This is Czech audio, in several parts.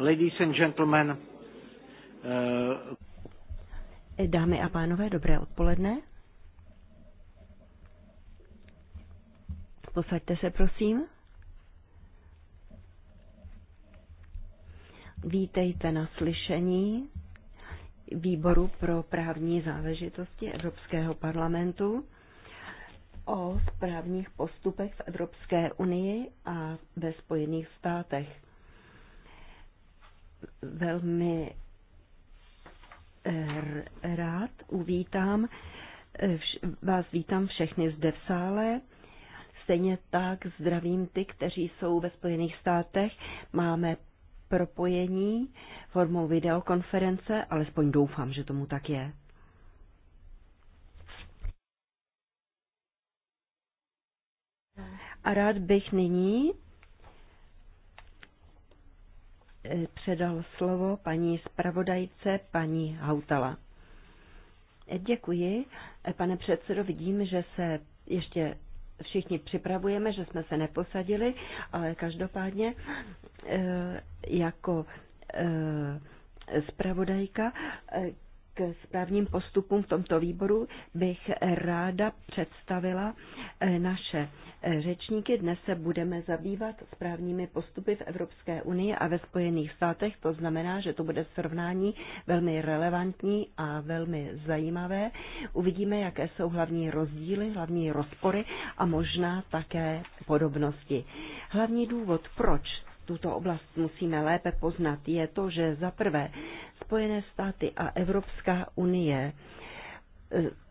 Ladies and gentlemen. Uh... Dámy a pánové, dobré odpoledne. Posaďte se, prosím. Vítejte na slyšení Výboru pro právní záležitosti Evropského parlamentu o správních postupech v Evropské unii a ve Spojených státech velmi eh, rád uvítám, eh, vás vítám všechny zde v sále. Stejně tak zdravím ty, kteří jsou ve Spojených státech. Máme propojení formou videokonference, alespoň doufám, že tomu tak je. A rád bych nyní E, předal slovo paní zpravodajce, paní Hautala. E, děkuji. E, pane předsedo, vidím, že se ještě všichni připravujeme, že jsme se neposadili, ale každopádně jako zpravodajka k správním postupům v tomto výboru bych ráda představila eh, naše eh, řečníky. Dnes se budeme zabývat správními postupy v Evropské unii a ve Spojených státech. To znamená, že to bude srovnání velmi relevantní a velmi zajímavé. Uvidíme, jaké jsou hlavní rozdíly, hlavní rozpory a možná také podobnosti. Hlavní důvod, proč tuto oblast musíme lépe poznat, je to, že za prvé Spojené státy a Evropská unie e,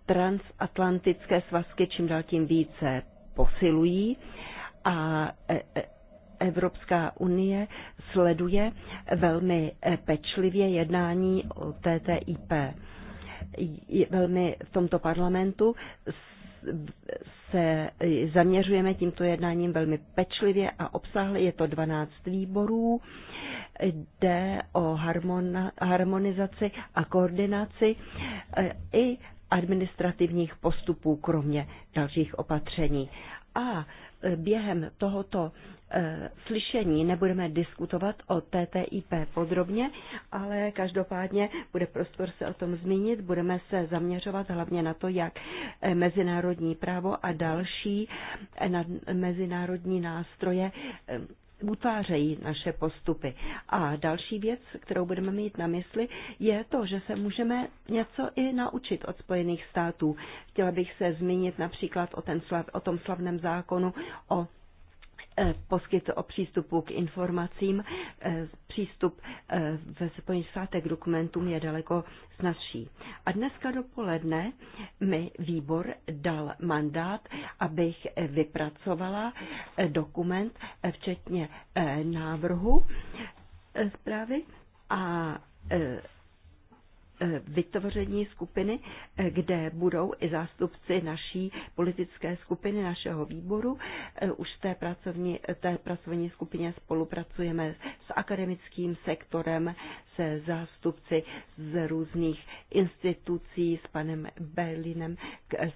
transatlantické svazky čím dál tím více posilují a e, e, Evropská unie sleduje velmi pečlivě jednání o TTIP. Velmi v tomto parlamentu se eh, zaměřujeme tímto jednáním velmi pečlivě a obsahli Je to 12 výborů. Jde o harmonizaci a koordinaci eh, i administrativních postupů, kromě dalších opatření. A eh, během tohoto Eh, slyšení nebudeme diskutovat o TTIP podrobně, ale každopádně bude prostor se o tom zmínit. Budeme se zaměřovat hlavně na to, jak eh, mezinárodní právo a další eh, mezinárodní nástroje utvářejí naše postupy. A další věc, kterou budeme mít na mysli, je to, že se můžeme něco i naučit od Spojených států. Chtěla bych se zmínit například o, ten slav, o tom slavném zákonu o Eh, poskyt o přístupu k informacím. Eh, přístup eh, ve Spojených státech k dokumentům je daleko snažší. A dneska dopoledne mi výbor dal mandát, abych vypracovala dokument, včetně návrhu zprávy a Eh, vytvoření skupiny, eh, kde budou i zástupci naší politické skupiny, našeho výboru. Eh, už v té pracovní, té pracovní skupině spolupracujeme s akademickým sektorem, se zástupci z různých institucí, s panem Berlinem,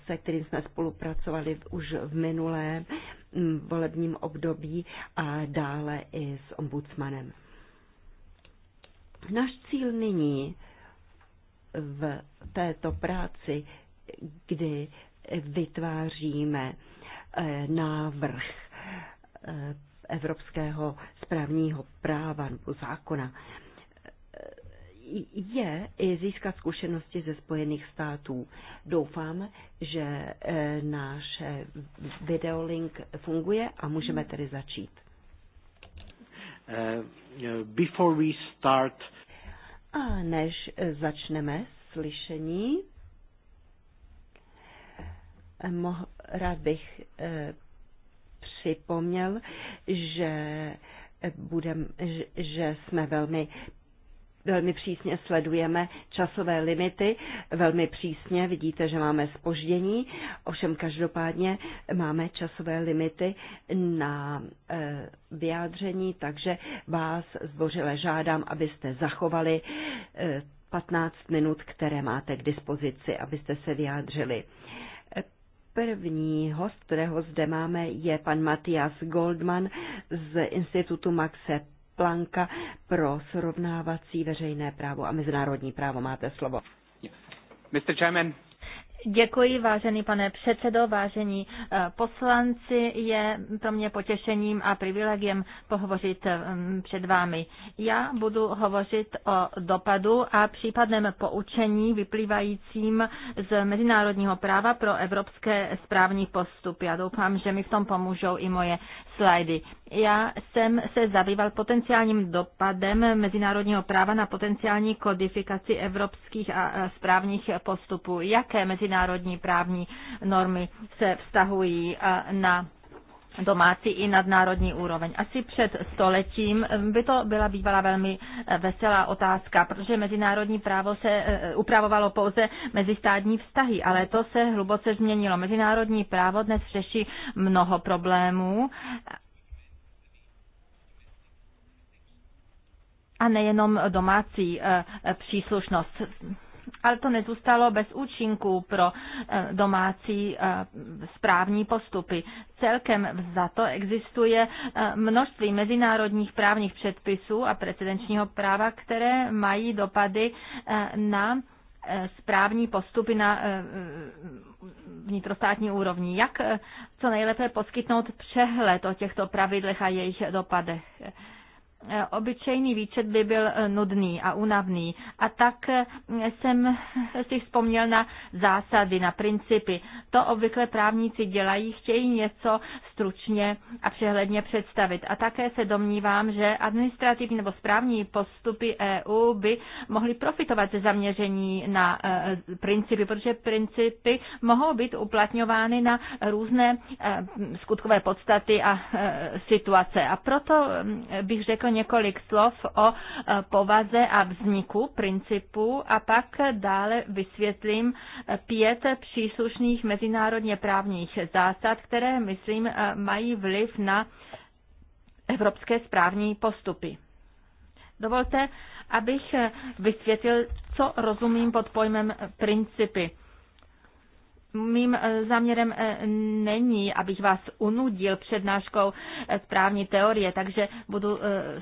se kterým jsme spolupracovali už v minulém mm, volebním období a dále i s ombudsmanem. Náš cíl nyní v této práci, kdy vytváříme eh, návrh eh, evropského správního práva nebo zákona, eh, je i získat zkušenosti ze Spojených států. Doufám, že náš videolink funguje a můžeme hmm. tedy začít. Uh, before we start a než začneme slyšení, moh, rád bych eh, připomněl, že, budem, že jsme velmi velmi přísně sledujeme časové limity, velmi přísně vidíte, že máme spoždění, ovšem každopádně máme časové limity na e, vyjádření, takže vás zdvořile žádám, abyste zachovali e, eh, 15 minut, které máte k dispozici, abyste se vyjádřili. První host, kterého zde máme, je pan Matias Goldman z Institutu Maxe Planka pro srovnávací veřejné právo a mezinárodní právo. Máte slovo. Mr. Chairman, Děkuji, vážený pane předsedo, vážení eh, poslanci. Je pro mě potěšením a privilegiem pohovořit eh, před vámi. Já budu hovořit o dopadu a případném poučení vyplývajícím z mezinárodního práva pro evropské správní postupy. Já doufám, že mi v tom pomůžou i moje slajdy. Já jsem se zabýval potenciálním dopadem mezinárodního práva na potenciální kodifikaci evropských a správních postupů. Jaké mezinárodní mezinárodní právní normy se vztahují eh, na domácí i nadnárodní úroveň. Asi před stoletím eh, by to byla bývala velmi eh, veselá otázka, protože mezinárodní právo se upravovalo pouze mezistátní vztahy, ale to se hluboce změnilo. Mezinárodní právo dnes řeší mnoho problémů a nejenom domácí příslušnost ale to nezůstalo bez účinků pro eh, domácí eh, správní postupy. Celkem za to existuje eh, množství mezinárodních právních předpisů a precedenčního práva, které mají dopady na správní postupy na vnitrostátní úrovni. Jak co nejlépe poskytnout přehled o těchto pravidlech a jejich dopadech? Eh, obyčejný výčet by byl eh, nudný a unavný. A tak eh, jsem si vzpomněl na zásady, na principy. To obvykle právníci dělají, chtějí něco stručně a přehledně představit. A také se domnívám, že administrativní nebo správní postupy EU by mohly profitovat ze zaměření na principy, protože principy mohou být uplatňovány na různé skutkové podstaty a situace. A proto mm, bych řekl několik slov o eh, povaze a vzniku principu a pak dále vysvětlím eh, pět příslušných mezinárodně právních zásad, které, myslím, eh, mají vliv na evropské správní postupy. Dovolte, abych vysvětlil, co rozumím pod pojmem principy. Mým eh, záměrem eh, není, abych vás unudil přednáškou eh, správní teorie, takže budu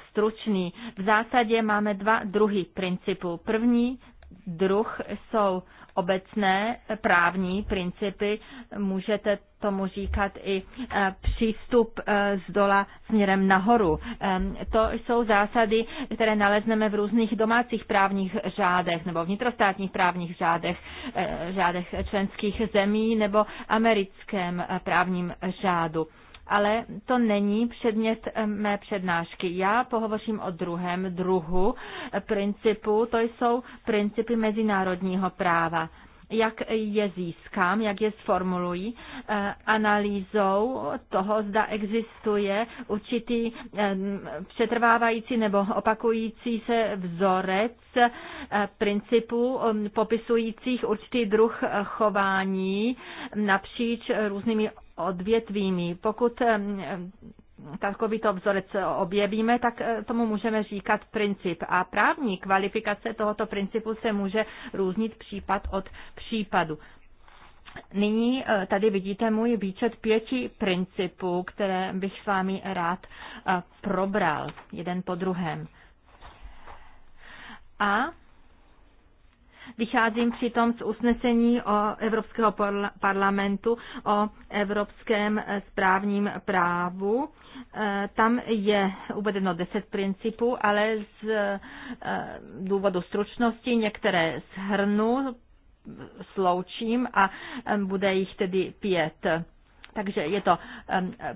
stručný. V zásadě máme dva druhy principů. První druh jsou obecné právní principy, můžete tomu říkat i eh, přístup eh, z dola směrem nahoru. Ehm, to jsou zásady, které nalezneme v různých domácích právních řádech nebo vnitrostátních právních řádech, eh, řádech členských zemí nebo americkém právním řádu ale to není předmět eh, mé přednášky. Já pohovořím o druhém druhu eh, principu, to jsou principy mezinárodního práva jak je získám, jak je sformuluji, eh, analýzou toho, zda existuje určitý přetrvávající nebo opakující se vzorec principů popisujících určitý druh chování napříč různými odvětvími. Pokud eh, takovýto vzorec objevíme, tak eh, tomu můžeme říkat princip. A právní kvalifikace tohoto principu se může různit případ od případu. Nyní eh, tady vidíte můj výčet pěti principů, které bych s vámi rád probral jeden po druhém. A Vycházím přitom z usnesení o Evropského parlamentu o evropském eh, správním právu. Eh, tam je uvedeno deset principů, ale z eh, důvodu stručnosti některé shrnu, sloučím a bude jich tedy pět takže je to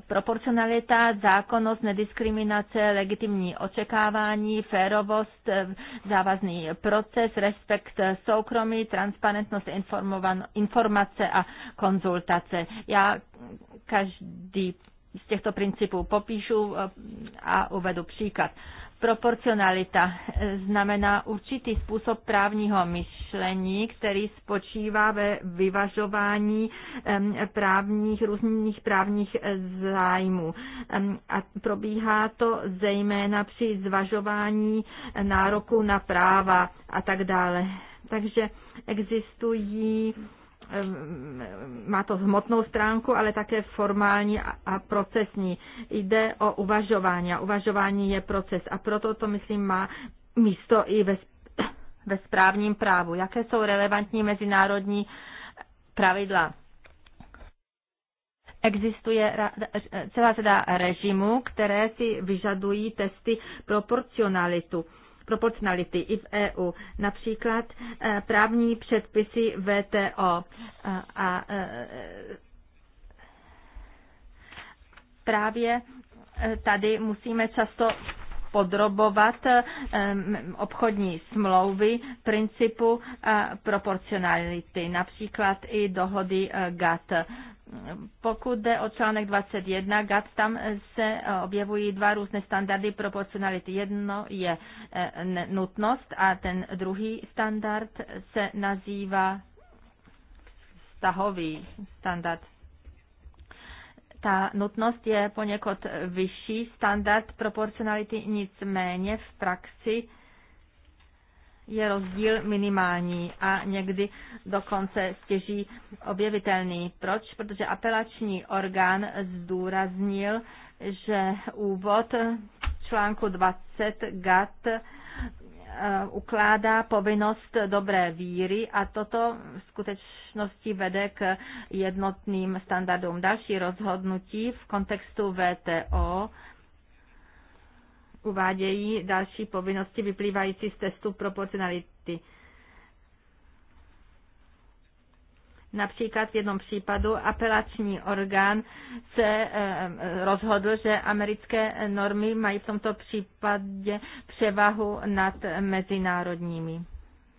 proporcionalita, zákonnost, nediskriminace, legitimní očekávání, férovost, závazný proces, respekt soukromí, transparentnost informace a konzultace. Já každý z těchto principů popíšu a uvedu příklad. Proporcionalita eh, znamená určitý způsob právního myšlení, který spočívá ve vyvažování právních, různých právních eh, zájmů. A probíhá to zejména při zvažování eh, nároku na práva a tak dále. Takže existují Ehm, má to hmotnou stránku, ale také formální a procesní. Jde o uvažování a uvažování je proces a proto to, myslím, má místo i ve, ve správním právu. Jaké jsou relevantní mezinárodní pravidla? existuje celá řada režimů, které si vyžadují testy proporcionalitu proporcionality i v EU, například eh, právní předpisy VTO eh, a eh, právě tady musíme často podrobovat obchodní smlouvy principu proporcionality, například i dohody GATT. Pokud jde o článek 21 GAT, tam se e, objevují dva různé standardy proporcionality. Jedno je e, nutnost a ten druhý standard se nazývá vztahový standard. Ta nutnost je poněkud vyšší standard proporcionality, nicméně v praxi je rozdíl minimální a někdy dokonce stěží objevitelný. Proč? Protože apelační orgán zdůraznil, že úvod článku 20 gat eh, ukládá povinnost dobré víry a toto v skutečnosti vede k jednotným standardům. Další rozhodnutí v kontextu VTO uvádějí další povinnosti vyplývající z testu proporcionality. Například v jednom případu apelační orgán se eh, rozhodl, že americké normy mají v tomto případě převahu nad mezinárodními.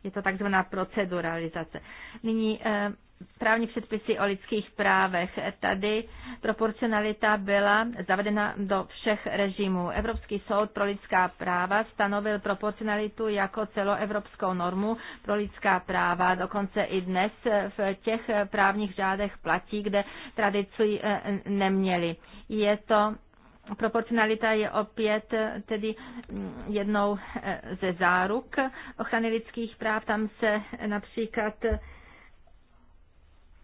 Je to takzvaná proceduralizace. Nyní eh, právní předpisy o lidských právech. Tady proporcionalita byla zavedena do všech režimů. Evropský soud pro lidská práva stanovil proporcionalitu jako celoevropskou normu pro lidská práva. Dokonce i dnes v těch právních řádech platí, kde tradici eh, neměli. Je to Proporcionalita je opět eh, tedy mm, jednou eh, ze záruk ochrany lidských práv. Tam se například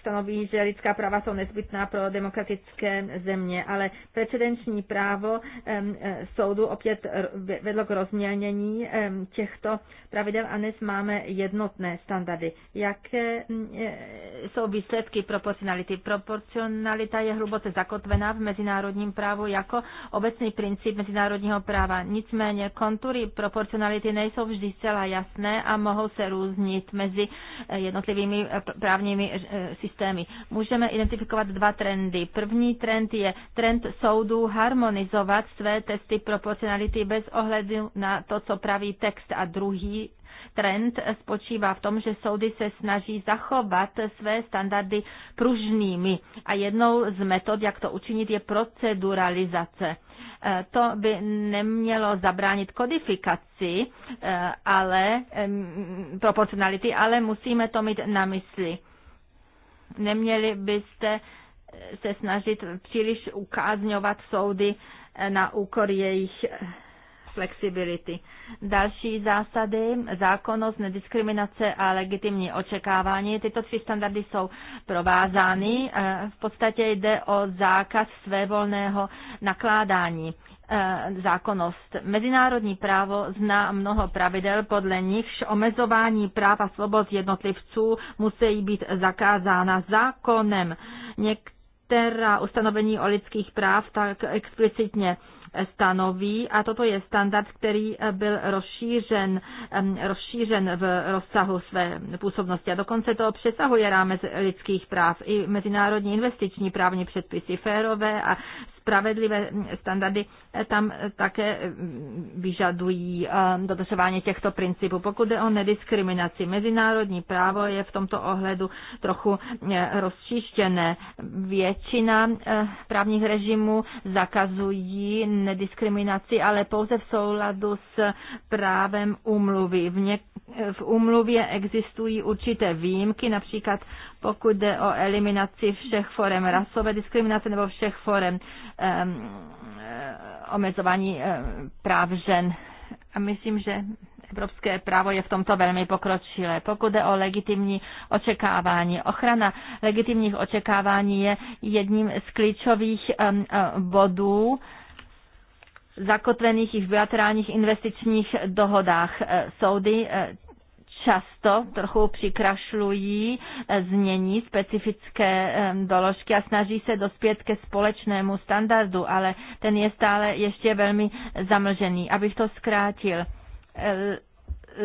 stanoví, že lidská práva jsou nezbytná pro demokratické země, ale precedenční právo e, soudu opět vedlo k rozmělnění těchto pravidel a dnes máme jednotné standardy. Jaké mm, e, jsou výsledky proporcionality? Proporcionalita je hluboce zakotvená v mezinárodním právu jako obecný princip mezinárodního práva. Nicméně kontury proporcionality nejsou vždy zcela jasné a mohou se různit mezi e, jednotlivými právními systémy systémy. Můžeme identifikovat dva trendy. První trend je trend soudů harmonizovat své testy proporcionality bez ohledu na to, co praví text. A druhý Trend spočívá v tom, že soudy se snaží zachovat své standardy pružnými a jednou z metod, jak to učinit, je proceduralizace. E, to by nemělo zabránit kodifikaci e, ale, proporcionality, ale musíme to mít na mysli. Neměli byste se snažit příliš ukázňovat soudy na úkor jejich flexibility. Další zásady, zákonnost, nediskriminace a legitimní očekávání. Tyto tři standardy jsou provázány. Eh, v podstatě jde o zákaz svévolného nakládání Eh, zákonnost. Mezinárodní právo zná mnoho pravidel, podle nichž omezování práv a svobod jednotlivců musí být zakázána zákonem. Některá ustanovení o lidských práv tak explicitně stanoví a toto je standard, který byl rozšířen, rozšířen v rozsahu své působnosti a dokonce to přesahuje rámec lidských práv i mezinárodní investiční právní předpisy, férové a spravedlivé standardy eh, tam eh, také eh, vyžadují dodržování těchto principů. Pokud jde o nediskriminaci, mezinárodní právo je v tomto ohledu trochu rozčištěné. Většina právních režimů zakazují nediskriminaci, ale pouze v souladu s právem úmluvy. V, něk- v úmluvě existují určité výjimky, například pokud jde o eliminaci všech forem rasové diskriminace nebo všech forem um, omezování um, práv žen. A myslím, že evropské právo je v tomto velmi pokročilé. Pokud jde o legitimní očekávání, ochrana legitimních očekávání je jedním z klíčových um, um, bodů zakotvených i v bilaterálních investičních dohodách. Soudy často trochu přikrašlují, eh, změní specifické doložky a snaží se dospět ke společnému standardu, ale ten je stále ještě velmi zamlžený. Abych to zkrátil, eh,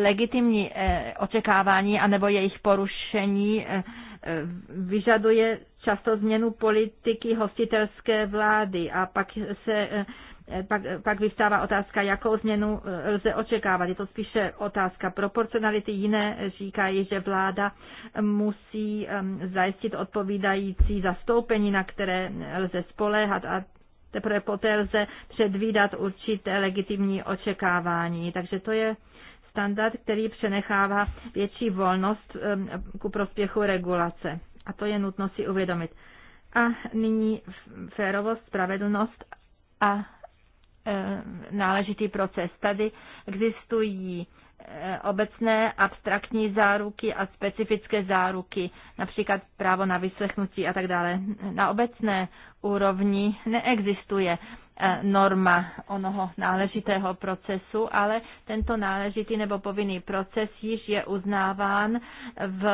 legitimní eh, očekávání anebo jejich porušení vyžaduje často změnu politiky hostitelské vlády a pak se Eh, pak, pak vyvstává otázka, jakou změnu eh, lze očekávat. Je to spíše otázka proporcionality. Jiné říkají, že vláda musí ehm, zajistit odpovídající zastoupení, na které eh, lze spoléhat a teprve poté lze předvídat určité legitimní očekávání. Takže to je standard, který přenechává větší volnost ehm, ku prospěchu regulace. A to je nutno si uvědomit. A nyní férovost, spravedlnost a Eh, náležitý proces. Tady existují eh, obecné abstraktní záruky a specifické záruky, například právo na vyslechnutí a tak dále. Na obecné úrovni neexistuje eh, norma onoho náležitého procesu, ale tento náležitý nebo povinný proces již je uznáván v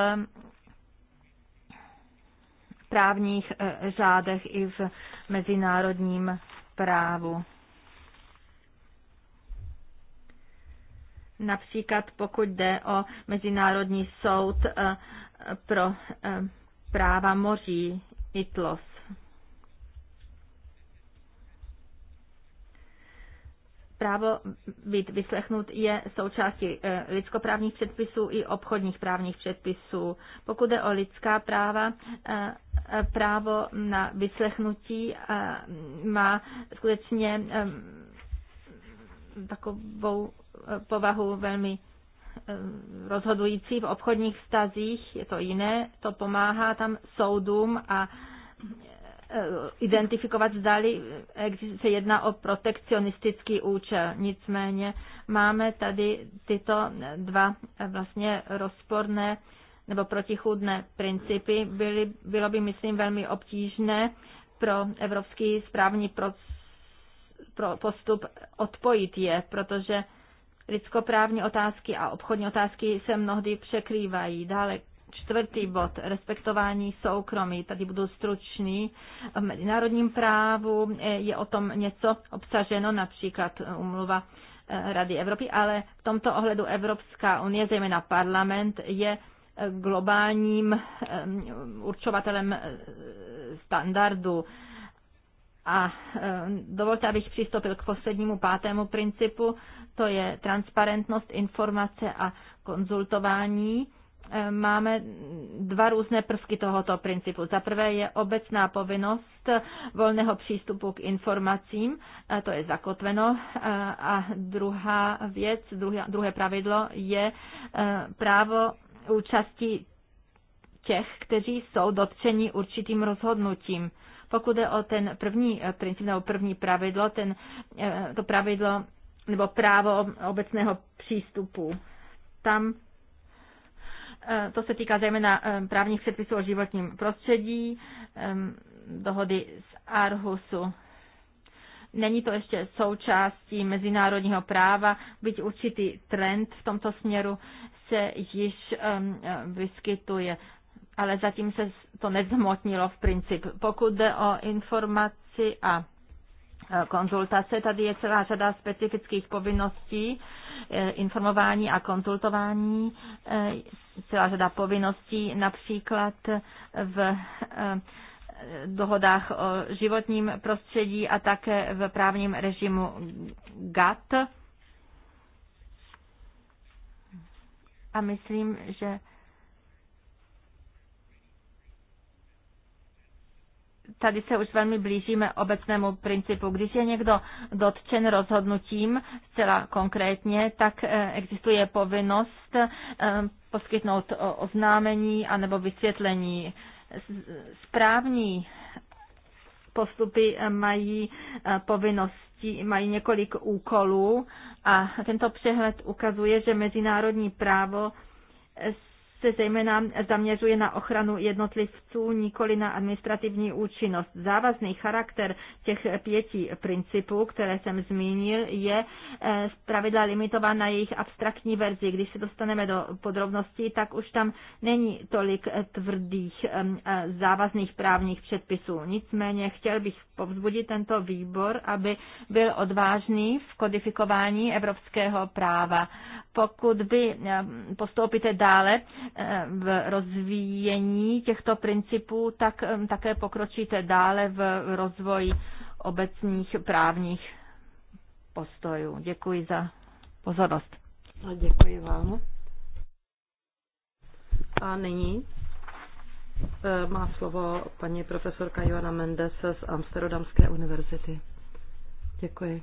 právních řádech i v mezinárodním právu. Například pokud jde o Mezinárodní soud eh, pro eh, práva moří ITLOS. Právo být vyslechnut je součástí eh, lidskoprávních předpisů i obchodních právních předpisů. Pokud je o lidská práva, právo na vyslechnutí má skutečně takovou povahu velmi eh, rozhodující v obchodních vztazích, je to jiné, to pomáhá tam soudům a eh, identifikovat, zdali se jedná o protekcionistický účel. Nicméně máme tady tyto dva vlastně rozporné nebo protichůdné principy. Byly, bylo by, myslím, velmi obtížné pro evropský správní pro, pro postup odpojit je, protože lidskoprávní otázky a obchodní otázky se mnohdy překrývají. Dále čtvrtý bod, respektování soukromí. Tady budu stručný. V mezinárodním právu eh, je o tom něco obsaženo, například eh, umluva eh, Rady Evropy, ale v tomto ohledu Evropská unie, zejména parlament, je globálním určovatelem standardu a e, dovolte, abych přistoupil k poslednímu pátému principu, to je transparentnost informace a konzultování. E, máme dva různé prvky tohoto principu. Za prvé je obecná povinnost volného přístupu k informacím, e, to je zakotveno. A druhá věc, druhé pravidlo je právo účasti těch, kteří jsou dotčeni určitým rozhodnutím. Pokud je o ten první eh, princip nebo první pravidlo, ten, eh, to pravidlo nebo právo obecného přístupu, tam eh, to se týká zejména právních předpisů o životním prostředí, dohody z Arhusu. Není to ještě součástí mezinárodního práva, byť určitý trend v tomto směru se již vyskytuje ale zatím se to nezhmotnilo v princip. Pokud jde o informaci a e, konzultace. Tady je celá řada specifických povinností, e, informování a konzultování, e, celá řada povinností, například v dohodách o životním prostředí a také v právním režimu GATT. A myslím, že tady se už velmi blížíme obecnému principu. Když je někdo dotčen rozhodnutím zcela konkrétně, tak eh, existuje povinnost eh, poskytnout oznámení anebo vysvětlení. Správní postupy eh, mají povinnosti, mají několik úkolů a tento přehled ukazuje, že mezinárodní právo se zejména zaměřuje na ochranu jednotlivců, nikoli na administrativní účinnost. Závazný charakter těch pěti principů, které jsem zmínil, je eh, pravidla limitován na jejich abstraktní verzi. Když se dostaneme do podrobností, tak už tam není tolik tvrdých eh, závazných právních předpisů. Nicméně chtěl bych povzbudit tento výbor, aby byl odvážný v kodifikování evropského práva pokud vy eh, postoupíte dále eh, v rozvíjení těchto principů, tak eh, také pokročíte dále v rozvoji obecních právních postojů. Děkuji za pozornost. A no, děkuji vám. A nyní má slovo paní profesorka Joana Mendes z Amsterdamské univerzity. Děkuji.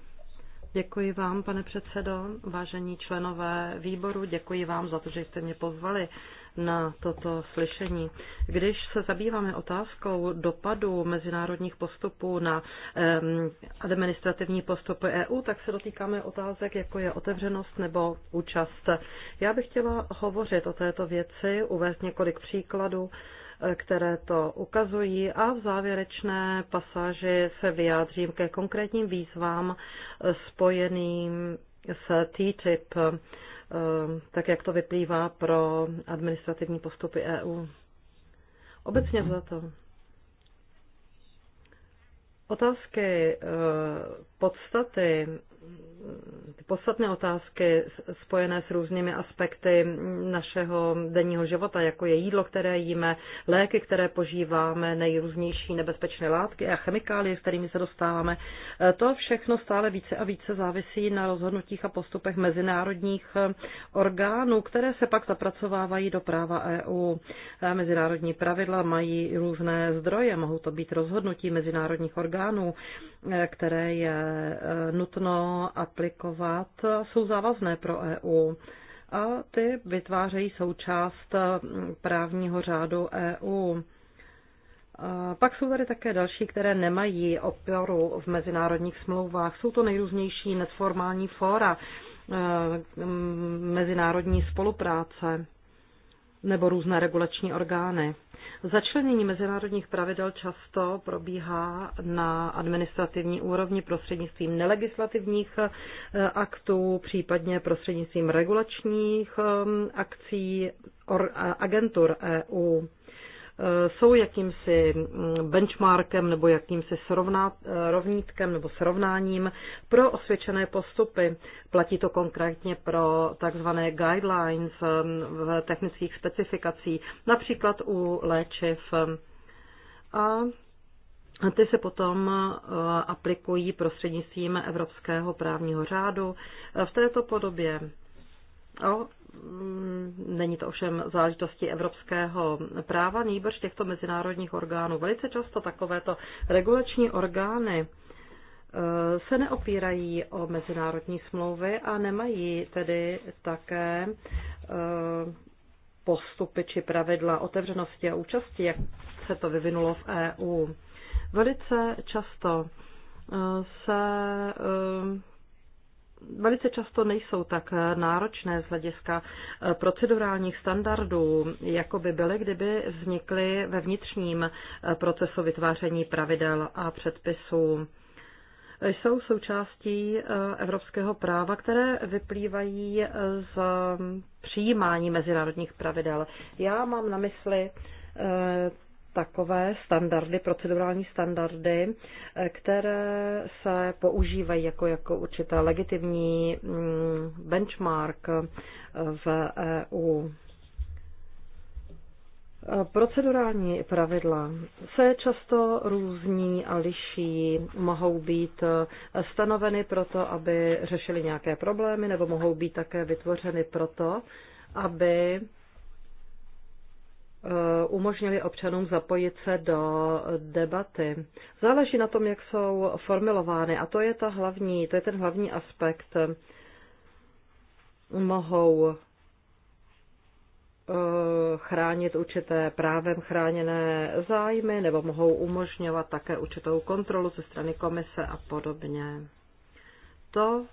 Děkuji vám, pane předsedo, vážení členové výboru, děkuji vám za to, že jste mě pozvali na toto slyšení. Když se zabýváme otázkou dopadu mezinárodních postupů na um, administrativní postupy EU, tak se dotýkáme otázek, jako je otevřenost nebo účast. Já bych chtěla hovořit o této věci, uvést několik příkladů Eh, které to ukazují a v závěrečné pasáži se vyjádřím ke konkrétním výzvám eh, spojeným s TTIP, eh, tak jak to vyplývá pro administrativní postupy EU. Obecně za to. Otázky podstaty podstatné otázky spojené s různými aspekty našeho denního života, jako je jídlo, které jíme, léky, které požíváme, nejrůznější nebezpečné látky a chemikálie, s kterými se dostáváme. E, to všechno stále více a více závisí na rozhodnutích a postupech mezinárodních e, orgánů, které se pak zapracovávají do práva EU. E, mezinárodní pravidla mají různé zdroje, mohou to být rozhodnutí mezinárodních orgánů, které je nutno aplikovat, jsou závazné pro EU a ty vytvářejí součást mm, právního řádu EU. Pak jsou tady také další, které nemají oporu v mezinárodních smlouvách. Jsou to nejrůznější neformální fóra e, mezinárodní spolupráce nebo různé regulační orgány. Začlenění mezinárodních pravidel často probíhá na administrativní úrovni prostřednictvím nelegislativních eh, aktů, případně prostřednictvím regulačních eh, akcí eh, agentur EU. Eh, jsou jakýmsi mm, benchmarkem nebo jakýmsi srovná eh, rovnítkem nebo srovnáním pro osvědčené postupy. Platí to konkrétně pro takzvané guidelines mm, v technických specifikací, například u léčiv. A ty se potom eh, aplikují prostřednictvím evropského právního řádu v této podobě. O Mm, není to ovšem záležitosti evropského práva, nýbrž těchto mezinárodních orgánů. Velice často takovéto regulační orgány e, se neopírají o mezinárodní smlouvy a nemají tedy také e, postupy či pravidla otevřenosti a účasti, jak se to vyvinulo v EU. Velice často e, se velice často nejsou tak náročné z hlediska eh, procedurálních standardů, jako by byly, kdyby vznikly ve vnitřním eh, procesu vytváření pravidel a předpisů jsou součástí eh, evropského práva, které vyplývají z přijímání mezinárodních pravidel. Já mám na mysli takové standardy, procedurální standardy, eh, které se používají jako, jako určitá legitimní mm, benchmark eh, v EU. Eh, procedurální pravidla se často různí a liší, mohou být stanoveny proto, aby řešili nějaké problémy, nebo mohou být také vytvořeny proto, aby Eh, umožnili občanům zapojit se do debaty. Záleží na tom, jak jsou formulovány a to je, ta hlavní, to je ten hlavní aspekt. Mohou eh, chránit určité právem chráněné zájmy nebo mohou umožňovat také určitou kontrolu ze strany komise a podobně. To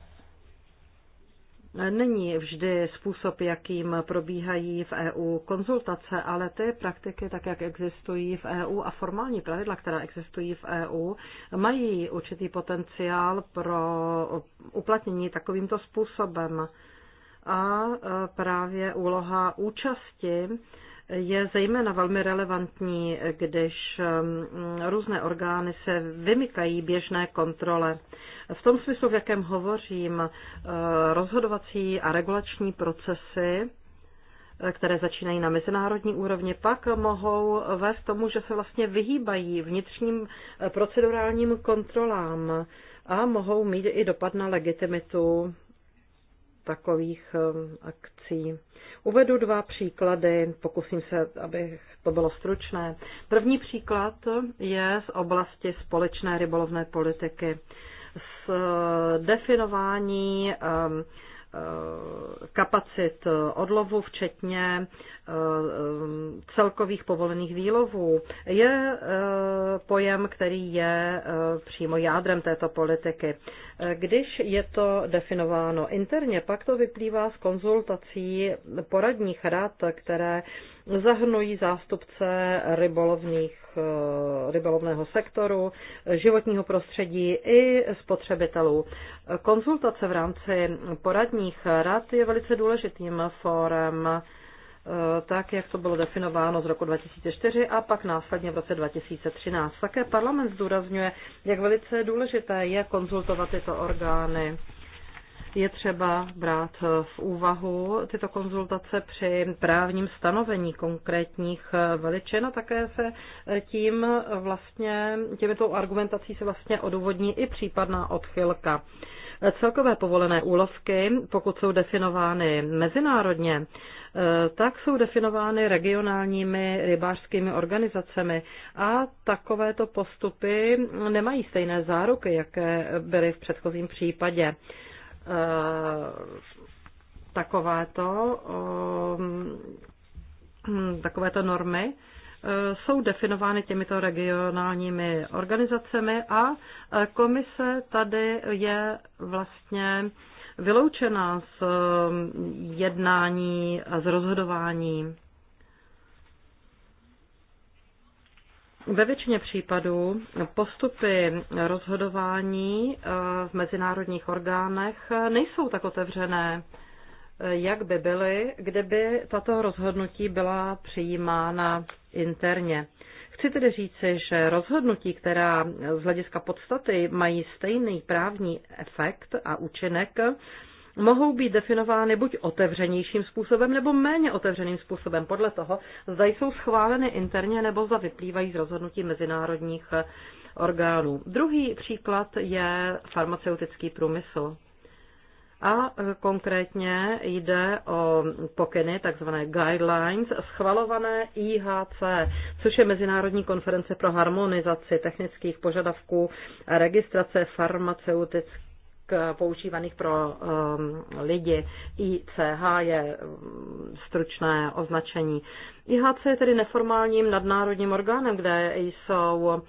E, není vždy způsob, jakým probíhají v EU konzultace, ale ty praktiky, tak jak existují v EU a formální pravidla, která existují v EU, mají určitý potenciál pro uplatnění takovýmto způsobem. A e, právě úloha účasti je zejména velmi relevantní, když um, různé orgány se vymykají běžné kontrole. V tom smyslu, v jakém hovořím, uh, rozhodovací a regulační procesy, uh, které začínají na mezinárodní úrovni, pak mohou vést tomu, že se vlastně vyhýbají vnitřním uh, procedurálním kontrolám a mohou mít i dopad na legitimitu takových um, akcí. Uvedu dva příklady, pokusím se, aby to bylo stručné. První příklad je z oblasti společné rybolovné politiky. S eh, definování um, Eh, kapacit odlovu, včetně eh, celkových povolených výlovů, je eh, pojem, který je přímo jádrem této politiky. Když je to definováno interně, pak to vyplývá z konzultací poradních rad, které zahrnují zástupce rybolovních eh, rybolovného sektoru, životního prostředí i spotřebitelů. Konzultace v rámci poradních rad je velice důležitým fórem eh, tak, jak to bylo definováno z roku 2004 a pak následně v roce 2013. Také parlament zdůrazňuje, jak velice důležité je konzultovat tyto orgány je třeba brát v úvahu tyto konzultace při právním stanovení konkrétních veličin a také se tím vlastně, těmito argumentací se vlastně odůvodní i případná odchylka. Celkové povolené úlovky, pokud jsou definovány mezinárodně, tak jsou definovány regionálními rybářskými organizacemi a takovéto postupy nemají stejné záruky, jaké byly v předchozím případě. Eh, takovéto, eh, takovéto normy eh, jsou definovány těmito regionálními organizacemi a komise tady je vlastně vyloučena z jednání a z rozhodování Ve většině případů postupy rozhodování eh, v mezinárodních orgánech nejsou tak otevřené, eh, jak by byly, kdyby tato rozhodnutí byla přijímána interně. Chci tedy říci, že rozhodnutí, která z hlediska podstaty mají stejný právní efekt a účinek, mohou být definovány buď otevřenějším způsobem nebo méně otevřeným způsobem podle toho, zda jsou schváleny interně nebo zda vyplývají z rozhodnutí mezinárodních eh, orgánů. Druhý příklad je farmaceutický průmysl. A eh, konkrétně jde o pokyny, takzvané guidelines, schvalované IHC, což je Mezinárodní konference pro harmonizaci technických požadavků a registrace farmaceutických používaných pro um, lidi. ICH je um, stručné označení. IHC je tedy neformálním nadnárodním orgánem, kde jsou uh,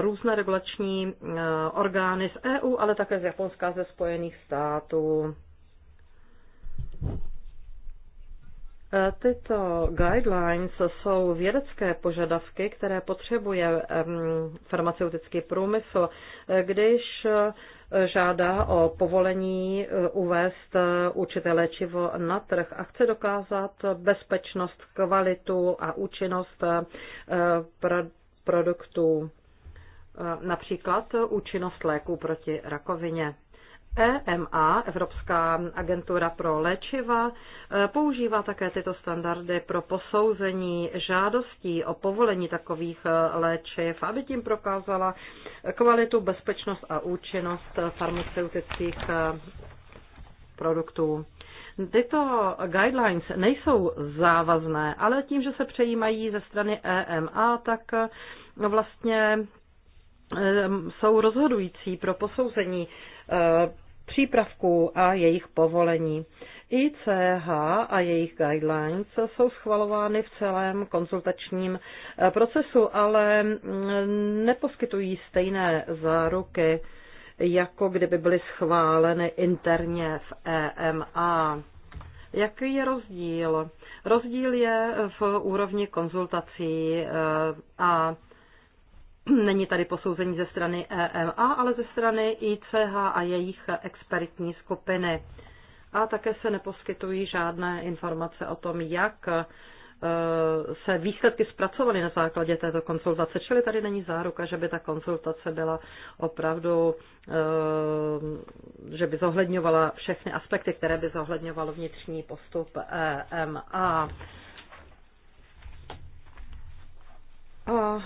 různé regulační uh, orgány z EU, ale také z Japonska, ze Spojených států. E, tyto guidelines jsou vědecké požadavky, které potřebuje um, farmaceutický průmysl, e, když žádá o povolení eh, uvést eh, určité léčivo na trh a chce dokázat bezpečnost, kvalitu a účinnost eh, produktů, například účinnost léků proti rakovině. EMA, Evropská agentura pro léčiva, e, používá také tyto standardy pro posouzení žádostí o povolení takových e, léčiv, aby tím prokázala kvalitu, bezpečnost a účinnost farmaceutických e, produktů. Tyto guidelines nejsou závazné, ale tím, že se přejímají ze strany EMA, tak vlastně jsou rozhodující pro posouzení přípravků a jejich povolení. ICH a jejich guidelines jsou schvalovány v celém konzultačním eh, procesu, ale mm, neposkytují stejné záruky, jako kdyby byly schváleny interně v EMA. Jaký je rozdíl? Rozdíl je v úrovni konzultací eh, a Není tady posouzení ze strany EMA, ale ze strany ICH a jejich expertní skupiny. A také se neposkytují žádné informace o tom, jak e, se výsledky zpracovaly na základě této konzultace, čili tady není záruka, že by ta konzultace byla opravdu, e, že by zohledňovala všechny aspekty, které by zohledňovalo vnitřní postup EMA. A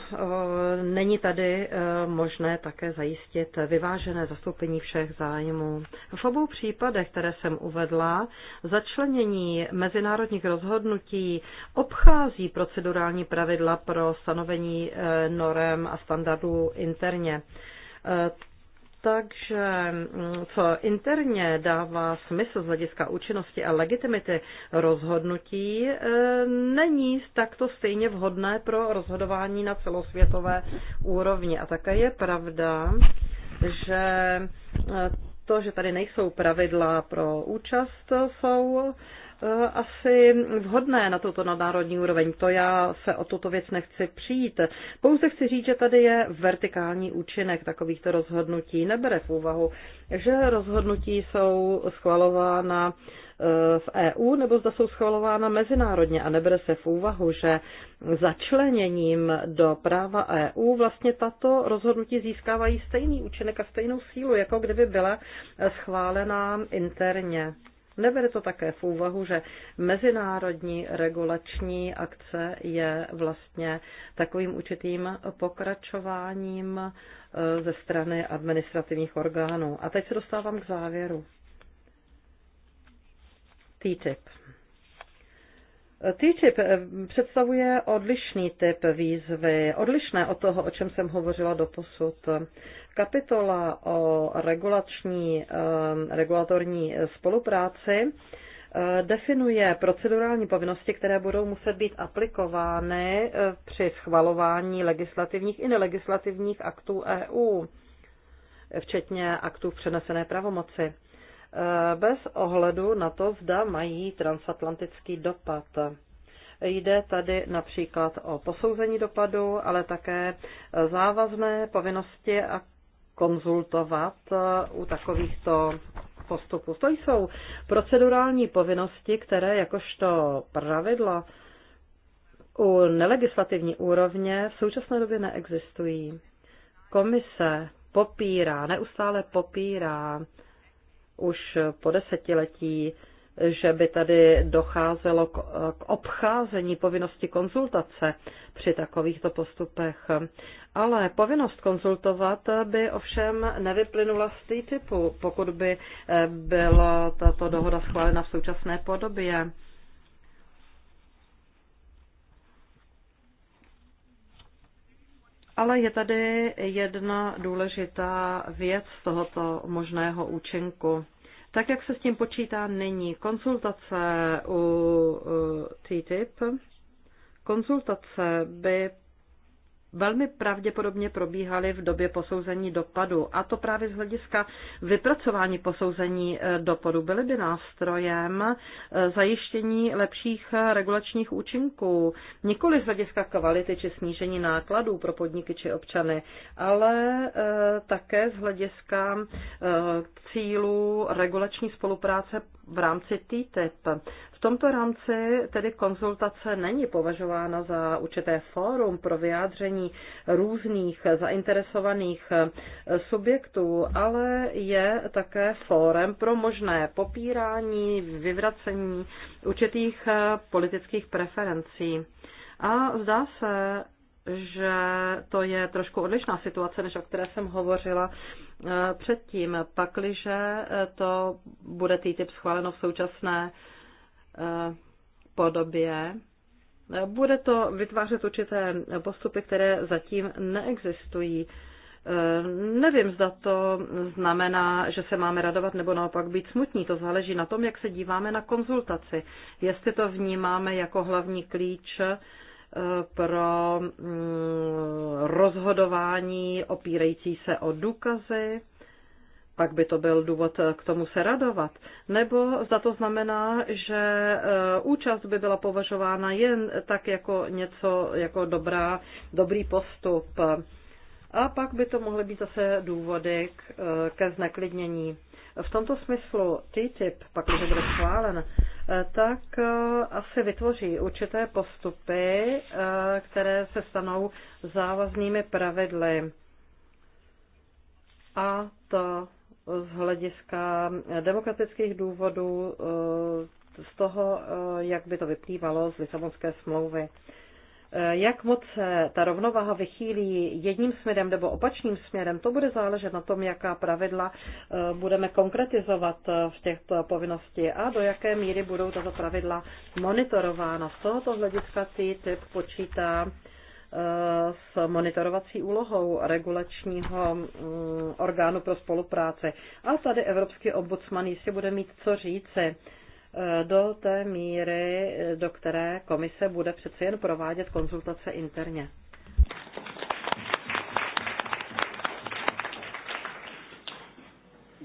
není tady e, možné také zajistit vyvážené zastoupení všech zájmů. V obou případech, které jsem uvedla, začlenění mezinárodních rozhodnutí obchází procedurální pravidla pro stanovení e, norem a standardů interně. E, takže mm, co interně dává smysl z hlediska účinnosti a legitimity rozhodnutí, e, není takto stejně vhodné pro rozhodování na celosvětové úrovni. A také je pravda, že e, to, že tady nejsou pravidla pro účast, jsou Eh, asi vhodné na tuto nadnárodní úroveň. To já se o tuto věc nechci přijít. Pouze chci říct, že tady je vertikální účinek takovýchto rozhodnutí. Nebere v úvahu, že rozhodnutí jsou schvalována eh, v EU nebo zda jsou schvalována mezinárodně a nebere se v úvahu, že začleněním do práva EU vlastně tato rozhodnutí získávají stejný účinek a stejnou sílu, jako kdyby byla schválena interně. Nebere to také v úvahu, že mezinárodní regulační akce je vlastně takovým určitým pokračováním eh, ze strany administrativních orgánů. A teď se dostávám k závěru. TTIP. TTIP eh, představuje odlišný typ výzvy, odlišné od toho, o čem jsem hovořila do posud. Kapitola o regulační, eh, regulatorní spolupráci eh, definuje procedurální povinnosti, které budou muset být aplikovány při schvalování legislativních i nelegislativních aktů EU, včetně aktů v přenesené pravomoci. Eh, bez ohledu na to, zda mají transatlantický dopad. Jde tady například o posouzení dopadu, ale také závazné povinnosti a konzultovat eh, u takovýchto postupů. To jsou procedurální povinnosti, které jakožto pravidlo u nelegislativní úrovně v současné době neexistují. Komise popírá, neustále popírá už po desetiletí, že by tady docházelo k obcházení povinnosti konzultace při takovýchto postupech. Ale povinnost konzultovat by ovšem nevyplynula z typu, pokud by eh, byla tato dohoda schválena v současné podobě. Ale je tady jedna důležitá věc tohoto možného účinku. Tak, jak se s tím počítá nyní, konzultace u eh, TTIP, konzultace by velmi pravděpodobně probíhaly v době posouzení dopadu. A to právě z hlediska vypracování posouzení eh, dopadu byly by nástrojem eh, zajištění lepších eh, regulačních účinků. Nikoli z hlediska kvality či snížení nákladů pro podniky či občany, ale také z hlediska cílů regulační spolupráce v rámci TTIP. V tomto rámci tedy konzultace není považována za určité fórum pro vyjádření různých zainteresovaných eh, subjektů, ale je také fórem pro možné popírání, vyvracení určitých eh, politických preferencí. A zdá se, že to je trošku odlišná situace, než o které jsem hovořila eh, předtím. Pakliže to bude TTIP schváleno v současné Eh, podobě, bude to vytvářet určité postupy, které zatím neexistují. Eh, nevím, zda to znamená, že se máme radovat nebo naopak být smutní. To záleží na tom, jak se díváme na konzultaci. Jestli to vnímáme jako hlavní klíč eh, pro mm, rozhodování opírající se o důkazy, pak by to byl důvod eh, k tomu se radovat. Nebo za to znamená, že eh, účast by byla považována jen tak jako něco, jako dobrá, dobrý postup. A pak by to mohly být zase důvody k, eh, ke zneklidnění. V tomto smyslu TTIP, pak když bude schválen, tak asi vytvoří určité postupy, které se stanou závaznými pravidly. A to z hlediska demokratických důvodů eh, z toho, eh, jak by to vyplývalo z Lisabonské smlouvy. Eh, jak moc se ta rovnováha vychýlí jedním směrem nebo opačným směrem, to bude záležet na tom, jaká pravidla budeme konkretizovat v těchto povinnosti a do jaké míry budou tato pravidla monitorována. Z tohoto hlediska typ počítá s monitorovací úlohou regulačního mm, orgánu pro spolupráci. A tady Evropský ombudsman jistě bude mít co říci e, do té míry, e, do které komise bude přece jen provádět konzultace interně.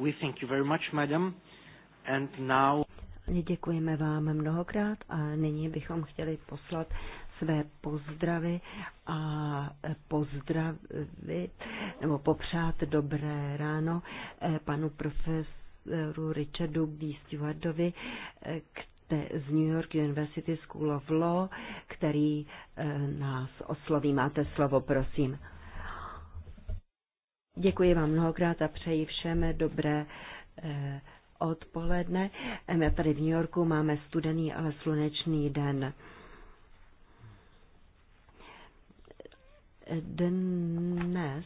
We thank you very much, madam. And now... Děkujeme vám mnohokrát a nyní bychom chtěli poslat své pozdravy a pozdravit nebo popřát dobré ráno eh, panu profesoru Richardu B. Stewardovi, eh, z New York University School of Law, který eh, nás osloví. Máte slovo, prosím. Děkuji vám mnohokrát a přeji všem dobré odpoledne. My tady v New Yorku máme studený, ale slunečný den. Dnes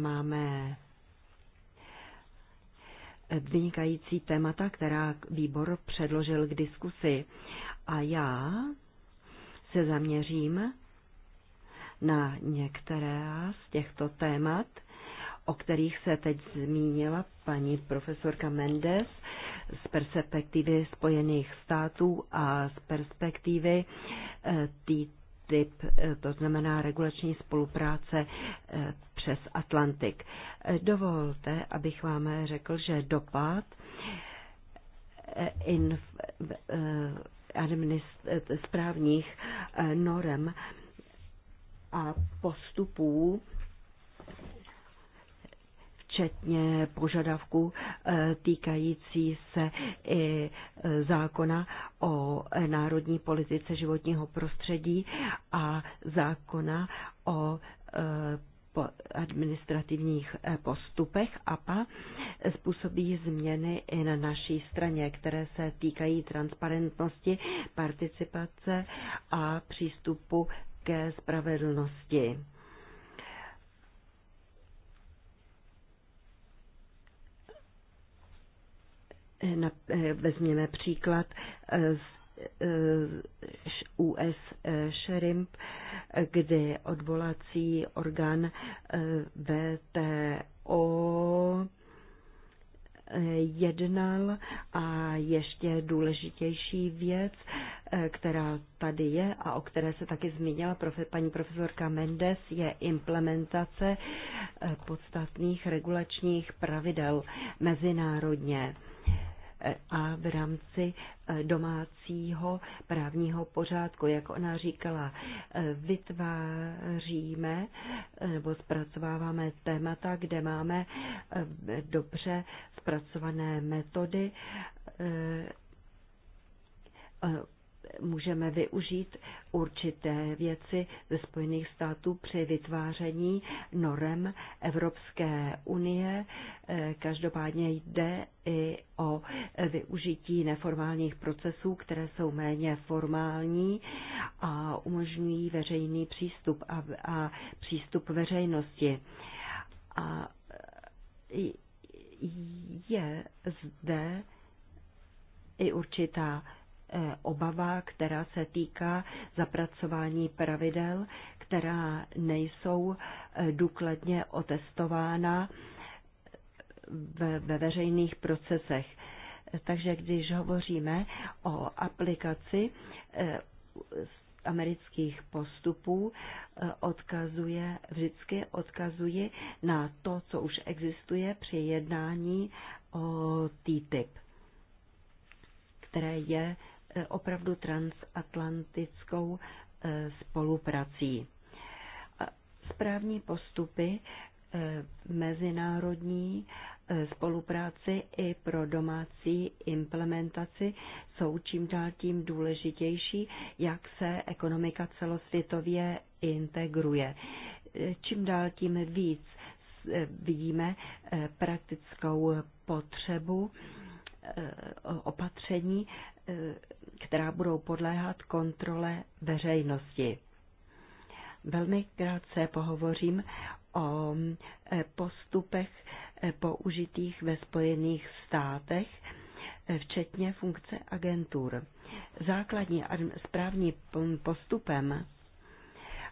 máme vynikající témata, která výbor předložil k diskusi. A já se zaměřím na některá z těchto témat, o kterých se teď zmínila paní profesorka Mendes z perspektivy Spojených států a z perspektivy eh, tý, TTIP, to znamená regulační spolupráce eh, přes Atlantik. Eh, dovolte, abych vám řekl, že dopad eh, in správních norem a postupů včetně požadavků eh, týkající se i eh, zákona o eh, národní politice životního prostředí a zákona o po administrativních postupech APA způsobí změny i na naší straně, které se týkají transparentnosti, participace a přístupu ke spravedlnosti. Eh, eh, vezměme příklad eh, z US Shrimp, kdy odvolací orgán VTO jednal a ještě důležitější věc, která tady je a o které se taky zmínila profe, paní profesorka Mendes, je implementace podstatných regulačních pravidel mezinárodně a v rámci e, domácího právního pořádku, jak ona říkala, e, vytváříme e, nebo zpracováváme témata, kde máme dobře zpracované metody můžeme využít určité věci ze Spojených států při vytváření norem Evropské unie. Eh, každopádně jde i o využití neformálních procesů, které jsou méně formální a umožňují veřejný přístup a, a přístup veřejnosti. A eh, je zde i určitá obava, která se týká zapracování pravidel, která nejsou eh, důkladně otestována eh, ve veřejných procesech. Takže když hovoříme o aplikaci eh, amerických postupů odkazuje, vždycky odkazuje na to, co už existuje při jednání o TTIP, které je Eh, opravdu transatlantickou eh, spoluprací. Správní postupy eh, mezinárodní spolupráci i pro domácí implementaci jsou čím dál tím důležitější, jak se ekonomika celosvětově integruje. Čím dál tím víc vidíme praktickou potřebu opatření Eh, která budou podléhat kontrole veřejnosti. Velmi krátce pohovořím o eh, postupech eh, použitých ve Spojených státech, včetně funkce agentur. Základní správní postupem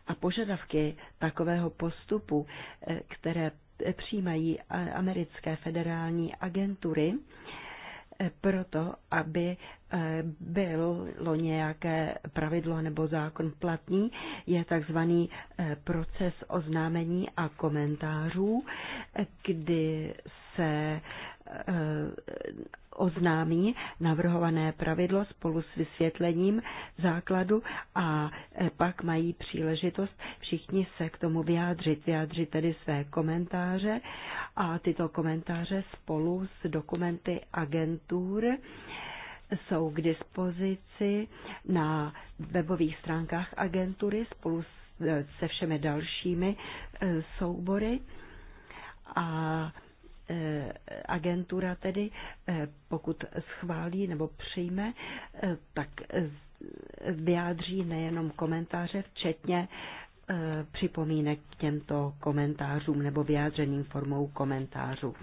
a požadavky takového postupu, které přijímají americké federální agentury, proto, aby eh, bylo nějaké pravidlo nebo zákon platný, je takzvaný eh, proces oznámení a komentářů, eh, kdy se Eh, oznámí navrhované pravidlo spolu s vysvětlením základu a eh, pak mají příležitost všichni se k tomu vyjádřit, vyjádřit tedy své komentáře a tyto komentáře spolu s dokumenty agentur jsou k dispozici na webových stránkách agentury spolu se všemi dalšími eh, soubory a Eh, agentura tedy, eh, pokud schválí nebo přijme, eh, tak vyjádří nejenom komentáře, včetně připomínek k těmto komentářům nebo vyjádřeným formou komentářů.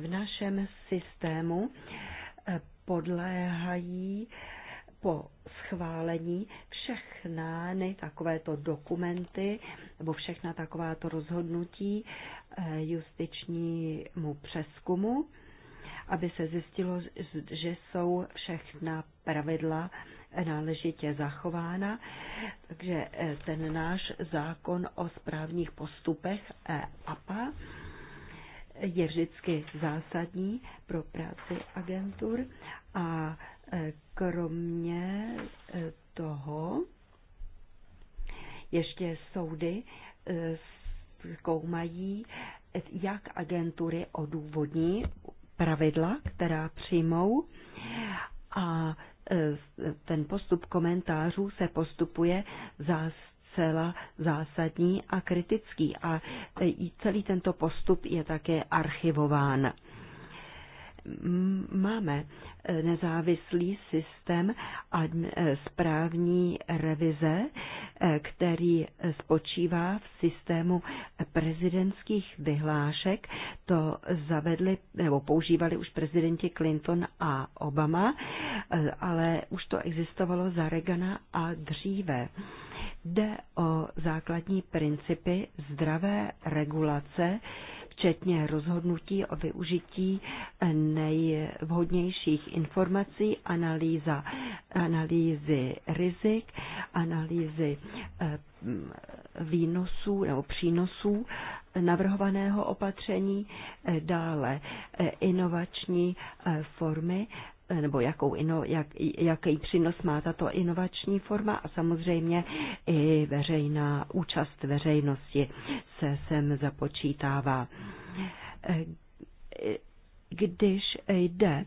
V našem systému podléhají po schválení ne, takovéto dokumenty nebo všechna takováto rozhodnutí eh, justičnímu přeskumu, aby se zjistilo, že jsou všechna pravidla náležitě zachována. Takže eh, ten náš zákon o správních postupech APA eh, je vždycky zásadní pro práci agentur a E, kromě e, toho ještě soudy e, zkoumají, jak agentury odůvodní pravidla, která přijmou a ten postup komentářů se postupuje za zcela zásadní a kritický. A celý tento postup je také archivován máme eh, nezávislý systém a eh, správní revize, eh, který spočívá v systému prezidentských vyhlášek. To zavedli nebo používali už prezidenti Clinton a Obama, ale už to existovalo za Reagana a dříve. Jde o základní principy zdravé regulace, včetně rozhodnutí o využití nejvhodnějších informací, analýza, analýzy rizik, analýzy eh, výnosů nebo přínosů navrhovaného opatření, eh, dále eh, inovační formy nebo jakou ino, jak, jaký přínos má tato inovační forma a samozřejmě i veřejná účast veřejnosti se sem započítává. E, když jde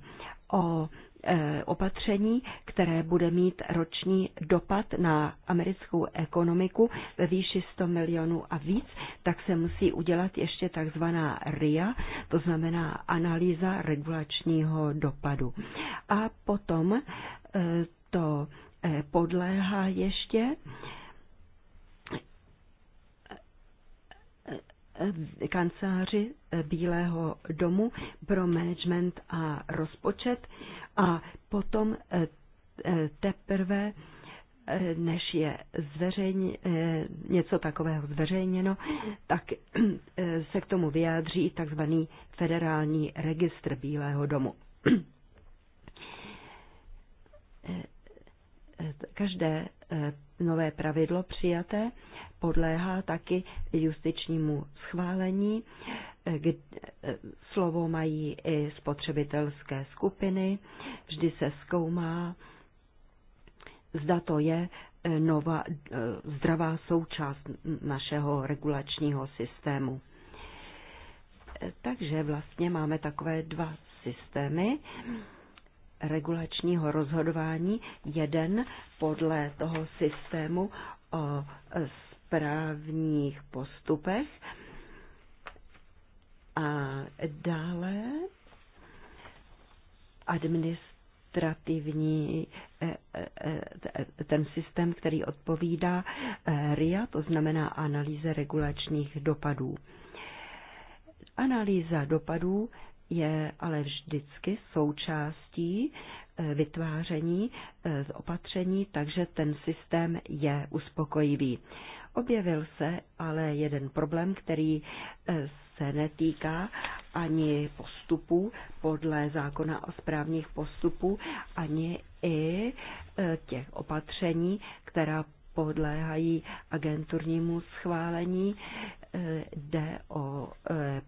o Eh, opatření, které bude mít roční dopad na americkou ekonomiku ve výši 100 milionů a víc, tak se musí udělat ještě takzvaná RIA, to znamená analýza regulačního dopadu. A potom eh, to eh, podléhá ještě kanceláři eh, Bílého domu pro management a rozpočet a potom eh, eh, teprve než je zveřejně, něco takového zveřejněno, tak se k tomu vyjádří tzv. federální registr Bílého domu. Každé nové pravidlo přijaté podléhá taky justičnímu schválení. Eh, slovo mají i spotřebitelské skupiny. Vždy se zkoumá, zda to je eh, nová, eh, zdravá součást našeho regulačního systému. Takže vlastně máme takové dva systémy regulačního rozhodování. Jeden podle toho systému o správních postupech. A dále administrativní e, e, e, ten systém, který odpovídá RIA, to znamená analýze regulačních dopadů. Analýza dopadů je ale vždycky součástí vytváření opatření, takže ten systém je uspokojivý. Objevil se ale jeden problém, který eh, se netýká ani postupů podle zákona o správních postupů, ani i eh, těch opatření, která podléhají agenturnímu schválení. Eh, jde o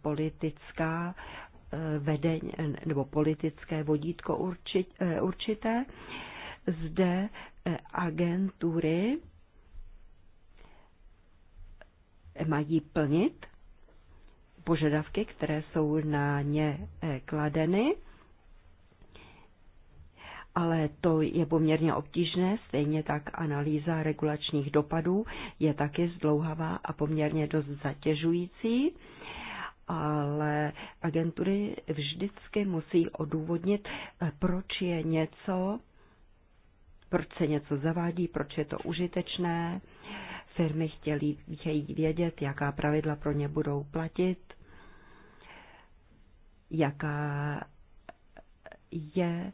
politická vedení nebo politické vodítko určité. Zde agentury mají plnit požadavky, které jsou na ně eh, kladeny, ale to je poměrně obtížné, stejně tak analýza regulačních dopadů je taky zdlouhavá a poměrně dost zatěžující ale agentury vždycky musí odůvodnit, eh, proč je něco, proč se něco zavádí, proč je to užitečné, Firmy chtějí, chtějí vědět, jaká pravidla pro ně budou platit, jaká je,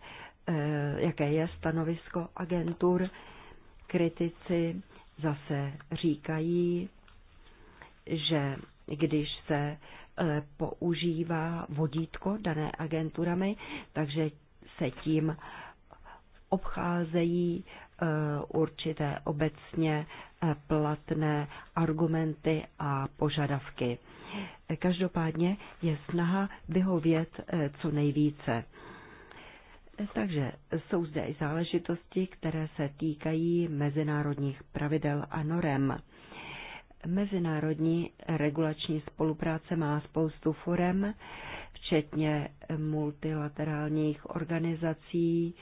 eh, jaké je stanovisko agentur. Kritici zase říkají, že když se eh, používá vodítko dané agenturami, takže se tím obcházejí Eh, určité obecně eh, platné argumenty a požadavky. Každopádně je snaha vyhovět eh, co nejvíce. Takže jsou zde i záležitosti, které se týkají mezinárodních pravidel a norem. Mezinárodní regulační spolupráce má spoustu forem, včetně multilaterálních organizací,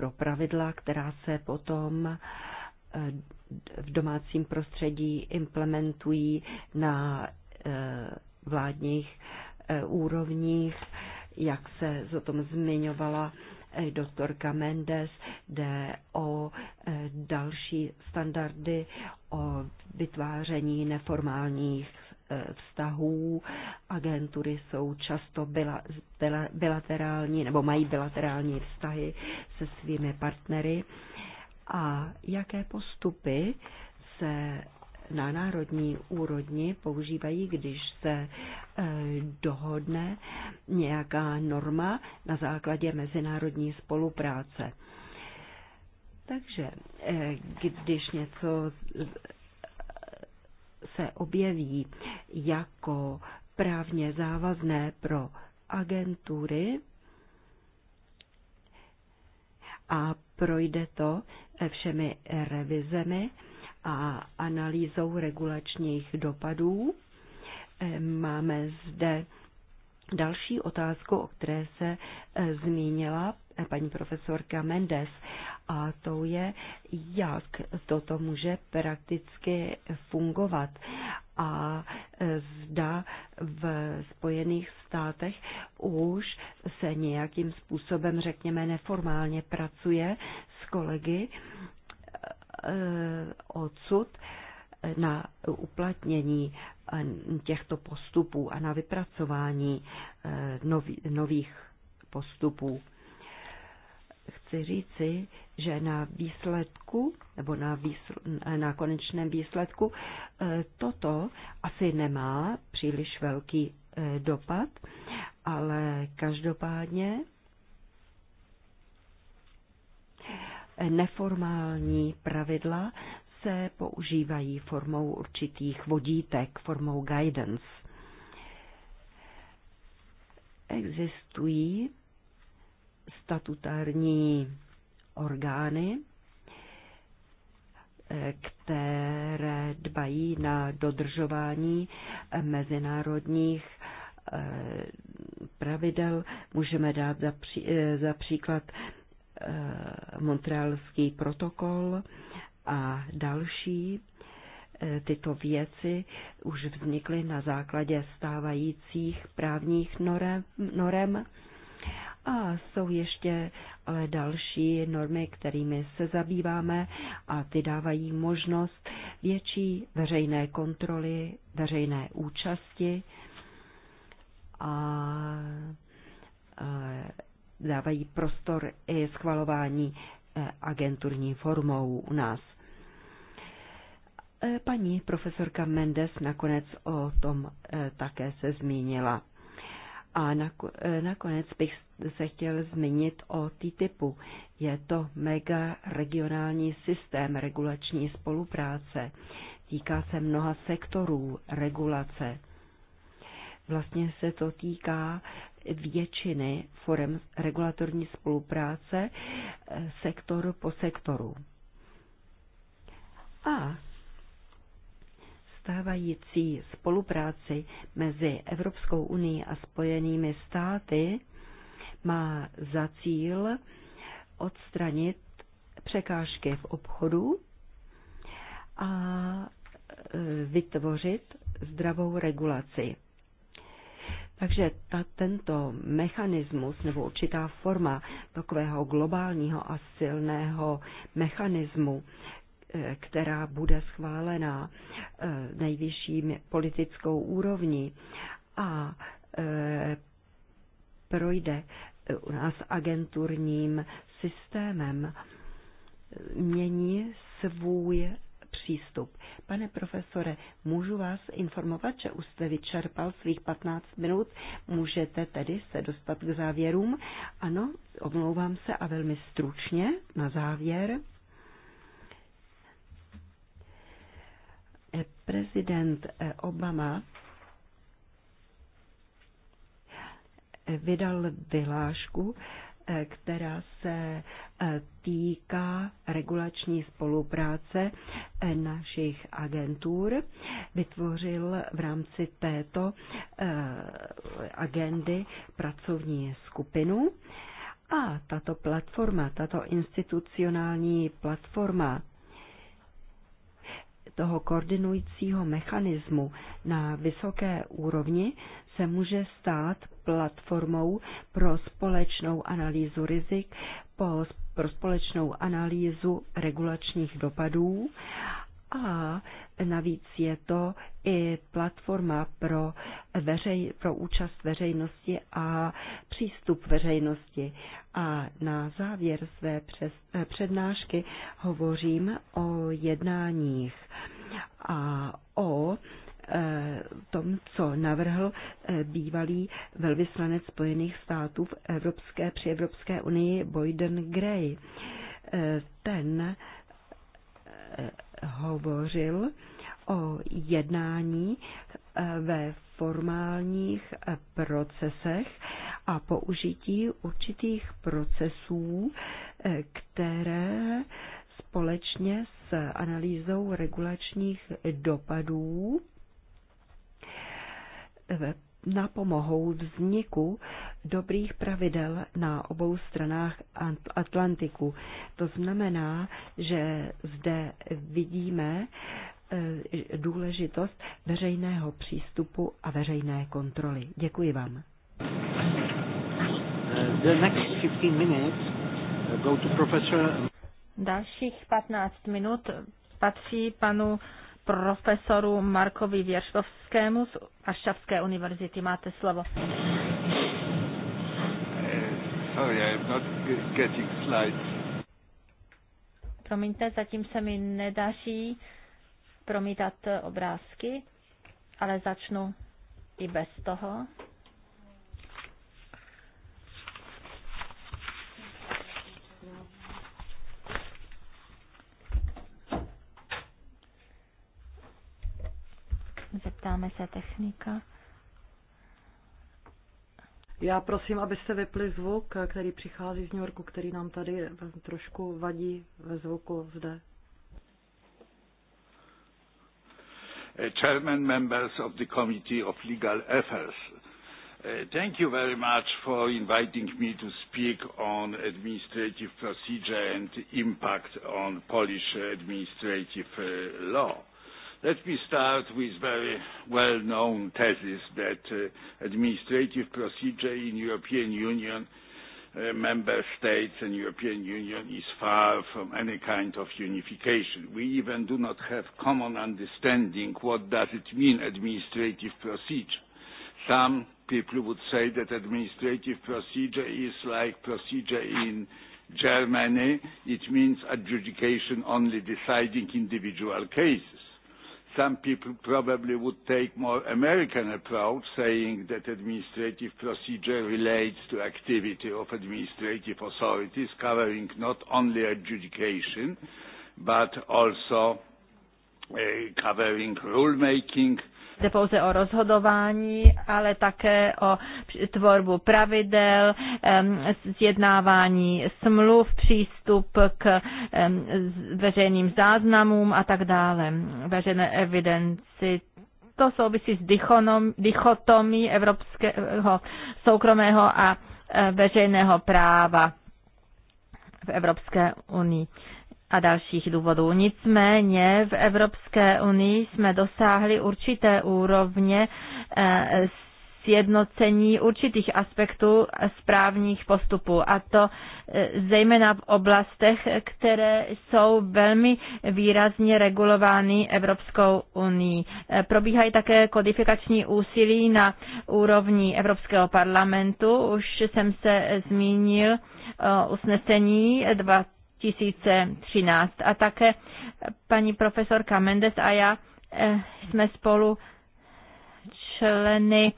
pro pravidla, která se potom eh, v domácím prostředí implementují na eh, vládních eh, úrovních, jak se o tom zmiňovala doktorka Mendes, jde o další standardy, o vytváření neformálních Eh, vztahů. Agentury jsou často bila, bila, bilaterální nebo mají bilaterální vztahy se svými partnery. A jaké postupy se na národní úrodni používají, když se eh, dohodne nějaká norma na základě mezinárodní spolupráce. Takže eh, když něco se objeví jako právně závazné pro agentury a projde to všemi revizemi a analýzou regulačních dopadů. Máme zde další otázku, o které se zmínila paní profesorka Mendes, a to je, jak toto může prakticky fungovat a e, zda v Spojených státech už se nějakým způsobem, řekněme, neformálně pracuje s kolegy e, e, odsud na uplatnění těchto postupů a na vypracování nových postupů chci říci, že na výsledku, nebo na, výsl, na konečném výsledku, eh, toto asi nemá příliš velký eh, dopad, ale každopádně eh, neformální pravidla se používají formou určitých vodítek, formou guidance. Existují statutární orgány, eh, které dbají na dodržování eh, mezinárodních eh, pravidel. Můžeme dát za, pří, za příklad Montrealský protokol a další. Tyto věci už vznikly na základě stávajících právních norem. norem a jsou ještě ale další normy, kterými se zabýváme a ty dávají možnost větší veřejné kontroly, veřejné účasti a, e, dávají prostor i schvalování e, agenturní formou u nás. E, paní profesorka Mendes nakonec o tom také se zmínila. A eh, nakonec bych se chtěl zmínit o TTIPu. Je to mega regionální systém regulační spolupráce. Týká se mnoha sektorů regulace. Vlastně se to týká většiny forem regulatorní spolupráce eh, sektor po sektoru. A stávající spolupráci mezi Evropskou unii a Spojenými státy má za cíl odstranit překážky v obchodu a e, vytvořit zdravou regulaci. Takže ta, tento mechanismus nebo určitá forma takového globálního a silného mechanismu která bude schválená eh, nejvyšší politickou úrovní a eh, projde eh, u nás agenturním systémem, mění svůj přístup. Pane profesore, můžu vás informovat, že už jste vyčerpal svých 15 minut, můžete tedy se dostat k závěrům? Ano, omlouvám se a velmi stručně na závěr. Prezident Obama vydal vyhlášku, která se týká regulační spolupráce našich agentur. Vytvořil v rámci této eh, agendy pracovní skupinu. A tato platforma, tato institucionální platforma toho koordinujícího mechanismu na vysoké úrovni se může stát platformou pro společnou analýzu rizik, pro společnou analýzu regulačních dopadů a navíc je to i platforma pro, veřej, pro účast veřejnosti a přístup veřejnosti. A na závěr své přes, eh, přednášky hovořím o jednáních a o eh, tom, co navrhl eh, bývalý velvyslanec Spojených států v Evropské, při Evropské unii Boyden Gray. Ten hovořil o jednání eh, ve formálních eh, procesech a použití určitých procesů, eh, které společně s analýzou regulačních dopadů napomohou vzniku dobrých pravidel na obou stranách Atlantiku. To znamená, že zde vidíme eh, důležitost veřejného přístupu a veřejné kontroly. Děkuji vám. Eh, the next 15 minutes eh, go to professor... Dalších 15 minut patří panu profesoru Markovi Věršovskému z Varšavské univerzity. Máte slovo. Sorry, not getting slides. Promiňte, zatím se mi nedaří promítat obrázky, ale začnu i bez toho. chystáme se technika. Já prosím, abyste vypli zvuk, který přichází z New Yorku, který nám tady trošku vadí ve zvuku zde. Eh, Chairman members of the Committee of Legal Affairs. Eh, thank you very much for inviting me to speak on administrative procedure and impact on Polish administrative eh, law. Let me start with very well-known thesis that uh, administrative procedure in European Union uh, member states and European Union is far from any kind of unification. We even do not have common understanding what does it mean administrative procedure. Some people would say that administrative procedure is like procedure in Germany. It means adjudication only deciding individual cases Some people probably would take more American approach, saying that administrative procedure relates to activity of administrative authorities, covering not only adjudication, but also uh, covering rulemaking, jde pouze o rozhodování, ale také o tvorbu pravidel, zjednávání smluv, přístup k veřejným záznamům a tak dále, veřejné evidenci to souvisí s dichotomí evropského soukromého a e, veřejného práva v Evropské unii a dalších důvodů. Nicméně v Evropské unii jsme dosáhli určité úrovně eh, sjednocení určitých aspektů správních postupů, a to eh, zejména v oblastech, které jsou velmi výrazně regulovány Evropskou unii. Eh, probíhají také kodifikační úsilí na úrovni Evropského parlamentu. Už jsem se zmínil usnesení 20 2013. A také paní profesorka Mendes a já eh, jsme spolu členy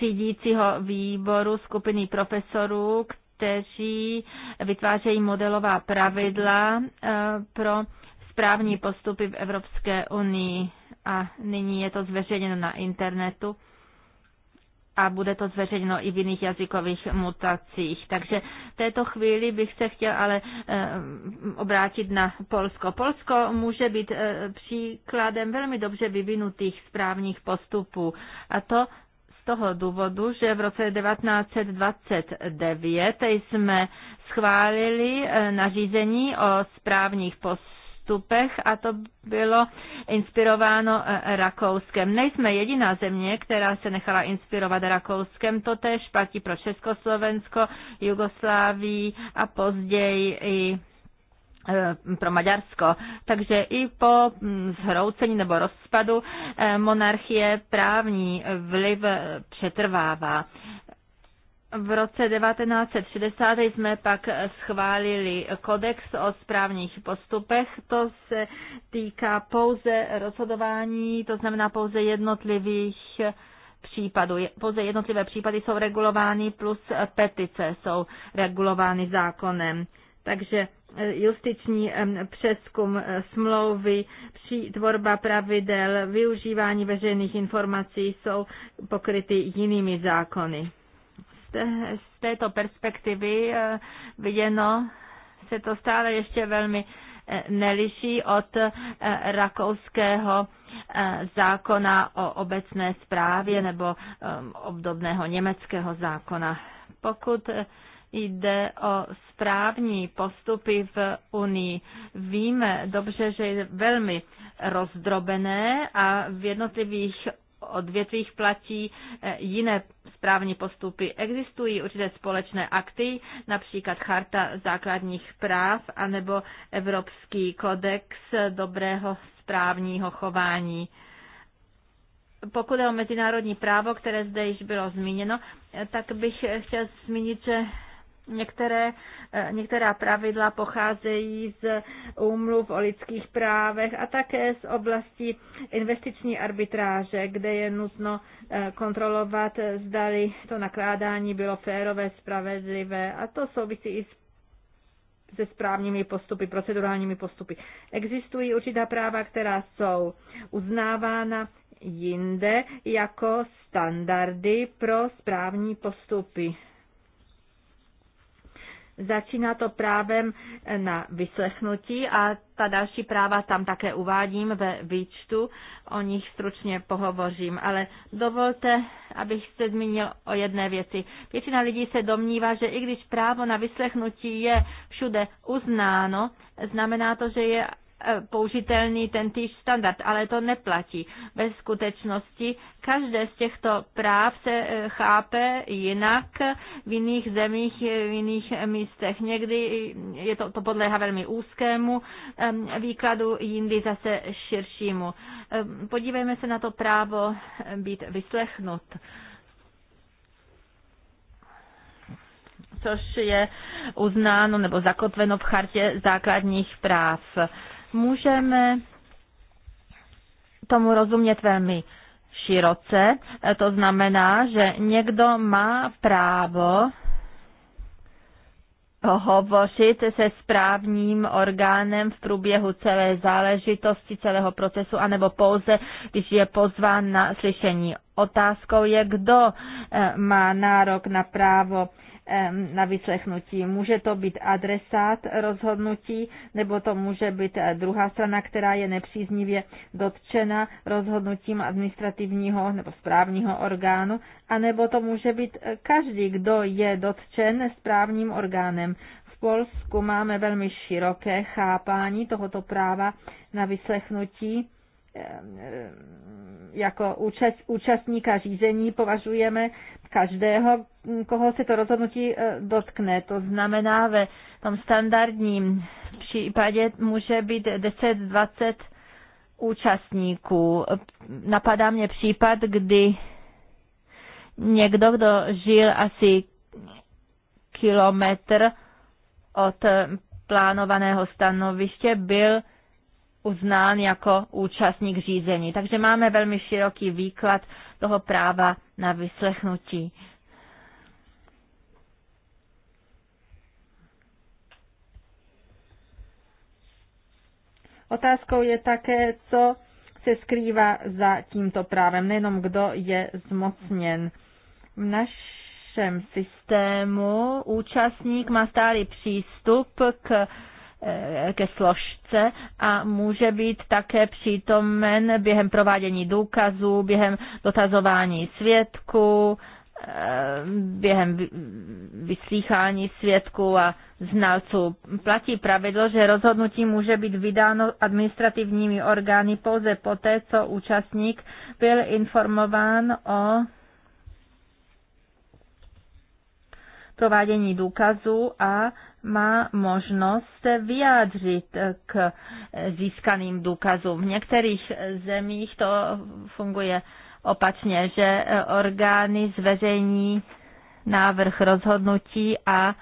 řídícího výboru skupiny profesorů, kteří vytvářejí modelová pravidla eh, pro správní postupy v Evropské unii a nyní je to zveřejněno na internetu a bude to zveřejněno i v jiných jazykových mutacích. Takže v této chvíli bych se chtěl ale eh, obrátit na Polsko. Polsko může být eh, příkladem velmi dobře vyvinutých správních postupů a to z toho důvodu, že v roce 1929 jsme schválili eh, nařízení o správních postupů postupech a to bylo inspirováno e, Rakouskem. Nejsme jediná země, která se nechala inspirovat Rakouskem, to též platí pro Československo, Jugoslávii a později i e, pro Maďarsko. Takže i po mm, zhroucení nebo rozpadu e, monarchie právní vliv přetrvává. V roce 1960 jsme pak schválili kodex o správních postupech. To se týká pouze rozhodování, to znamená pouze jednotlivých případů. Pouze jednotlivé případy jsou regulovány plus petice jsou regulovány zákonem. Takže eh, justiční přeskum eh, smlouvy, tvorba pravidel, využívání veřejných informací jsou pokryty jinými zákony z této perspektivy eh, viděno se to stále ještě velmi eh, neliší od eh, rakouského zákona o obecné správě nebo ehm, obdobného německého zákona. Pokud jde o správní postupy v Unii. Víme dobře, že je velmi rozdrobené a v jednotlivých odvětvích platí eh, jiné správní postupy. Existují určité společné akty, například Charta základních práv anebo Evropský kodex dobrého správního chování. Pokud je o mezinárodní právo, které zde již bylo zmíněno, eh, tak bych chtěl zmínit, že Některé, eh, některá pravidla pocházejí z úmluv o lidských právech a také z oblasti investiční arbitráže, kde je nutno eh, kontrolovat, eh, zdali to nakládání bylo férové, spravedlivé a to souvisí i s se správními postupy, procedurálními postupy. Existují určitá práva, která jsou uznávána jinde jako standardy pro správní postupy. Začíná to právem eh, na vyslechnutí a ta další práva tam také uvádím ve výčtu, o nich stručně pohovořím, ale dovolte, abych se zmínil o jedné věci. Většina lidí se domnívá, že i když právo na vyslechnutí je všude uznáno, znamená to, že je použitelný ten týž standard, ale to neplatí. Ve skutečnosti každé z těchto práv se eh, chápe jinak v jiných zemích, eh, v jiných eh, místech. Někdy je to, to podléhá velmi úzkému ehm, výkladu, jindy zase širšímu. Ehm, podívejme se na to právo být vyslechnut. což je uznáno nebo zakotveno v chartě základních práv. Můžeme tomu rozumět velmi široce. E, to znamená, že někdo má právo hovořit se správním orgánem v průběhu celé záležitosti, celého procesu, anebo pouze, když je pozván na slyšení. Otázkou je, kdo e, má nárok na právo na vyslechnutí. Může to být adresát rozhodnutí, nebo to může být eh, druhá strana, která je nepříznivě dotčena rozhodnutím administrativního nebo správního orgánu, anebo to může být eh, každý, kdo je dotčen správním orgánem. V Polsku máme velmi široké chápání tohoto práva na vyslechnutí jako účast, účastníka řízení považujeme každého, koho se to rozhodnutí eh, dotkne. To znamená, ve tom standardním případě může být 10-20 účastníků. Napadá mě případ, kdy někdo, kdo žil asi kilometr od plánovaného stanoviště, byl uznán jako účastník řízení. Takže máme velmi široký výklad toho práva na vyslechnutí. Otázkou je také, co se skrývá za tímto právem, nejenom kdo je zmocněn. V našem systému účastník má stálý přístup k Eh, ke složce a může být také přítomen během provádění důkazů, během dotazování svědků, eh, během vyslýchání svědků a znalců. Platí pravidlo, že rozhodnutí může být vydáno administrativními orgány pouze poté, co účastník byl informován o provádění důkazů a má možnost se vyjádřit k získaným důkazům. V některých zemích to funguje opačně, že orgány zveřejní návrh rozhodnutí a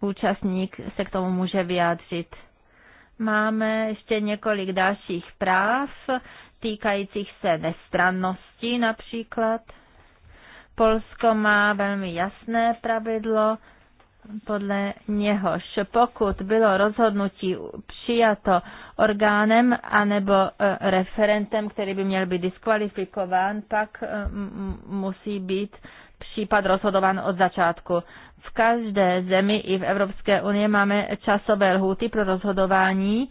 účastník se k tomu může vyjádřit. Máme ještě několik dalších práv týkajících se nestrannosti například. Polsko má velmi jasné pravidlo, podle něhož pokud bylo rozhodnutí přijato orgánem anebo e, referentem, který by měl být diskvalifikován, pak e, musí být případ rozhodován od začátku. V každé zemi i v Evropské unii máme časové lhuty pro rozhodování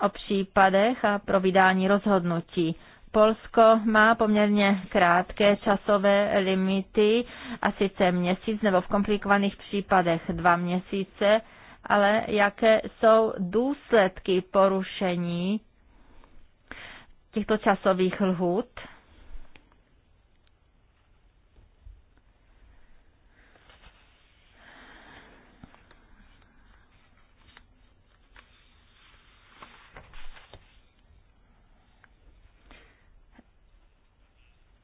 o případech a pro vydání rozhodnutí. Polsko má poměrně krátké časové limity, a sice měsíc nebo v komplikovaných případech dva měsíce, ale jaké jsou důsledky porušení těchto časových lhůt?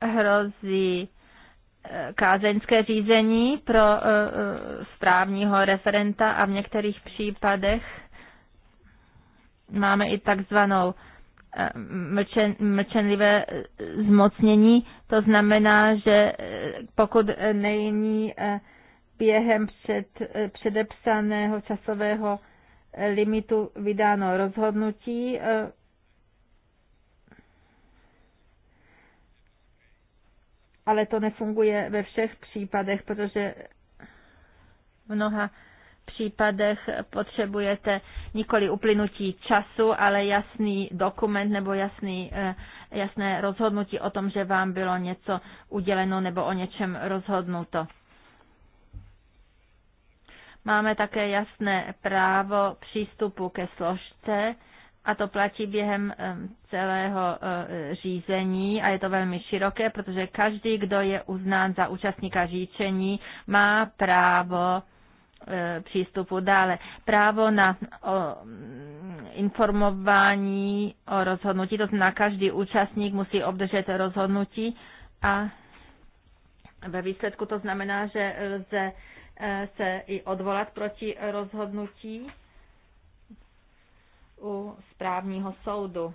hrozí eh, kázeňské řízení pro eh, eh, správního referenta a v některých případech máme i takzvanou mlčen, mlčenlivé zmocnění. To znamená, že pokud není během před, předepsaného časového limitu vydáno rozhodnutí, ale to nefunguje ve všech případech, protože v mnoha případech potřebujete nikoli uplynutí času, ale jasný dokument nebo jasný, eh, jasné rozhodnutí o tom, že vám bylo něco uděleno nebo o něčem rozhodnuto. Máme také jasné právo přístupu ke složce, a to platí během eh, celého eh, řízení a je to velmi široké, protože každý, kdo je uznán za účastníka říčení, má právo eh, přístupu. Dále právo na o, informování o rozhodnutí, to znamená, každý účastník musí obdržet rozhodnutí a ve výsledku to znamená, že lze se i odvolat proti rozhodnutí u správního soudu.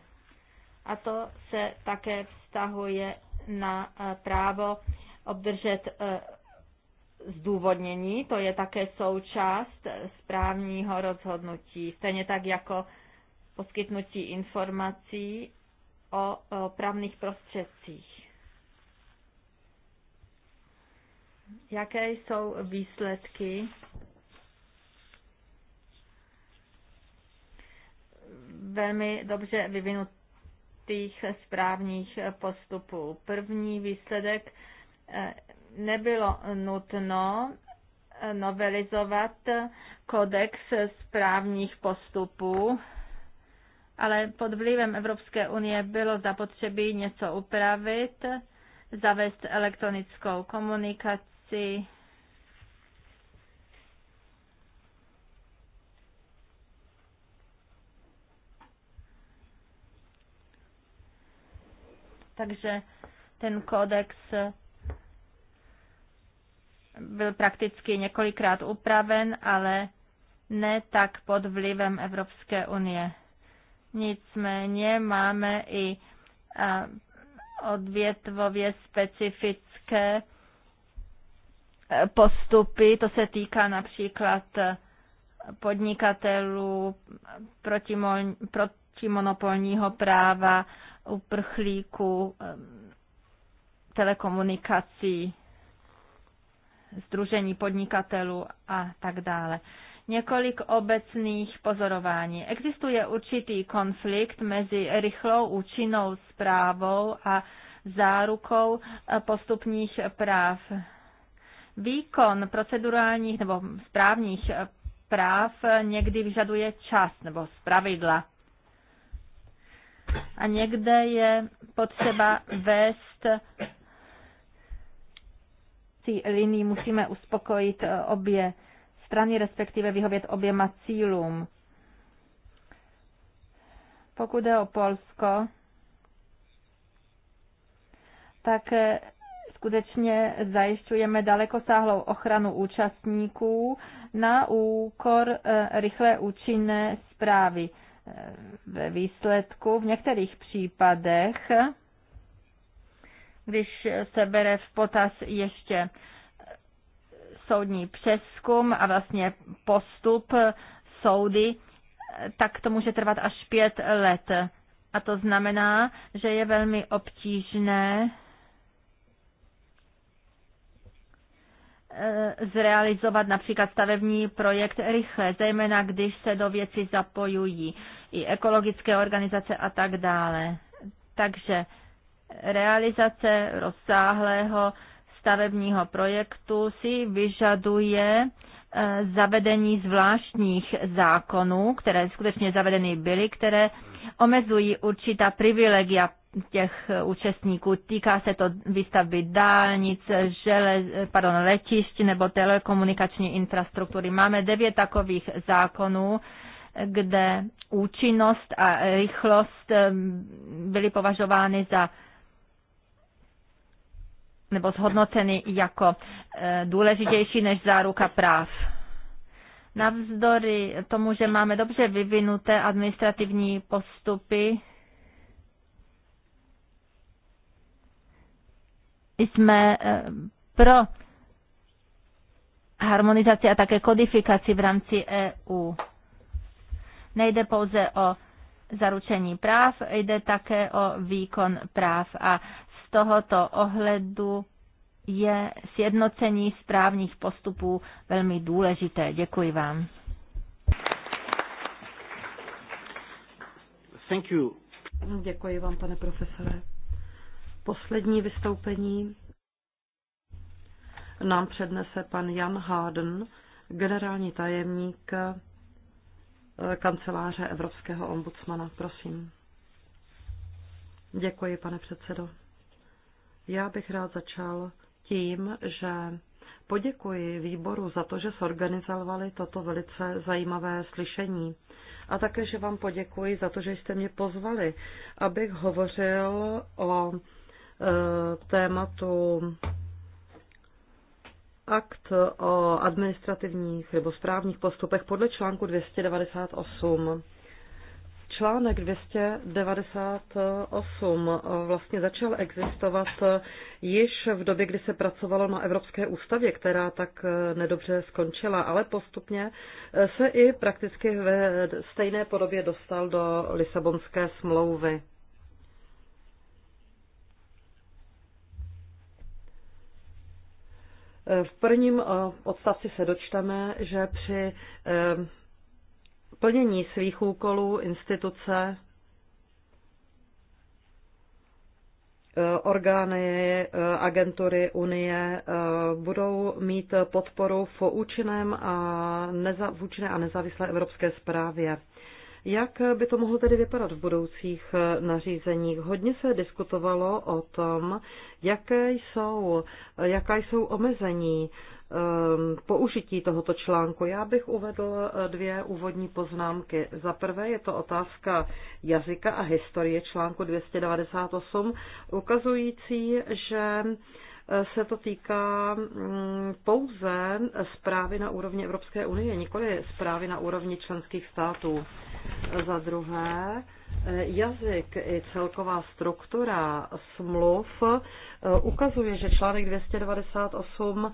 A to se také vztahuje na eh, právo obdržet eh, zdůvodnění, to je také součást eh, správního rozhodnutí, stejně tak jako poskytnutí informací o právních prostředcích. Jaké jsou výsledky velmi dobře vyvinutých správních postupů. První výsledek eh, nebylo nutno eh, novelizovat kodex správních postupů, ale pod vlivem Evropské unie bylo zapotřebí něco upravit, zavést elektronickou komunikaci, Takže ten kodex byl prakticky několikrát upraven, ale ne tak pod vlivem Evropské unie. Nicméně máme i odvětvově specifické e, postupy, to se týká například podnikatelů protimonopolního práva, uprchlíků, telekomunikací, združení podnikatelů a tak dále. Několik obecných pozorování. Existuje určitý konflikt mezi rychlou účinnou zprávou a zárukou eh, postupních práv. Výkon procedurálních nebo správních eh, práv eh, někdy vyžaduje čas nebo zpravidla. A někde je potřeba vést ty linii, musíme uspokojit eh, obě strany, respektive vyhovět oběma cílům. Pokud je o Polsko, tak eh, skutečně zajišťujeme dalekosáhlou ochranu účastníků na úkor eh, rychlé účinné zprávy. Eh, ve výsledku v některých případech, když se bere v potaz ještě soudní přeskum a vlastně postup soudy, tak to může trvat až pět let. A to znamená, že je velmi obtížné Eh, zrealizovat například stavební projekt rychle, zejména když se do věci zapojují i ekologické organizace a tak dále. Takže realizace rozsáhlého stavebního projektu si vyžaduje eh, zavedení zvláštních zákonů, které skutečně zavedeny byly, které omezují určitá privilegia těch účastníků. Týká se to výstavby dálnic, želez, pardon, letišť nebo telekomunikační infrastruktury. Máme devět takových zákonů, kde účinnost a rychlost byly považovány za nebo zhodnoceny jako eh, důležitější než záruka práv. Navzdory tomu, že máme dobře vyvinuté administrativní postupy, jsme eh, pro harmonizaci a také kodifikaci v rámci EU. Nejde pouze o zaručení práv, jde také o výkon práv a z tohoto ohledu je sjednocení správních postupů velmi důležité. Děkuji vám. Thank you. Děkuji vám, pane profesore. Poslední vystoupení nám přednese pan Jan Háden, generální tajemník eh, kanceláře Evropského ombudsmana. Prosím. Děkuji, pane předsedo. Já bych rád začal tím, že poděkuji výboru za to, že sorganizovali toto velice zajímavé slyšení. A také, že vám poděkuji za to, že jste mě pozvali, abych hovořil o Eh, tématu akt o administrativních nebo správních postupech podle článku 298. Článek 298 vlastně začal existovat již v době, kdy se pracovalo na Evropské ústavě, která tak nedobře skončila, ale postupně se i prakticky ve stejné podobě dostal do Lisabonské smlouvy. V prvním eh, odstavci se dočteme, že při eh, plnění svých úkolů instituce eh, orgány agentury Unie budou mít podporu v účinném a neza, v účinné a nezávislé evropské správě. Jak by to mohlo tedy vypadat v budoucích eh, nařízeních? Hodně se diskutovalo o tom, jaké jsou, jaká jsou omezení ehm, použití tohoto článku. Já bych uvedl eh, dvě úvodní poznámky. Za prvé je to otázka jazyka a historie článku 298, ukazující, že eh, se to týká mm, pouze zprávy na úrovni Evropské unie, nikoli zprávy na úrovni členských států. Za druhé, eh, jazyk i celková struktura smluv eh, ukazuje, že článek 298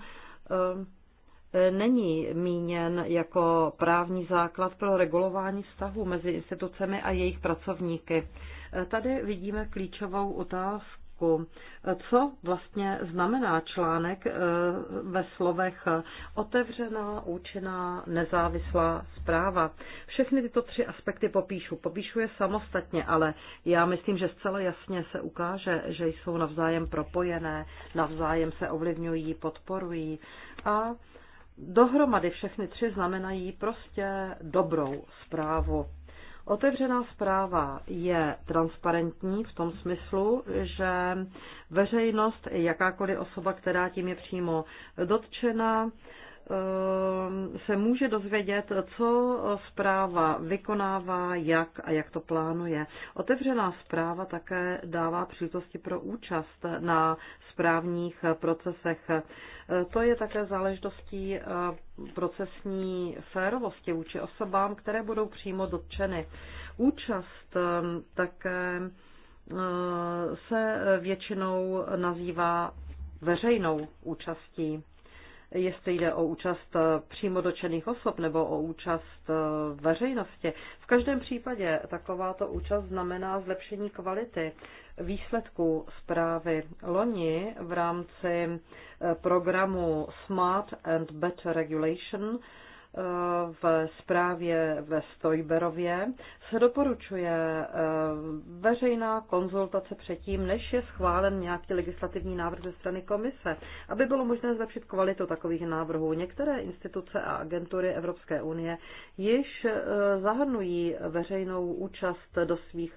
eh, není míněn jako právní základ pro regulování vztahů mezi institucemi a jejich pracovníky. Tady vidíme klíčovou otázku otázku, co vlastně znamená článek eh, ve slovech otevřená, účinná, nezávislá zpráva. Všechny tyto tři aspekty popíšu. Popíšu je samostatně, ale já myslím, že zcela jasně se ukáže, že jsou navzájem propojené, navzájem se ovlivňují, podporují a dohromady všechny tři znamenají prostě dobrou zprávu. Otevřená zpráva je transparentní v tom smyslu, že veřejnost, jakákoliv osoba, která tím je přímo dotčena, Ehm, se může dozvědět, co zpráva vykonává, jak a jak to plánuje. Otevřená zpráva také dává příležitosti pro účast na správních procesech. Ehm, to je také záležitostí ehm, procesní férovosti vůči osobám, které budou přímo dotčeny. Účast také se většinou nazývá veřejnou účastí jestli jde o účast eh, přímo dočených osob nebo o účast eh, veřejnosti. V každém případě takováto účast znamená zlepšení kvality výsledků zprávy. Loni v rámci eh, programu Smart and Better Regulation v zprávě ve Stojberově se doporučuje eh, veřejná konzultace předtím, než je schválen nějaký legislativní návrh ze strany komise, aby bylo možné zlepšit kvalitu takových návrhů. Některé instituce a agentury Evropské unie již eh, zahrnují veřejnou účast do svých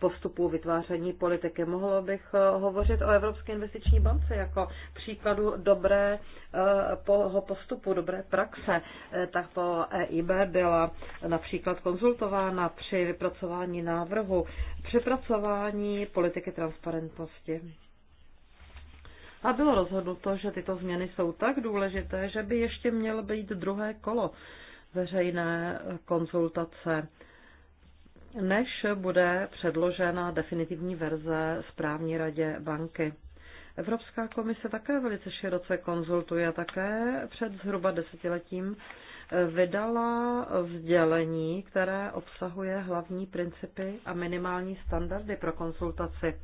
postupů vytváření politiky. Mohlo bych eh, hovořit o Evropské investiční bance jako příkladu dobrého eh, postupu, dobré praxe. Eh, tak po EIB byla například konzultována při vypracování návrhu přepracování politiky transparentnosti. A bylo rozhodnuto, že tyto změny jsou tak důležité, že by ještě mělo být druhé kolo veřejné konzultace než bude předložena definitivní verze správní radě banky. Evropská komise také velice široce konzultuje, také před zhruba desetiletím vydala vzdělení, které obsahuje hlavní principy a minimální standardy pro konzultaci.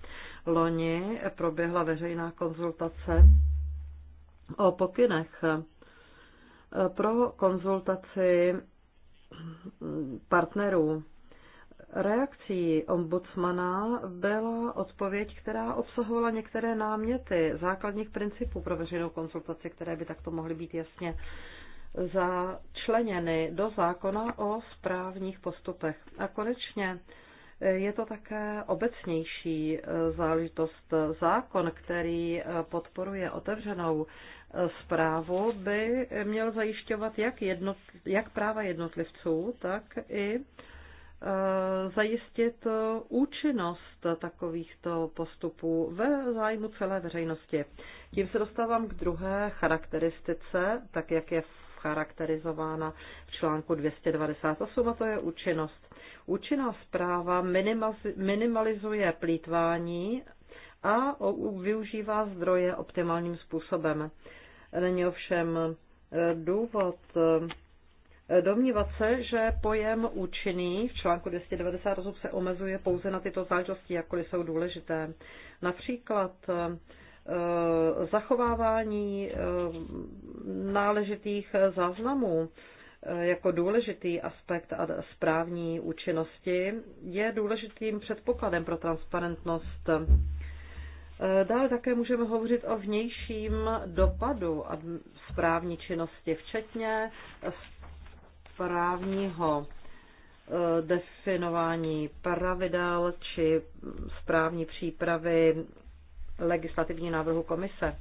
Loni proběhla veřejná konzultace o pokynech pro konzultaci partnerů Reakcí ombudsmana byla odpověď, která obsahovala některé náměty základních principů pro veřejnou konsultaci, které by takto mohly být jasně začleněny do zákona o správních postupech. A konečně eh, je to také obecnější eh, záležitost. Zákon, který eh, podporuje otevřenou zprávu, by měl zajišťovat jak, jednot, jak práva jednotlivců, tak i Eh, zajistit eh, účinnost takovýchto postupů ve zájmu celé veřejnosti. Tím se dostávám k druhé charakteristice, tak jak je charakterizována v článku 298, a to je účinnost. Účinná zpráva minimalizuje plítvání a využívá zdroje optimálním způsobem. Není ovšem eh, důvod Domnívat se, že pojem účinný v článku 298 se omezuje pouze na tyto záležitosti, jakkoliv jsou důležité. Například eh, zachovávání eh, náležitých záznamů eh, jako důležitý aspekt a správní účinnosti je důležitým předpokladem pro transparentnost. Dále také můžeme hovořit o vnějším dopadu a správní činnosti, včetně správního eh, definování pravidel či správní přípravy legislativní návrhu komise.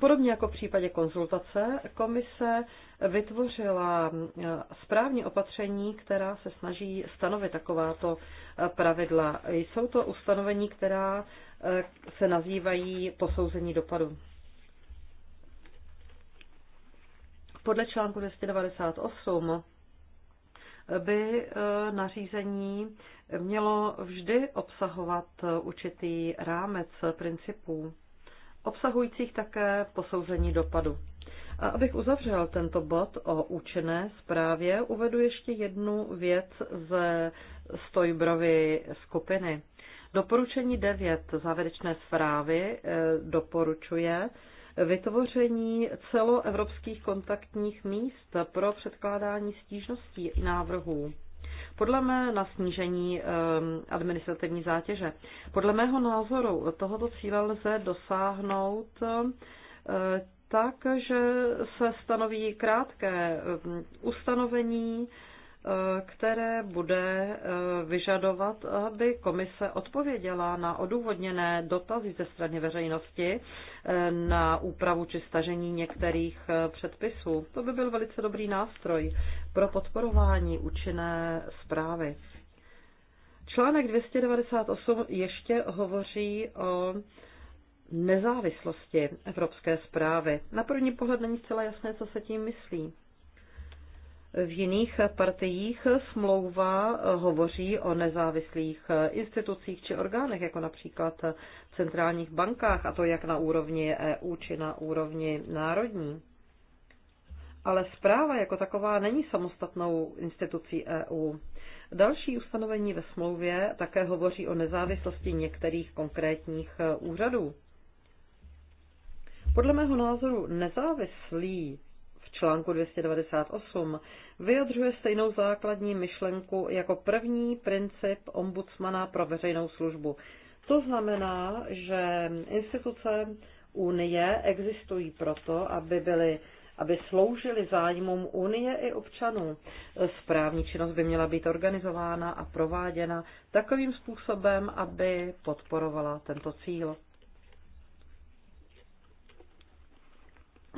Podobně jako v případě konzultace, komise vytvořila eh, správní opatření, která se snaží stanovit takováto eh, pravidla. Jsou to ustanovení, která se nazývají posouzení dopadu. Podle článku 298 by e, nařízení mělo vždy obsahovat určitý rámec principů, obsahujících také posouzení dopadu. A abych uzavřel tento bod o účinné zprávě, uvedu ještě jednu věc ze Stojbrovy skupiny. Doporučení 9 závěrečné zprávy e, doporučuje vytvoření celoevropských kontaktních míst pro předkládání stížností návrhů. Podle mé na snížení ehm, administrativní zátěže. Podle mého názoru tohoto cíle lze dosáhnout ehm, tak, že se stanoví krátké ehm, ustanovení Eh, které bude eh, vyžadovat, aby komise odpověděla na odůvodněné dotazy ze strany veřejnosti eh, na úpravu či stažení některých předpisů. To by byl velice dobrý nástroj pro podporování účinné zprávy. Článek 298 ještě hovoří o nezávislosti evropské zprávy. Na první pohled není zcela jasné, co se tím myslí. V jiných partiích smlouva hovoří o nezávislých institucích či orgánech, jako například centrálních bankách, a to jak na úrovni EU či na úrovni národní. Ale zpráva jako taková není samostatnou institucí EU. Další ustanovení ve smlouvě také hovoří o nezávislosti některých konkrétních úřadů. Podle mého názoru nezávislý článku 298 vyjadřuje stejnou základní myšlenku jako první princip ombudsmana pro veřejnou službu. To znamená, že instituce Unie existují proto, aby byly aby sloužily zájmům Unie i občanů. Správní činnost by měla být organizována a prováděna takovým způsobem, aby podporovala tento cíl.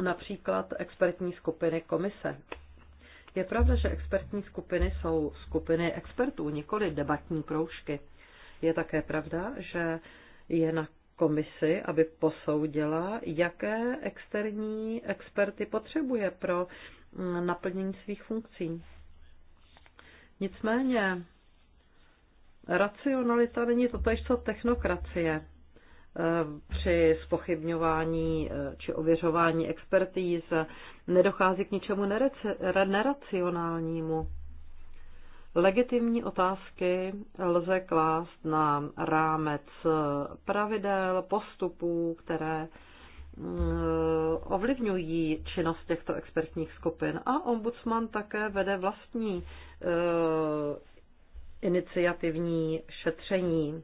například expertní skupiny komise. Je pravda, že expertní skupiny jsou skupiny expertů, nikoli debatní kroužky. Je také pravda, že je na komisi, aby posoudila, jaké externí experty potřebuje pro mm, naplnění svých funkcí. Nicméně racionalita není totež co technokracie. Eh, při spochybňování eh, či ověřování expertíz nedochází k ničemu neracionálnímu. Legitimní otázky lze klást na rámec pravidel, postupů, které eh, ovlivňují činnost těchto expertních skupin. A ombudsman také vede vlastní iniciativní šetření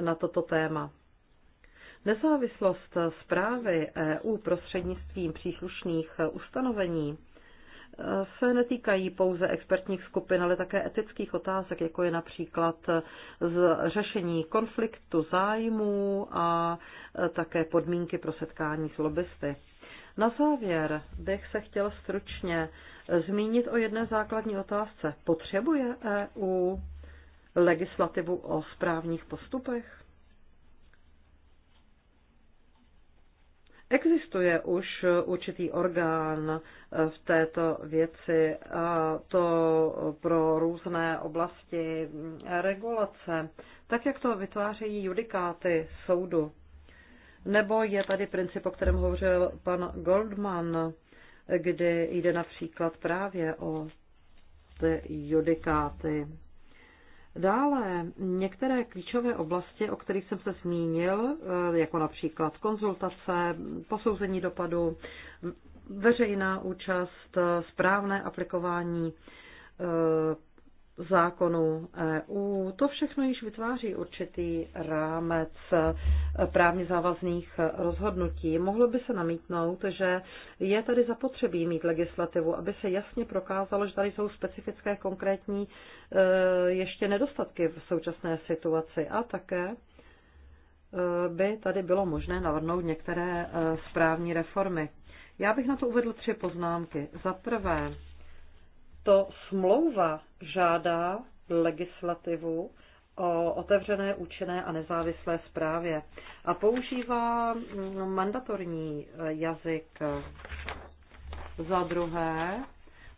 na toto téma. Nezávislost zprávy EU prostřednictvím příslušných ustanovení eh, se netýkají pouze expertních skupin, ale také etických otázek, jako je například z řešení konfliktu zájmů a eh, také podmínky pro setkání s lobbysty. Na závěr bych se chtěl stručně eh, zmínit o jedné základní otázce. Potřebuje EU legislativu o správních postupech? Existuje už určitý orgán eh, v této věci, a to pro různé oblasti mm, regulace, tak jak to vytvářejí judikáty soudu. Nebo je tady princip, o kterém hovořil pan Goldman, kdy jde například právě o ty judikáty Dále některé klíčové oblasti, o kterých jsem se zmínil, eh, jako například konzultace, posouzení dopadu, veřejná účast, eh, správné aplikování eh, zákonů EU. To všechno již vytváří určitý rámec právně závazných rozhodnutí. Mohlo by se namítnout, že je tady zapotřebí mít legislativu, aby se jasně prokázalo, že tady jsou specifické konkrétní e, ještě nedostatky v současné situaci a také e, by tady bylo možné navrhnout některé e, správní reformy. Já bych na to uvedl tři poznámky. Za prvé, to smlouva žádá legislativu o otevřené, účinné a nezávislé zprávě a používá mandatorní jazyk. Za druhé,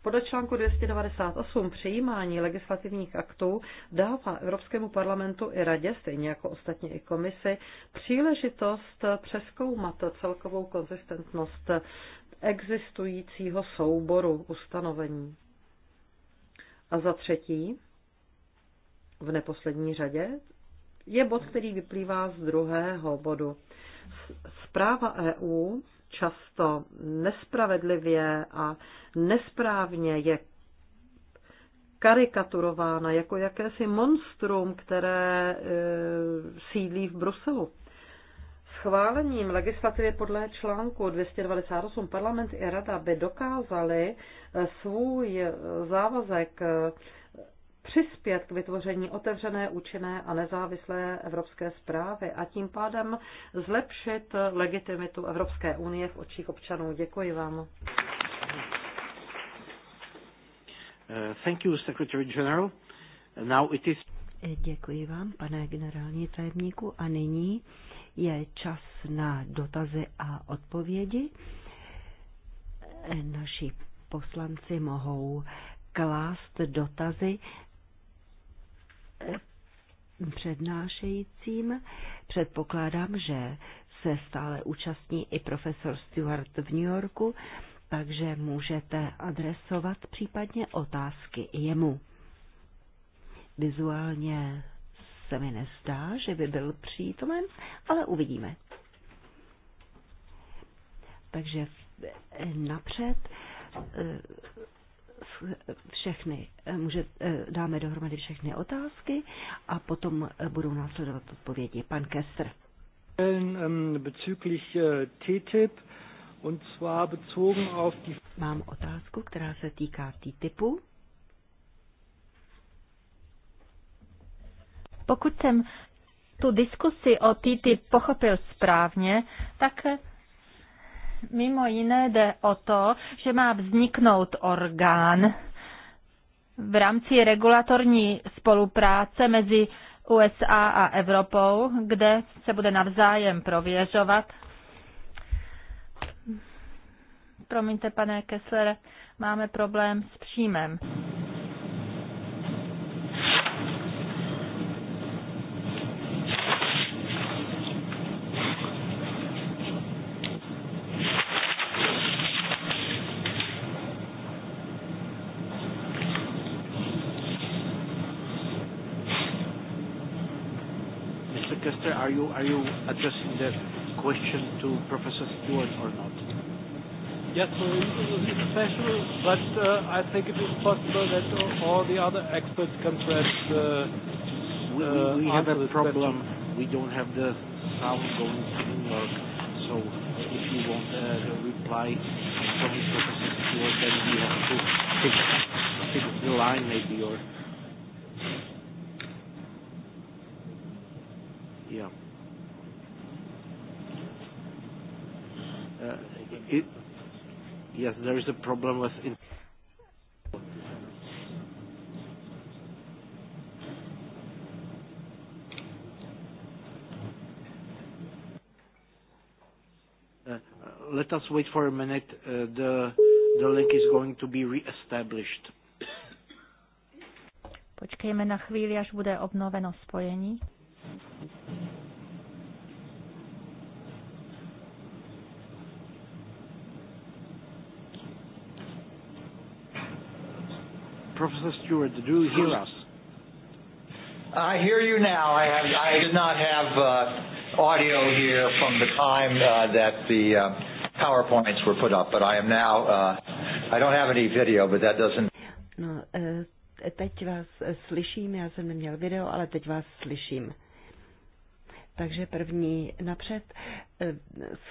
podle článku 298 přijímání legislativních aktů dává Evropskému parlamentu i radě, stejně jako ostatně i komisi, příležitost přeskoumat celkovou konzistentnost existujícího souboru ustanovení. A za třetí, v neposlední řadě, je bod, který vyplývá z druhého bodu. Zpráva EU často nespravedlivě a nesprávně je karikaturována jako jakési monstrum, které e, sídlí v Bruselu schválením legislativy podle článku 298 parlament i rada by dokázali eh, svůj eh, závazek eh, přispět k vytvoření otevřené, účinné a nezávislé evropské zprávy a tím pádem zlepšit legitimitu Evropské unie v očích občanů. Děkuji vám. Thank you, Secretary General. Now it is... Děkuji vám, pane generální tajemníku. A nyní je čas na dotazy a odpovědi. Naši poslanci mohou klást dotazy přednášejícím. Předpokládám, že se stále účastní i profesor Stewart v New Yorku, takže můžete adresovat případně otázky jemu. Vizuálně se mi nezdá, že by byl přítomen, ale uvidíme. Takže napřed eh, všechny, eh, může, eh, dáme dohromady všechny otázky a potom budou následovat odpovědi. Pan Kester. Ähm, bezüglich äh, TTIP und zwar bezogen auf die... Mám otázku, která se týká TTIPu. Pokud jsem tu diskusi o TTIP pochopil správně, tak mimo jiné jde o to, že má vzniknout orgán v rámci regulatorní spolupráce mezi USA a Evropou, kde se bude navzájem prověřovat. Promiňte, pane Kessler, máme problém s příjmem. you are you addressing the question to Professor Stewart or not? Yes, so it's special, but uh, I think it is possible that all the other experts can press. Uh, we, we, uh, we have a problem. Question. We don't have the sound going to work. So if you want uh, the reply from Professor Stewart, then we have to fix the line maybe or. It, yes, there is a problem with. In- uh, let us wait for a minute. Uh, the the link is going to be reestablished. Počkejme na chvíli, až bude obnoveno spojení. Professor Stewart, do you hear us? I hear you now. I, have, I did not have uh, audio here from the time uh, that the uh, PowerPoints were put up, but I am now, uh, I don't have any video, but that doesn't. No, uh, teď vás slyším, já jsem neměl video, ale teď vás slyším. Takže první napřed eh,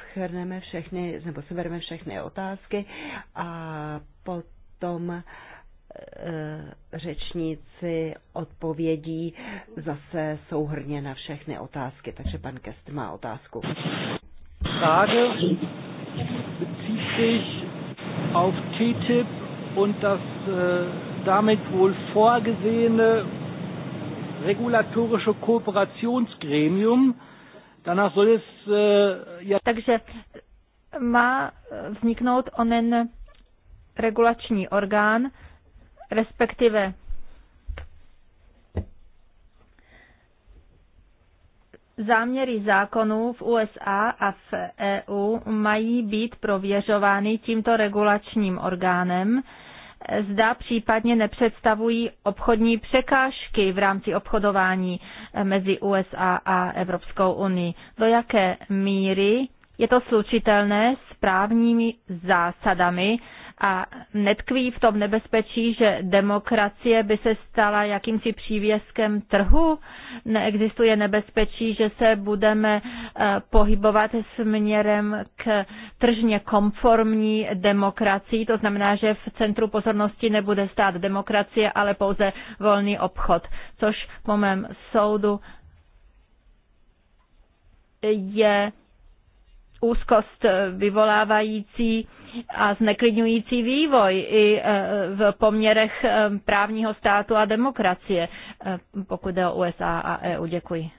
schrneme všechny, nebo sebereme všechny otázky a potom uh, Eh, řečníci odpovědí zase souhrně na všechny otázky. Takže pan Kest má otázku. Frage bezieht sich auf TTIP und das äh, damit wohl vorgesehene regulatorische Kooperationsgremium. Danach soll es äh, ja. Takže má vzniknout onen regulační orgán, respektive Záměry zákonů v USA a v EU mají být prověřovány tímto regulačním orgánem, zda případně nepředstavují obchodní překážky v rámci obchodování mezi USA a Evropskou unii. Do jaké míry je to slučitelné s právními zásadami a netkví v tom nebezpečí, že demokracie by se stala jakýmsi přívěskem trhu? Neexistuje nebezpečí, že se budeme eh, pohybovat směrem k tržně konformní demokracii, to znamená, že v centru pozornosti nebude stát demokracie, ale pouze volný obchod, což po mém soudu je úzkost eh, vyvolávající a zneklidňující vývoj i eh, v poměrech eh, právního státu a demokracie, pokud jde o USA a EU. Děkuji.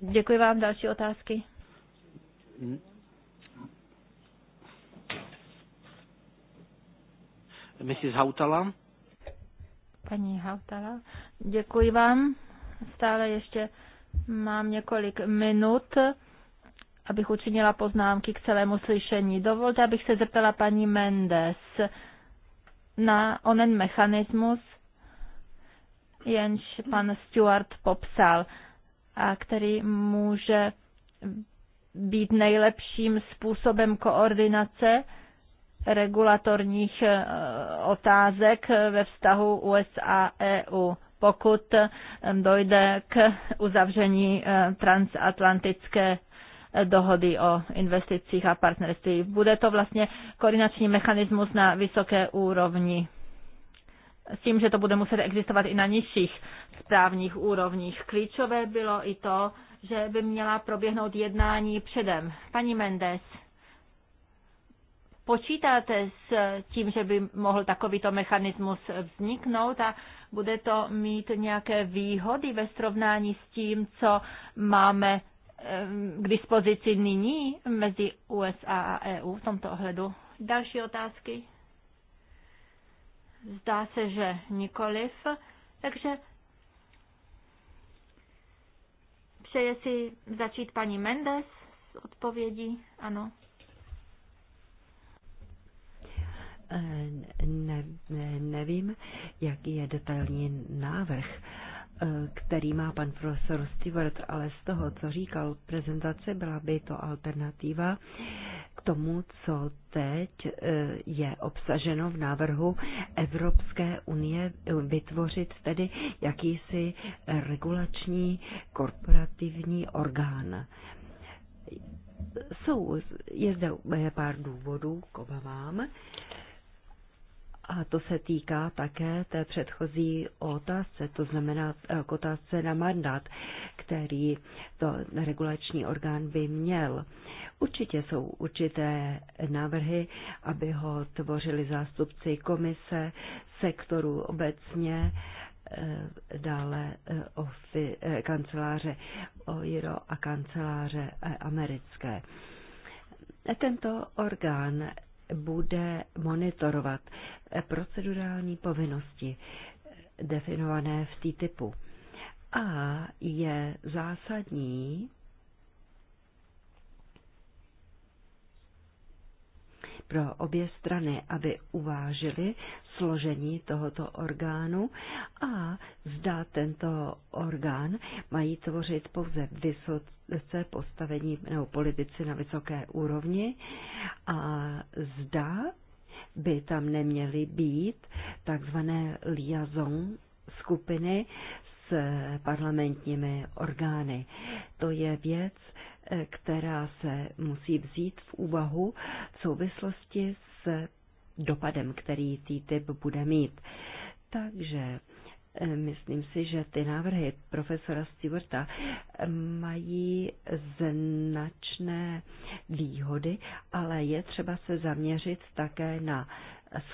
Děkuji vám. Další otázky? Mrs. Hautala. Paní Hautala, děkuji vám. Stále ještě mám několik minut abych učinila poznámky k celému slyšení. Dovolte, abych se zeptala paní Mendes na onen mechanismus, jenž pan Stewart popsal a který může být nejlepším způsobem koordinace regulatorních eh, otázek ve vztahu USA-EU, e pokud eh, dojde k uzavření eh, transatlantické dohody o investicích a partnerství. Bude to vlastně koordinační mechanismus na vysoké úrovni s tím, že to bude muset existovat i na nižších správních úrovních. Klíčové bylo i to, že by měla proběhnout jednání předem. Paní Mendes, počítáte s tím, že by mohl takovýto mechanismus vzniknout a bude to mít nějaké výhody ve srovnání s tím, co máme Eh, k dispozici nyní mezi USA a EU v tomto ohledu? Další otázky? Zdá se, že nikoliv. Takže přeje si začít paní Mendes s odpovědí? Ano. Eh, ne, ne, nevím, jaký je detailní návrh Eh, který má pan profesor Stewart, ale z toho, co říkal prezentace byla by to alternativa k tomu, co teď eh, je obsaženo v návrhu Evropské unie eh, vytvořit tedy jakýsi regulační korporativní orgán. Jsou, je zde pár důvodů k obavám. A to se týká také té předchozí otázce, to znamená eh, k otázce na mandát, který to regulační orgán by měl. Určitě jsou určité návrhy, aby ho tvořili zástupci komise, sektoru obecně, eh, dále eh, kanceláře OIRO a kanceláře americké. Tento orgán bude monitorovat procedurální povinnosti definované v TTIPu. A je zásadní, pro obě strany, aby uvážili složení tohoto orgánu a zda tento orgán mají tvořit pouze vysoce své postavení nebo politici na vysoké úrovni a zda by tam neměly být takzvané liaison skupiny s parlamentními orgány. To je věc, která se musí vzít v úvahu v souvislosti s dopadem, který TTIP bude mít. Takže Eh, myslím si, že ty návrhy profesora Stewarta eh, mají značné výhody, ale je třeba se zaměřit také na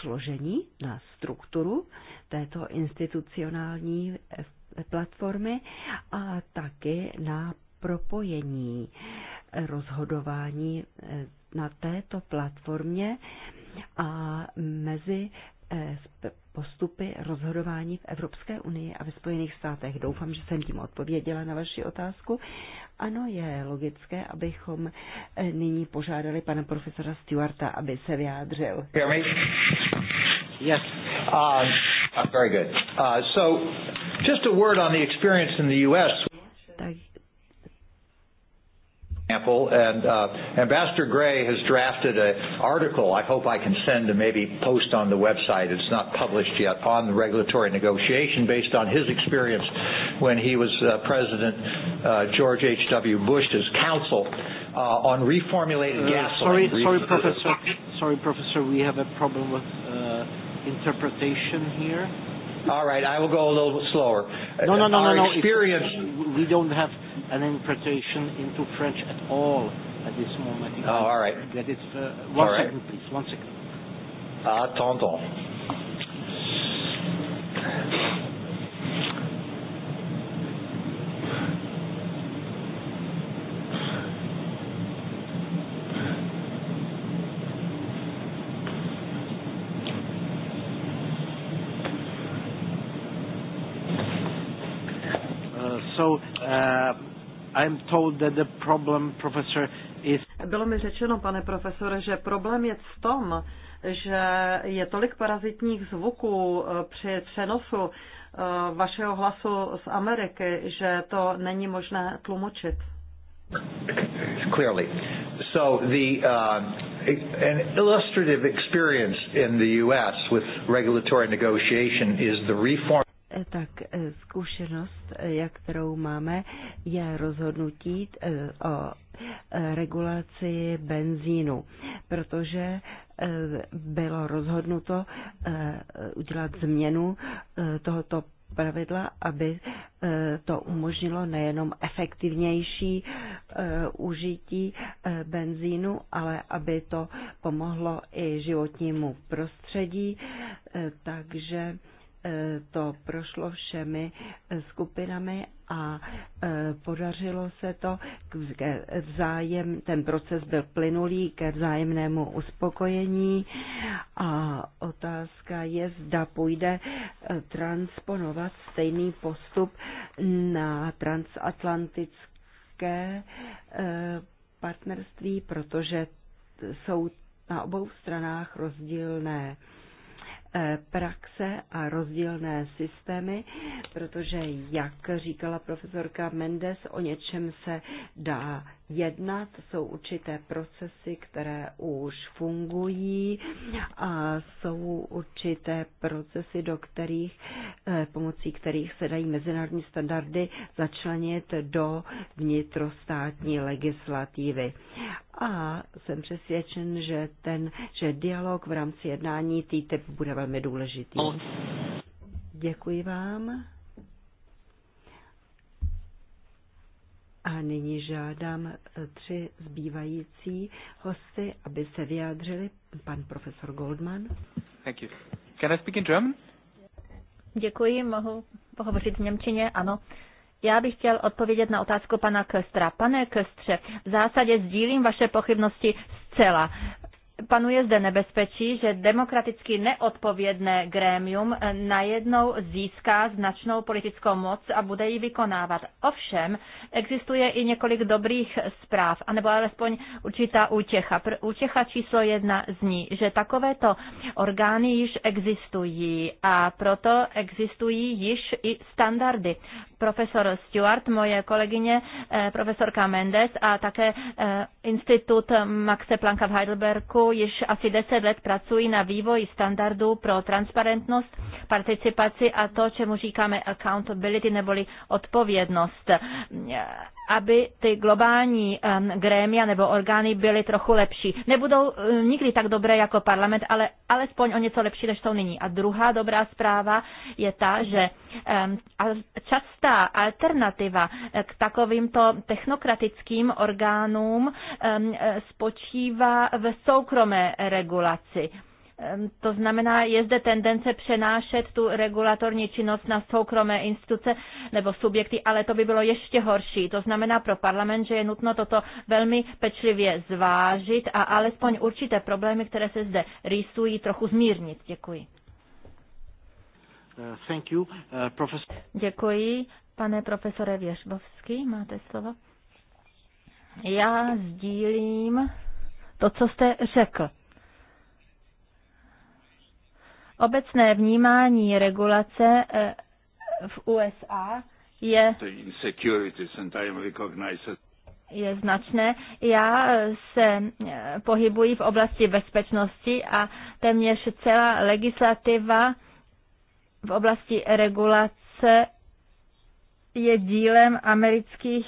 složení, na strukturu této institucionální eh, platformy a taky na propojení rozhodování na této platformě a mezi Eh, postupy rozhodování v Evropské unii a ve Spojených státech. Doufám, že jsem tím odpověděla na vaši otázku. Ano, je logické, abychom eh, nyní požádali pana profesora Stewarta, aby se vyjádřil. Ah, ah, ah, Takže example. And uh, Ambassador Gray has drafted an article I hope I can send to maybe post on the website. It's not published yet on the regulatory negotiation based on his experience when he was uh, President uh, George H.W. Bush's counsel uh, on reformulated uh, gasoline. Sorry, Re- sorry, Professor. Sorry, Professor. We have a problem with uh, interpretation here. All right, I will go a little slower. No, no, no, no Our no, no. Experience. we don't have an interpretation into French at all at this moment. Oh, all right. That is uh, one all second, right. please. One second. Ah, Uh, Uh, I'm told that the problem, professor, is... Bylo mi řečeno, pane profesore, že problém je v tom, že je tolik parazitních zvuků eh, při přenosu eh, vašeho hlasu z Ameriky, že to není možné tlumočit. Clearly. So the uh, an illustrative experience in the U.S. with regulatory negotiation is the reform tak eh, zkušenost, eh, jak kterou máme, je rozhodnutí eh, o regulaci benzínu, protože bylo rozhodnuto udělat změnu tohoto pravidla, aby to umožnilo nejenom efektivnější užití benzínu, ale aby to pomohlo i životnímu prostředí. Takže E, to prošlo všemi skupinami a e, podařilo se to k vzájem, ten proces byl plynulý ke vzájemnému uspokojení a otázka je, zda půjde e, transponovat stejný postup na transatlantické partnerství, protože jsou na obou stranách rozdílné Eh, praxe a rozdílné systémy, protože, jak říkala profesorka Mendes, o něčem se dá jednat. Jsou určité procesy, které už fungují a jsou určité procesy, do kterých, eh, pomocí kterých se dají mezinárodní standardy začlenit do vnitrostátní legislativy. A jsem přesvědčen, že, ten, že dialog v rámci jednání TTIP bude velmi důležitý. No. Děkuji vám. A nyní žádám e, tři zbývající hosty, aby se vyjádřili. Pan profesor Goldman. Thank you. Can I speak in German? Děkuji, mohu pohovořit v Němčině, ano. Já bych chtěl odpovědět na otázku pana Köstra. Pane Köstře, v zásadě sdílím vaše pochybnosti zcela panuje zde nebezpečí, že demokraticky neodpovědné grémium najednou získá značnou politickou moc a bude ji vykonávat. Ovšem, existuje i několik dobrých zpráv, anebo alespoň určitá útěcha. Útěcha číslo jedna zní, že takovéto orgány již existují a proto existují již i standardy. Profesor Stuart, moje kolegyně, eh, profesorka Mendes a také eh, Institut Maxe Plancka v Heidelbergu již asi 10 let pracuji na vývoji standardů pro transparentnost, participaci a to, čemu říkáme accountability neboli odpovědnost aby ty globální grémia nebo orgány byly trochu lepší. Nebudou eh, nikdy tak dobré jako parlament, ale alespoň o něco lepší, než jsou nyní. A druhá dobrá zpráva je ta, že častá alternativa eh, k takovýmto technokratickým orgánům eh, spočívá v soukromé regulaci. To znamená, je zde tendence přenášet tu regulatorní činnost na soukromé instituce nebo subjekty, ale to by bylo ještě horší. To znamená pro parlament, že je nutno toto velmi pečlivě zvážit a alespoň určité problémy, které se zde rýsují, trochu zmírnit. Děkuji. Uh, thank you, uh, Děkuji. Pane profesore Věřbovský, máte slovo. Já sdílím to, co jste řekl. Obecné vnímání regulace eh, v USA je je značné. Já eh, se eh, pohybuji v oblasti bezpečnosti a téměř celá legislativa v oblasti regulace je dílem amerických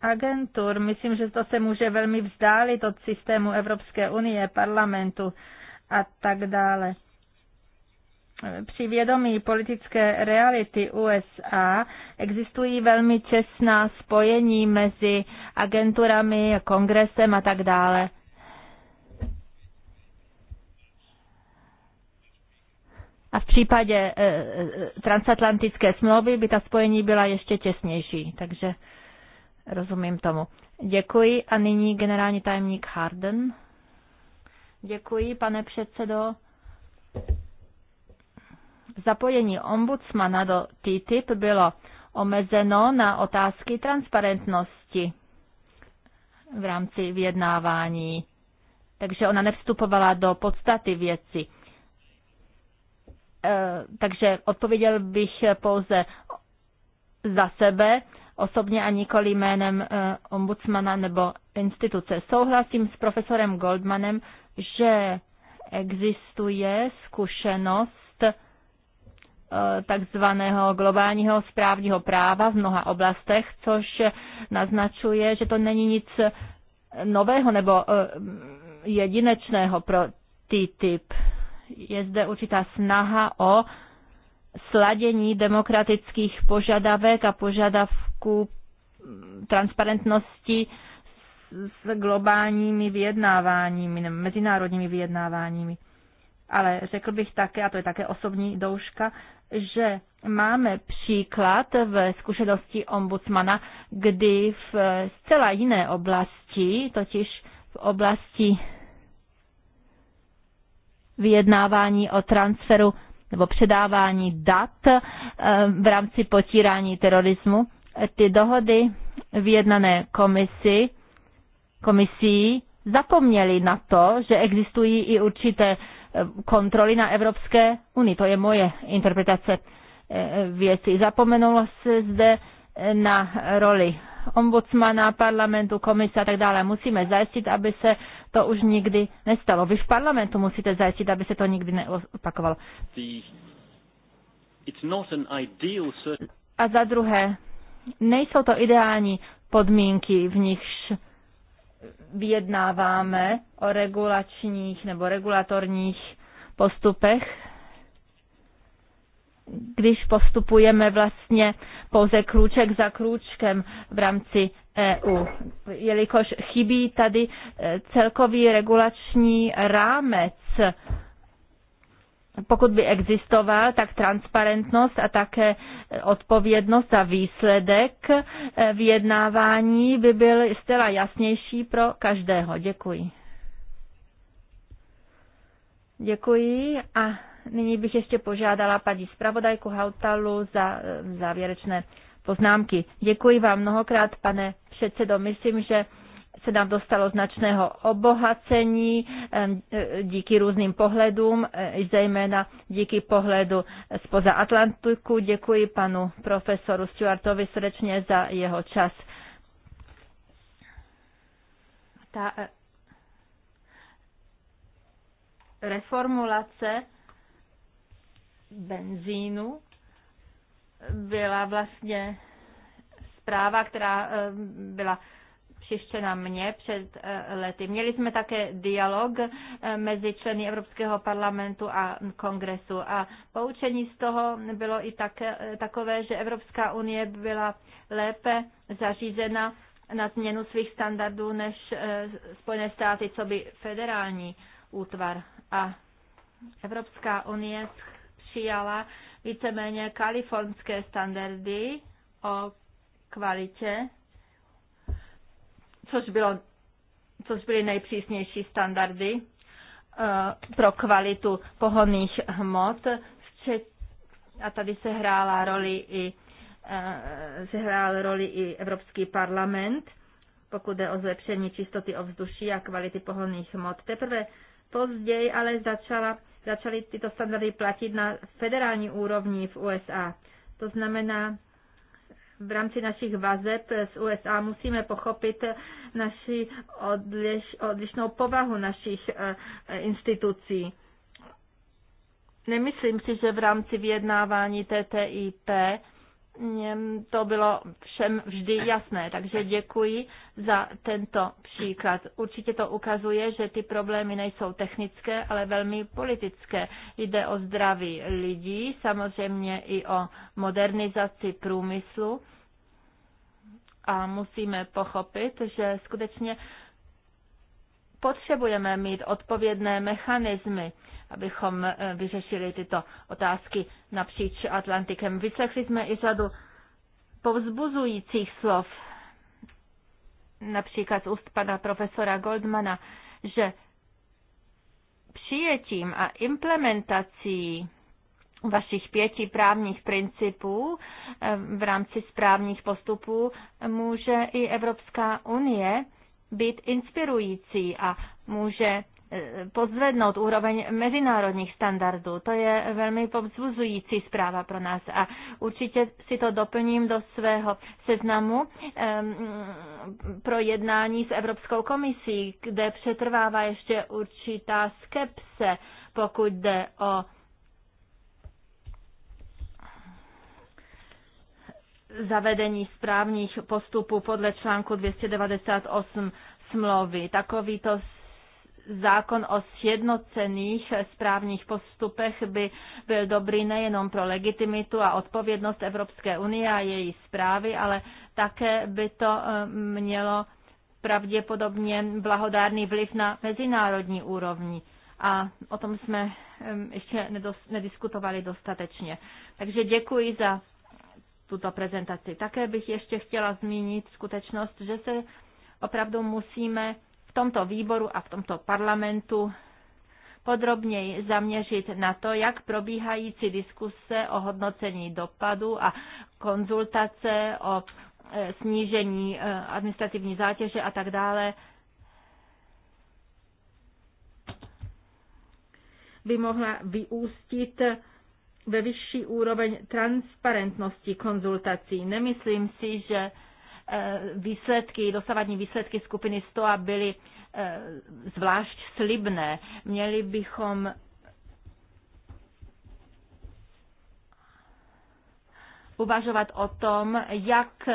agentur. Myslím, že to se může velmi vzdálit od systému Evropské unie, parlamentu a tak dále při vědomí politické reality USA existují velmi těsná spojení mezi agenturami, kongresem a tak dále. A v případě e, transatlantické smlouvy by ta spojení byla ještě těsnější, takže rozumím tomu. Děkuji a nyní generální tajemník Harden. Děkuji, pane předsedo. Zapojení ombudsmana do TTIP bylo omezeno na otázky transparentnosti v rámci vyjednávání. Takže ona nevstupovala do podstaty věci. E, takže odpověděl bych pouze za sebe, osobně a nikoli jménem e, ombudsmana nebo instituce. Souhlasím s profesorem Goldmanem, že existuje zkušenost Eh, takzvaného globálního správního práva v mnoha oblastech, což naznačuje, že to není nic nového nebo eh, jedinečného pro TTIP. Je zde určitá snaha o sladění demokratických požadavek a požadavků transparentnosti s globálními vyjednáváními, mezinárodními vyjednáváními. Ale řekl bych také, a to je také osobní douška, že máme příklad v zkušenosti ombudsmana, kdy v zcela jiné oblasti, totiž v oblasti vyjednávání o transferu nebo předávání dat eh, v rámci potírání terorismu, ty dohody vyjednané komisi, komisí zapomněli na to, že existují i určité kontroly na Evropské unii. To je moje interpretace eh, věci. Zapomenulo se zde eh, na roli ombudsmana, parlamentu, komise a tak dále. Musíme zajistit, aby se to už nikdy nestalo. Vy v parlamentu musíte zajistit, aby se to nikdy neopakovalo. A za druhé, nejsou to ideální podmínky, v nichž vyjednáváme o regulačních nebo regulatorních postupech, když postupujeme vlastně pouze krůček za krůčkem v rámci EU, jelikož chybí tady eh, celkový regulační rámec pokud by existoval, tak transparentnost a také odpovědnost za výsledek eh, vyjednávání by byl zcela jasnější pro každého. Děkuji. Děkuji a nyní bych ještě požádala paní zpravodajku Hautalu za eh, závěrečné poznámky. Děkuji vám mnohokrát, pane předsedo. Myslím, že se nám dostalo značného obohacení e, díky různým pohledům, e, zejména díky pohledu spoza Atlantiku. Děkuji panu profesoru Stuartovi srdečně za jeho čas. Ta e, reformulace benzínu byla vlastně zpráva, která byla na mě před eh, lety. Měli jsme také dialog eh, mezi členy Evropského parlamentu a kongresu a poučení z toho bylo i tak, eh, takové, že Evropská unie byla lépe zařízena na změnu svých standardů než Spojené státy, co by federální útvar. A Evropská unie přijala víceméně kalifornské standardy o kvalitě což, bylo, což byly nejpřísnější standardy eh, pro kvalitu pohonných hmot. A tady se hrála roli i eh, hrál roli i Evropský parlament, pokud jde o zlepšení čistoty ovzduší a kvality pohonných hmot. Teprve později ale začala, začaly tyto standardy platit na federální úrovni v USA. To znamená, v rámci našich vazeb s USA musíme pochopit naši odliš, odlišnou povahu našich eh, institucí. Nemyslím si, že v rámci vyjednávání TTIP to bylo všem vždy jasné. Takže děkuji za tento příklad. Určitě to ukazuje, že ty problémy nejsou technické, ale velmi politické. Jde o zdraví lidí, samozřejmě i o modernizaci průmyslu. A musíme pochopit, že skutečně potřebujeme mít odpovědné mechanizmy abychom eh, vyřešili tyto otázky napříč Atlantikem. Vyslechli jsme i řadu povzbuzujících slov, například z úst pana profesora Goldmana, že přijetím a implementací vašich pěti právních principů eh, v rámci správních postupů může i Evropská unie být inspirující a může pozvednout úroveň mezinárodních standardů. To je velmi povzbuzující zpráva pro nás a určitě si to doplním do svého seznamu pro jednání s Evropskou komisí, kde přetrvává ještě určitá skepse, pokud jde o zavedení správních postupů podle článku 298 smlouvy. Takovýto zákon o sjednocených správních postupech by byl dobrý nejenom pro legitimitu a odpovědnost Evropské unie a její zprávy, ale také by to eh, mělo pravděpodobně blahodárný vliv na mezinárodní úrovni. A o tom jsme ještě nediskutovali dostatečně. Takže děkuji za tuto prezentaci. Také bych ještě chtěla zmínit skutečnost, že se opravdu musíme tomto výboru a v tomto parlamentu podrobněji zaměřit na to, jak probíhající diskuse o hodnocení dopadu a konzultace o e, snížení e, administrativní zátěže a tak dále by mohla vyústit ve vyšší úroveň transparentnosti konzultací. Nemyslím si, že Eh, výsledky, dosavadní výsledky skupiny 100 byly eh, zvlášť slibné. Měli bychom uvažovat o tom, jak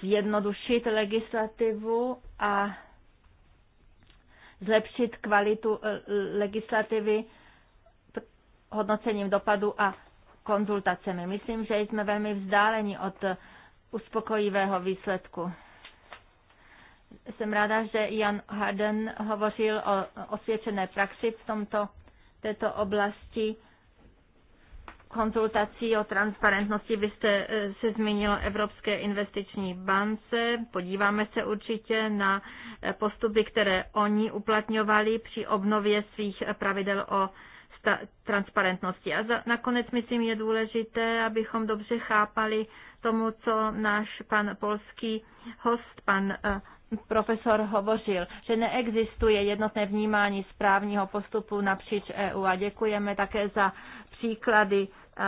zjednodušit legislativu a zlepšit kvalitu eh, legislativy hodnocením dopadu a konzultacemi. Myslím, že jsme velmi vzdáleni od uspokojivého výsledku. Jsem ráda, že Jan Harden hovořil o osvědčené praxi v tomto, této oblasti konzultací o transparentnosti. Vy jste eh, se zmínil Evropské investiční bance. Podíváme se určitě na eh, postupy, které oni uplatňovali při obnově svých pravidel o transparentnosti. A za, nakonec, myslím, je důležité, abychom dobře chápali tomu, co náš pan polský host, pan eh, profesor hovořil, že neexistuje jednotné vnímání správního postupu napříč EU a děkujeme také za příklady eh,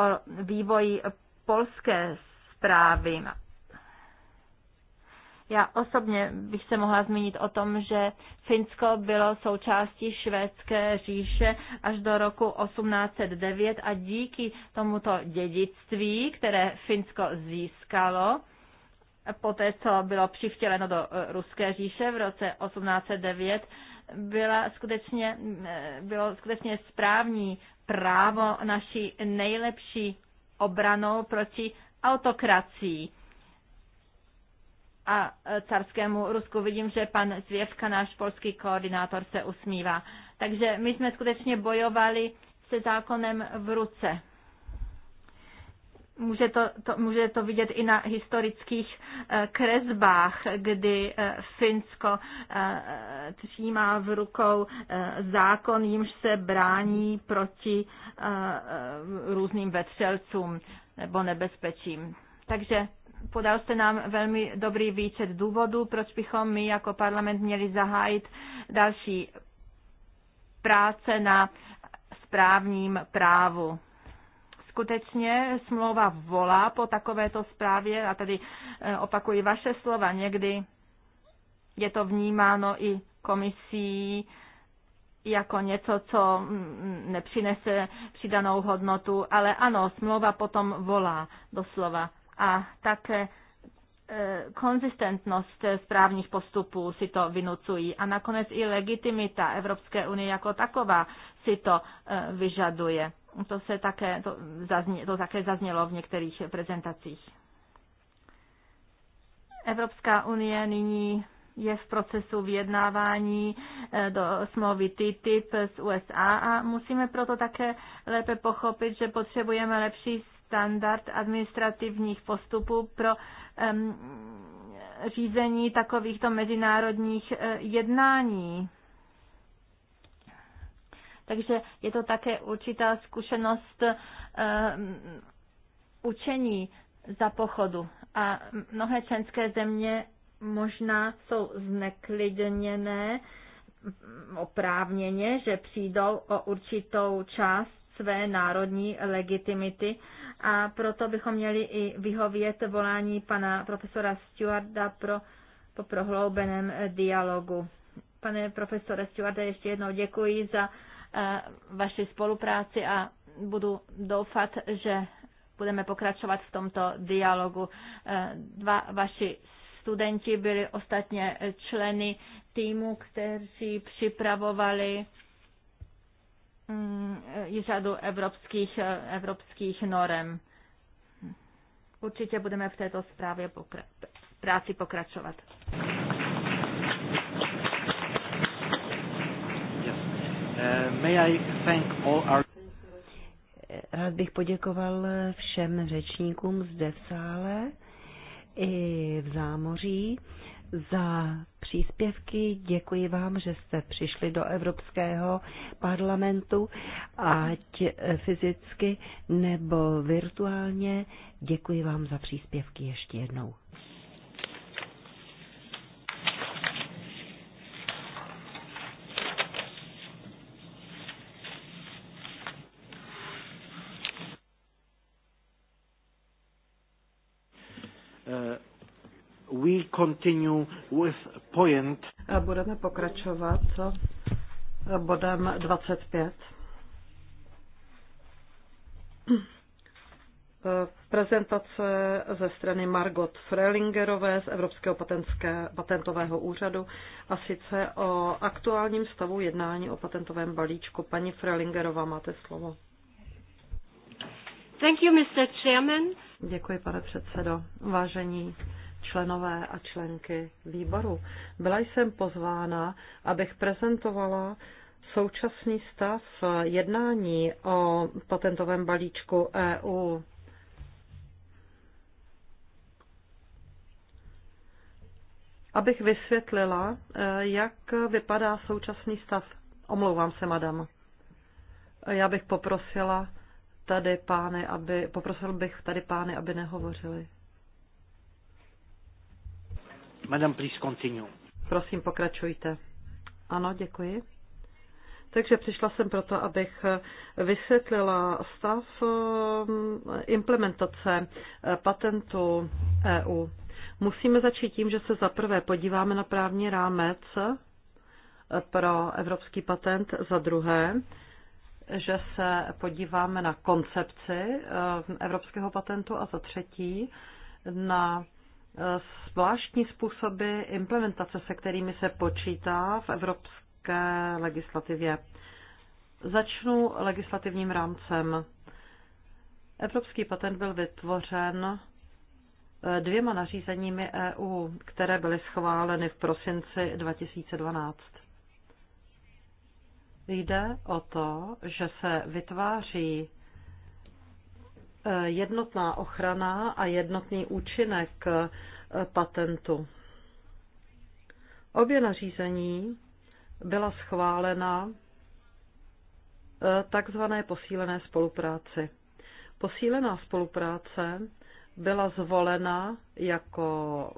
o vývoji polské zprávy já osobně bych se mohla zmínit o tom, že Finsko bylo součástí švédské říše až do roku 1809 a díky tomuto dědictví, které Finsko získalo, poté co bylo přivtěleno do eh, ruské říše v roce 1809, byla skutečně, eh, bylo skutečně správní právo naší nejlepší obranou proti autokracii a e, carskému Rusku. Vidím, že pan Zvěvka, náš polský koordinátor, se usmívá. Takže my jsme skutečně bojovali se zákonem v ruce. Může to, to, může to vidět i na historických e, kresbách, kdy e, Finsko třímá v rukou zákon, jimž se brání proti různým vetřelcům nebo nebezpečím. Takže podal jste nám velmi dobrý výčet důvodů, proč bychom my jako parlament měli zahájit další práce na správním právu. Skutečně smlouva volá po takovéto zprávě a tady eh, opakuji vaše slova. Někdy je to vnímáno i komisí jako něco, co mm, mm, nepřinese přidanou hodnotu, ale ano, smlouva potom volá doslova a také e, konzistentnost správních postupů si to vynucují a nakonec i legitimita Evropské unie jako taková si to e, vyžaduje. To, se také, to, zazně, to také zaznělo v některých prezentacích. Evropská unie nyní je v procesu vyjednávání e, do smlouvy TTIP z USA a musíme proto také lépe pochopit, že potřebujeme lepší standard administrativních postupů pro um, řízení takovýchto mezinárodních e, jednání. Takže je to také určitá zkušenost uh, učení za pochodu. A mnohé členské země možná jsou zneklidněné oprávněně, že přijdou o určitou část své národní legitimity a proto bychom měli i vyhovět volání pana profesora Stewarda pro, po prohloubeném dialogu. Pane profesore Stewarde, ještě jednou děkuji za eh, vaši spolupráci a budu doufat, že budeme pokračovat v tomto dialogu. Eh, dva vaši studenti byli ostatně členy týmu, kteří připravovali Mm, i řadu evropských, evropských norem. Určitě budeme v této zprávě pokra- práci pokračovat. Uh, Rád bych poděkoval všem řečníkům zde v sále i v zámoří za příspěvky. Děkuji vám, že jste přišli do Evropského parlamentu, ať fyzicky nebo virtuálně. Děkuji vám za příspěvky ještě jednou. continue with point. Eh, budeme pokračovat eh, bodem 25. Eh, prezentace ze strany Margot Frelingerové z Evropského patentového úřadu a sice o aktuálním stavu jednání o patentovém balíčku. Paní Frelingerová, máte slovo. Thank you, Mr. Chairman. Děkuji, pane předsedo. Vážení členové a členky výboru. Byla jsem pozvána, abych prezentovala současný stav jednání o patentovém balíčku EU. Abych vysvětlila, eh, jak vypadá současný stav. Omlouvám se, madam. Já bych poprosila tady pány, aby, poprosil bych tady pány, aby nehovořili. Madame, please continue. Prosím, pokračujte. Ano, děkuji. Takže přišla jsem proto, abych vysvětlila stav um, implementace eh, patentu EU. Musíme začít tím, že se zaprvé podíváme na právní rámec eh, pro evropský patent, za druhé, že se podíváme na koncepci eh, evropského patentu a za třetí na zvláštní způsoby implementace, se kterými se počítá v evropské legislativě. Začnu legislativním rámcem. Evropský patent byl vytvořen eh, dvěma nařízeními EU, které byly schváleny v prosinci 2012. Jde o to, že se vytváří Eh, jednotná ochrana a jednotný účinek eh, patentu. Obě nařízení byla schválena eh, takzvané posílené spolupráci. Posílená spolupráce byla zvolena jako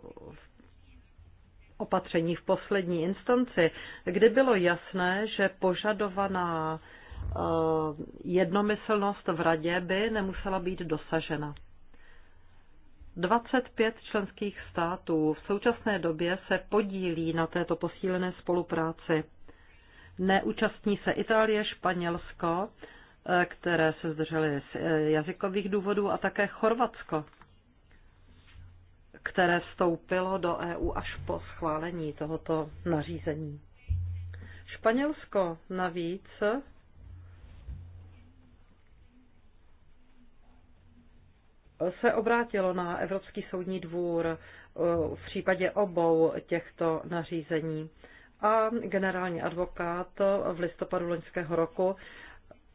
opatření v poslední instanci, kdy bylo jasné, že požadovaná Eh, jednomyslnost v radě by nemusela být dosažena. 25 členských států v současné době se podílí na této posílené spolupráci. Neúčastní se Itálie, Španělsko, eh, které se zdržely z eh, jazykových důvodů, a také Chorvatsko, které vstoupilo do EU až po schválení tohoto nařízení. Španělsko navíc se obrátilo na Evropský soudní dvůr eh, v případě obou těchto nařízení. A generální advokát v listopadu loňského roku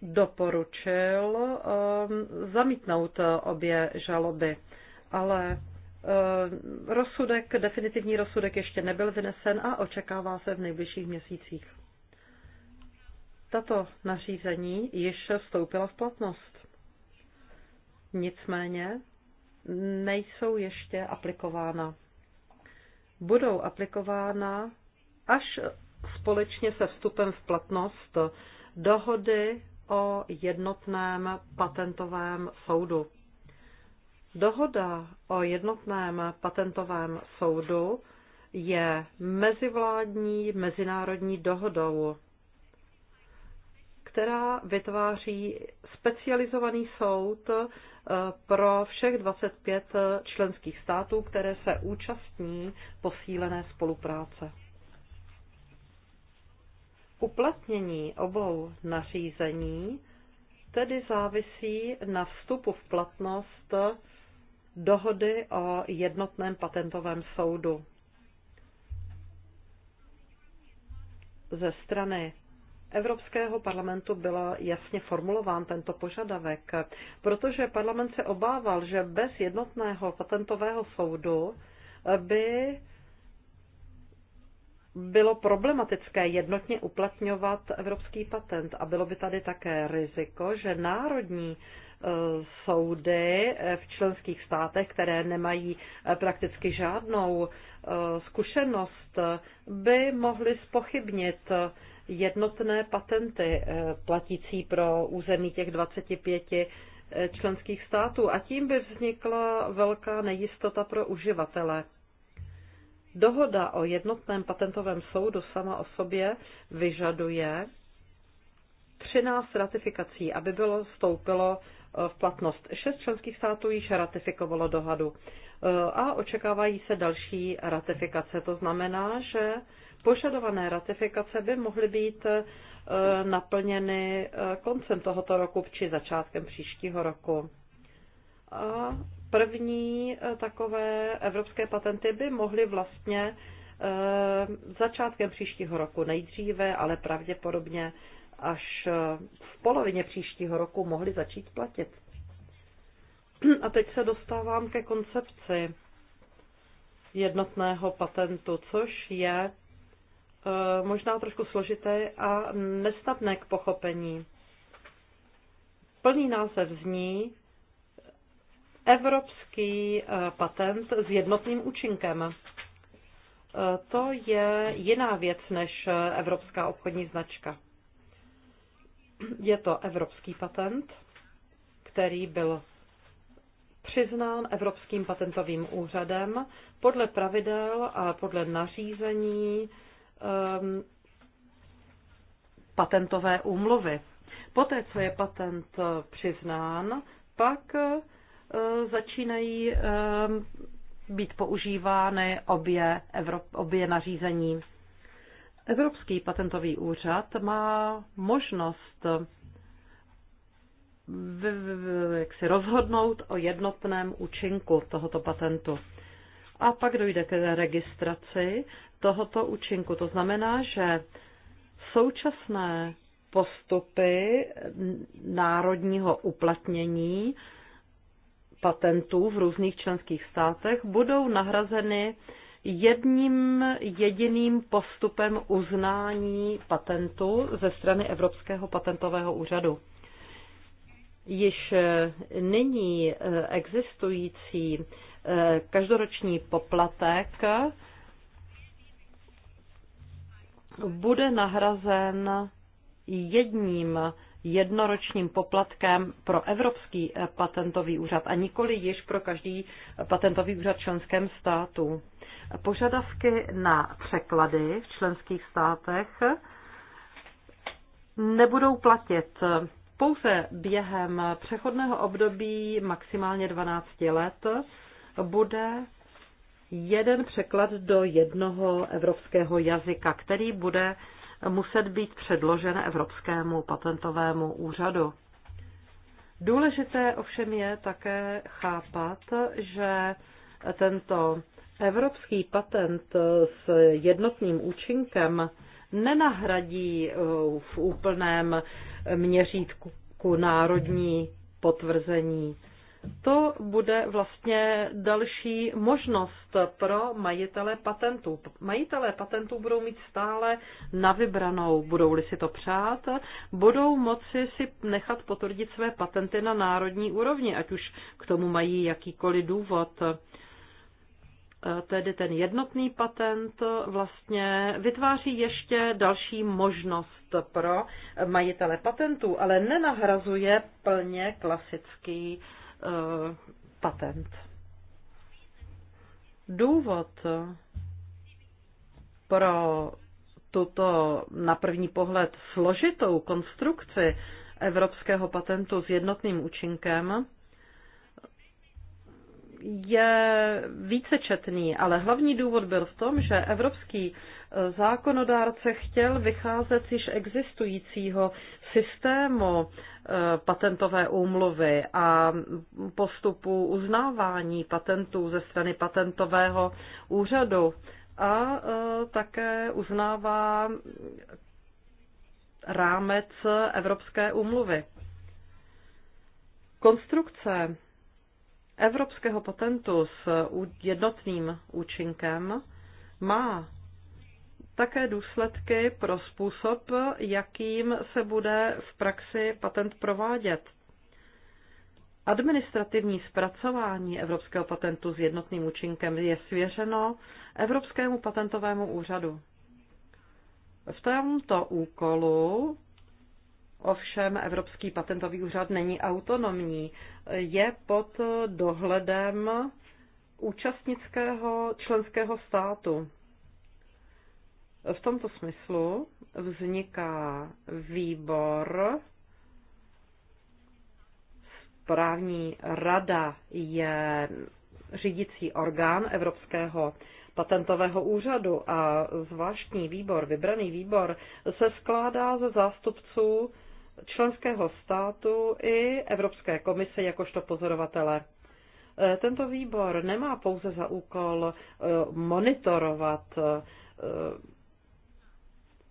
doporučil ehm, zamítnout obě žaloby. Ale eh, rozsudek, definitivní rozsudek ještě nebyl vynesen a očekává se v nejbližších měsících. Tato nařízení již vstoupila v platnost nicméně nejsou ještě aplikována. Budou aplikována až společně se vstupem v platnost dohody o jednotném patentovém soudu. Dohoda o jednotném patentovém soudu je mezivládní mezinárodní dohodou která vytváří specializovaný soud eh, pro všech 25 členských států, které se účastní posílené spolupráce. Uplatnění obou nařízení tedy závisí na vstupu v platnost dohody o jednotném patentovém soudu. Ze strany Evropského parlamentu byl jasně formulován tento požadavek, protože parlament se obával, že bez jednotného patentového soudu by bylo problematické jednotně uplatňovat evropský patent a bylo by tady také riziko, že národní e, soudy e, v členských státech, které nemají e, prakticky žádnou zkušenost, by mohly spochybnit jednotné patenty eh, platící pro území těch 25 eh, členských států a tím by vznikla velká nejistota pro uživatele. Dohoda o jednotném patentovém soudu sama o sobě vyžaduje 13 ratifikací, aby bylo vstoupilo eh, v platnost. Šest členských států již ratifikovalo dohadu a očekávají se další ratifikace. To znamená, že Požadované ratifikace by mohly být eh, naplněny eh, koncem tohoto roku či začátkem příštího roku. A první eh, takové evropské patenty by mohly vlastně začátkem příštího roku nejdříve, ale pravděpodobně až v polovině příštího roku mohly začít platit. A teď se dostávám ke koncepci jednotného patentu, což je Eh, možná trošku složité a nestatné k pochopení. Plný název zní Evropský eh, patent s jednotným účinkem. Eh, to je jiná věc než evropská obchodní značka. Je to evropský patent, který byl přiznán Evropským patentovým úřadem podle pravidel a podle nařízení um, patentové úmluvy. Poté, co je patent uh, přiznán, pak uh, začínají um, být používány obě, Evrop, obě nařízení. Evropský patentový úřad má možnost v, v, jak si rozhodnout o jednotném účinku tohoto patentu. A pak dojde k registraci tohoto účinku. To znamená, že současné postupy národního uplatnění patentů v různých členských státech budou nahrazeny jedním jediným postupem uznání patentu ze strany Evropského patentového úřadu. Již nyní existující eh, každoroční poplatek bude nahrazen jedním jednoročním poplatkem pro Evropský patentový úřad a nikoli již pro každý patentový úřad členském státu. Požadavky na překlady v členských státech nebudou platit pouze během přechodného období maximálně 12 let bude jeden překlad do jednoho evropského jazyka, který bude muset být předložen Evropskému patentovému úřadu. Důležité ovšem je také chápat, že tento evropský patent s jednotným účinkem nenahradí eh, v úplném měřítku národní potvrzení to bude vlastně další možnost pro majitele patentů. Majitelé patentů budou mít stále na vybranou, budou-li si to přát, budou moci si nechat potvrdit své patenty na národní úrovni, ať už k tomu mají jakýkoliv důvod. E, tedy ten jednotný patent vlastně vytváří ještě další možnost pro majitele patentů, ale nenahrazuje plně klasický Eh, patent. Důvod pro tuto na první pohled složitou konstrukci evropského patentu s jednotným účinkem je vícečetný, ale hlavní důvod byl v tom, že evropský Zákonodárce chtěl vycházet z již existujícího systému eh, patentové úmluvy a postupu uznávání patentů ze strany patentového úřadu a eh, také uznává rámec Evropské úmluvy. Konstrukce evropského patentu s jednotným účinkem má také důsledky pro způsob, jakým se bude v praxi patent provádět. Administrativní zpracování evropského patentu s jednotným účinkem je svěřeno Evropskému patentovému úřadu. V tomto úkolu ovšem Evropský patentový úřad není autonomní, je pod dohledem účastnického členského státu. V tomto smyslu vzniká výbor, správní rada je řídící orgán Evropského patentového úřadu a zvláštní výbor, vybraný výbor, se skládá ze zástupců členského státu i Evropské komise jakožto pozorovatele. Tento výbor nemá pouze za úkol eh, monitorovat eh,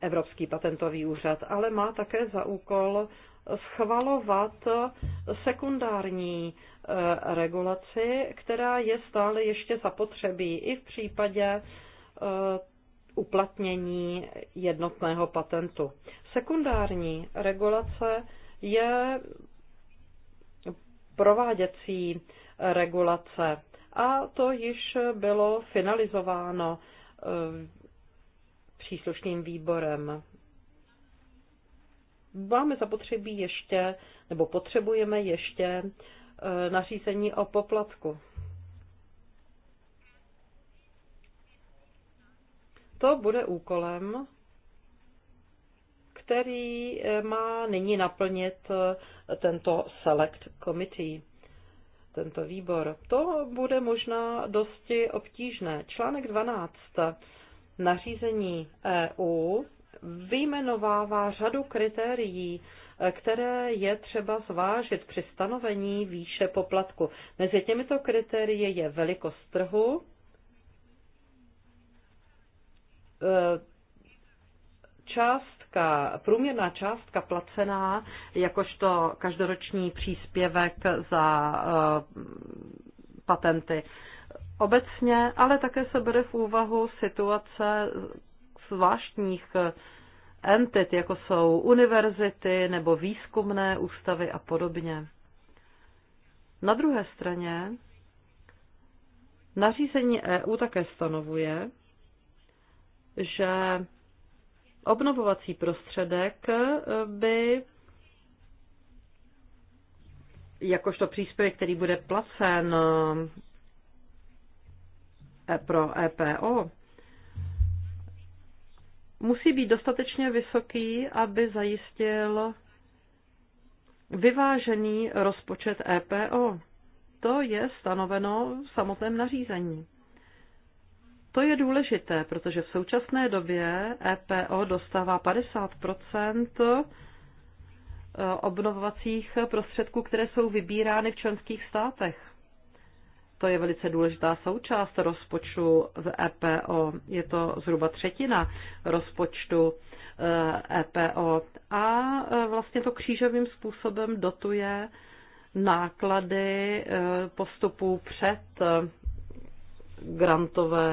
Evropský patentový úřad, ale má také za úkol schvalovat sekundární eh, regulaci, která je stále ještě zapotřebí i v případě eh, uplatnění jednotného patentu. Sekundární regulace je prováděcí eh, regulace a to již bylo finalizováno příslušným výborem. Máme zapotřebí ještě, nebo potřebujeme ještě eh, nařízení o poplatku. To bude úkolem, který eh, má nyní naplnit eh, tento Select Committee, tento výbor. To bude možná dosti obtížné. Článek 12 Nařízení EU vyjmenovává řadu kritérií, které je třeba zvážit při stanovení výše poplatku. Mezi těmito kritérii je velikost trhu, e, částka, průměrná částka placená jakožto každoroční příspěvek za e, patenty obecně, ale také se bere v úvahu situace zvláštních entit, jako jsou univerzity nebo výzkumné ústavy a podobně. Na druhé straně nařízení EU také stanovuje, že obnovovací prostředek by jakožto příspěvek, který bude placen E, pro EPO musí být dostatečně vysoký, aby zajistil vyvážený rozpočet EPO. To je stanoveno v samotném nařízení. To je důležité, protože v současné době EPO dostává 50 e, obnovovacích prostředků, které jsou vybírány v členských státech. To je velice důležitá součást rozpočtu z EPO. Je to zhruba třetina rozpočtu EPO. Eh, e A eh, vlastně to křížovým způsobem dotuje náklady eh, postupů před grantové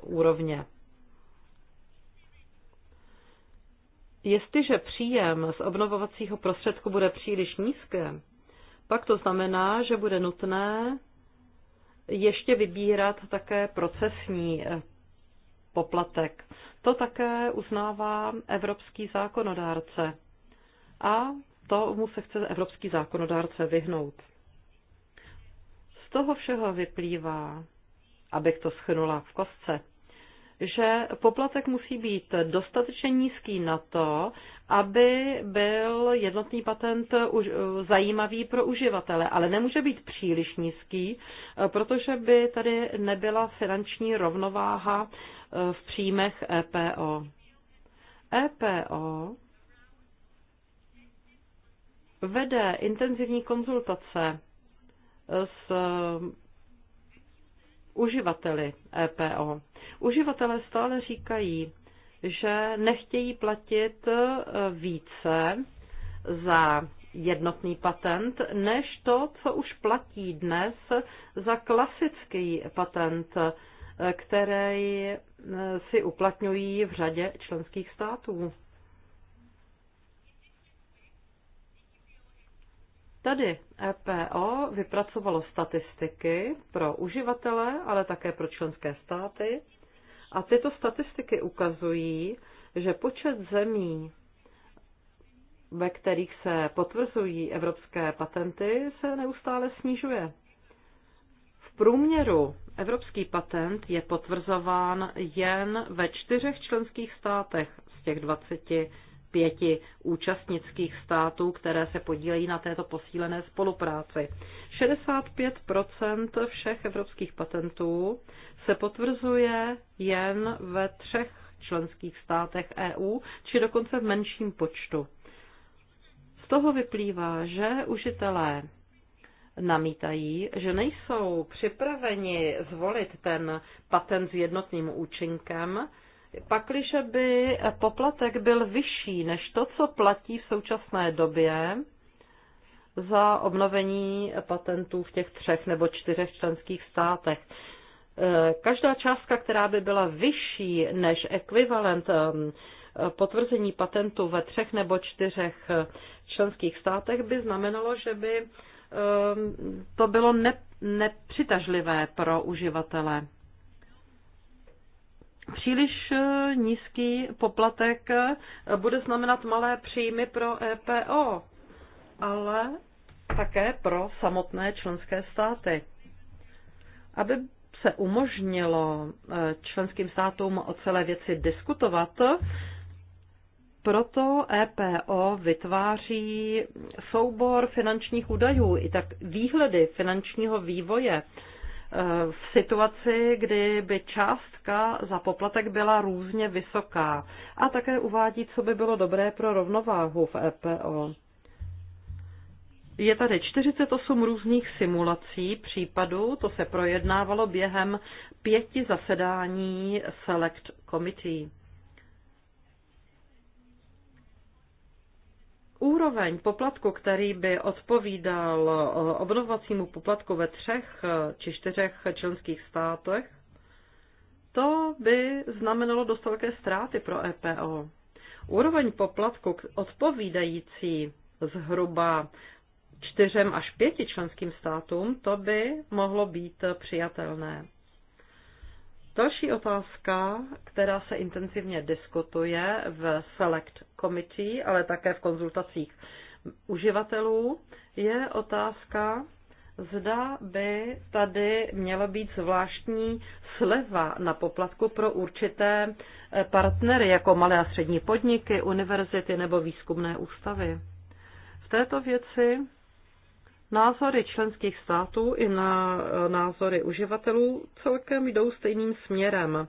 úrovně. Jestliže příjem z obnovovacího prostředku bude příliš nízké, pak to znamená, že bude nutné ještě vybírat také procesní eh, poplatek. To také uznává evropský zákonodárce. A to mu se chce evropský zákonodárce vyhnout. Z toho všeho vyplývá, abych to schnula v kostce, že poplatek musí být dostatečně nízký na to, aby byl jednotný patent eh, zajímavý pro uživatele, ale nemůže být příliš nízký, eh, protože by tady nebyla finanční rovnováha eh, v příjmech EPO. EPO vede intenzivní konzultace s uživateli EPO. Uživatelé stále říkají, že nechtějí platit e, více za jednotný patent, než to, co už platí dnes za klasický patent, e, který e, si uplatňují v řadě členských států. Tady EPO vypracovalo statistiky pro uživatele, ale také pro členské státy. A tyto statistiky ukazují, že počet zemí, ve kterých se potvrzují evropské patenty, se neustále snižuje. V průměru evropský patent je potvrzován jen ve čtyřech členských státech z těch 20 pěti účastnických států, které se podílejí na této posílené spolupráci. 65 všech evropských patentů se potvrzuje jen ve třech členských státech EU, či dokonce v menším počtu. Z toho vyplývá, že užitelé namítají, že nejsou připraveni zvolit ten patent s jednotným účinkem, Pakliže by poplatek byl vyšší než to, co platí v současné době za obnovení patentů v těch třech nebo čtyřech členských státech, eh, každá částka, která by byla vyšší než ekvivalent ehm, potvrzení patentu ve třech nebo čtyřech eh, členských státech, by znamenalo, že by ehm, to bylo nepřitažlivé pro uživatele. Příliš eh, nízký poplatek eh, bude znamenat malé příjmy pro EPO, ale také pro samotné členské státy. Aby se umožnilo eh, členským státům o celé věci diskutovat, proto EPO vytváří soubor finančních údajů i tak výhledy finančního vývoje Eh, v situaci, kdy by částka za poplatek byla různě vysoká. A také uvádí, co by bylo dobré pro rovnováhu v EPO. Je tady 48 různých simulací případů, to se projednávalo během pěti zasedání Select Committee. Úroveň poplatku, který by odpovídal eh, obnovovacímu poplatku ve třech eh, či čtyřech členských státech, to by znamenalo dost velké ztráty pro EPO. Úroveň poplatku odpovídající zhruba čtyřem až pěti členským státům, to by mohlo být přijatelné. Další otázka, která se intenzivně diskutuje v Select Committee, ale také v konzultacích uživatelů, je otázka, zda by tady měla být zvláštní sleva na poplatku pro určité eh, partnery, jako malé a střední podniky, univerzity nebo výzkumné ústavy. V této věci Názory členských států i na eh, názory uživatelů celkem jdou stejným směrem.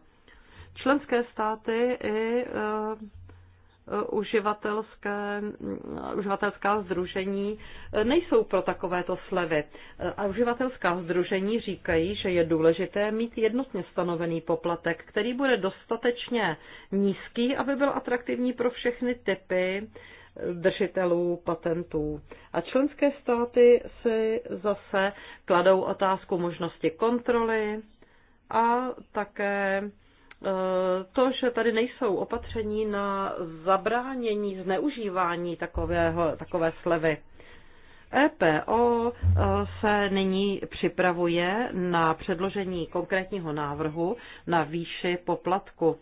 Členské státy i eh, uživatelské, eh, uživatelská združení nejsou pro takovéto slevy. A uživatelská združení říkají, že je důležité mít jednotně stanovený poplatek, který bude dostatečně nízký, aby byl atraktivní pro všechny typy držitelů patentů. A členské státy si zase kladou otázku možnosti kontroly a také e, to, že tady nejsou opatření na zabránění zneužívání takového, takové slevy. EPO e, se nyní připravuje na předložení konkrétního návrhu na výši poplatku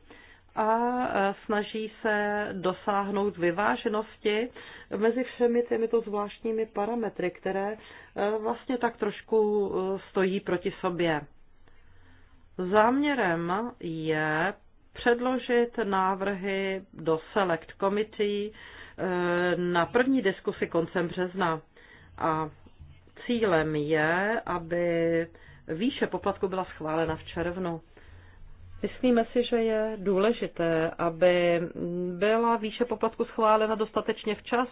a e, snaží se dosáhnout vyváženosti mezi všemi těmito zvláštními parametry, které e, vlastně tak trošku e, stojí proti sobě. Záměrem je předložit návrhy do Select Committee na první diskusi koncem března. A cílem je, aby výše poplatku byla schválena v červnu. Myslíme si, že je důležité, aby byla výše poplatku schválena dostatečně včas,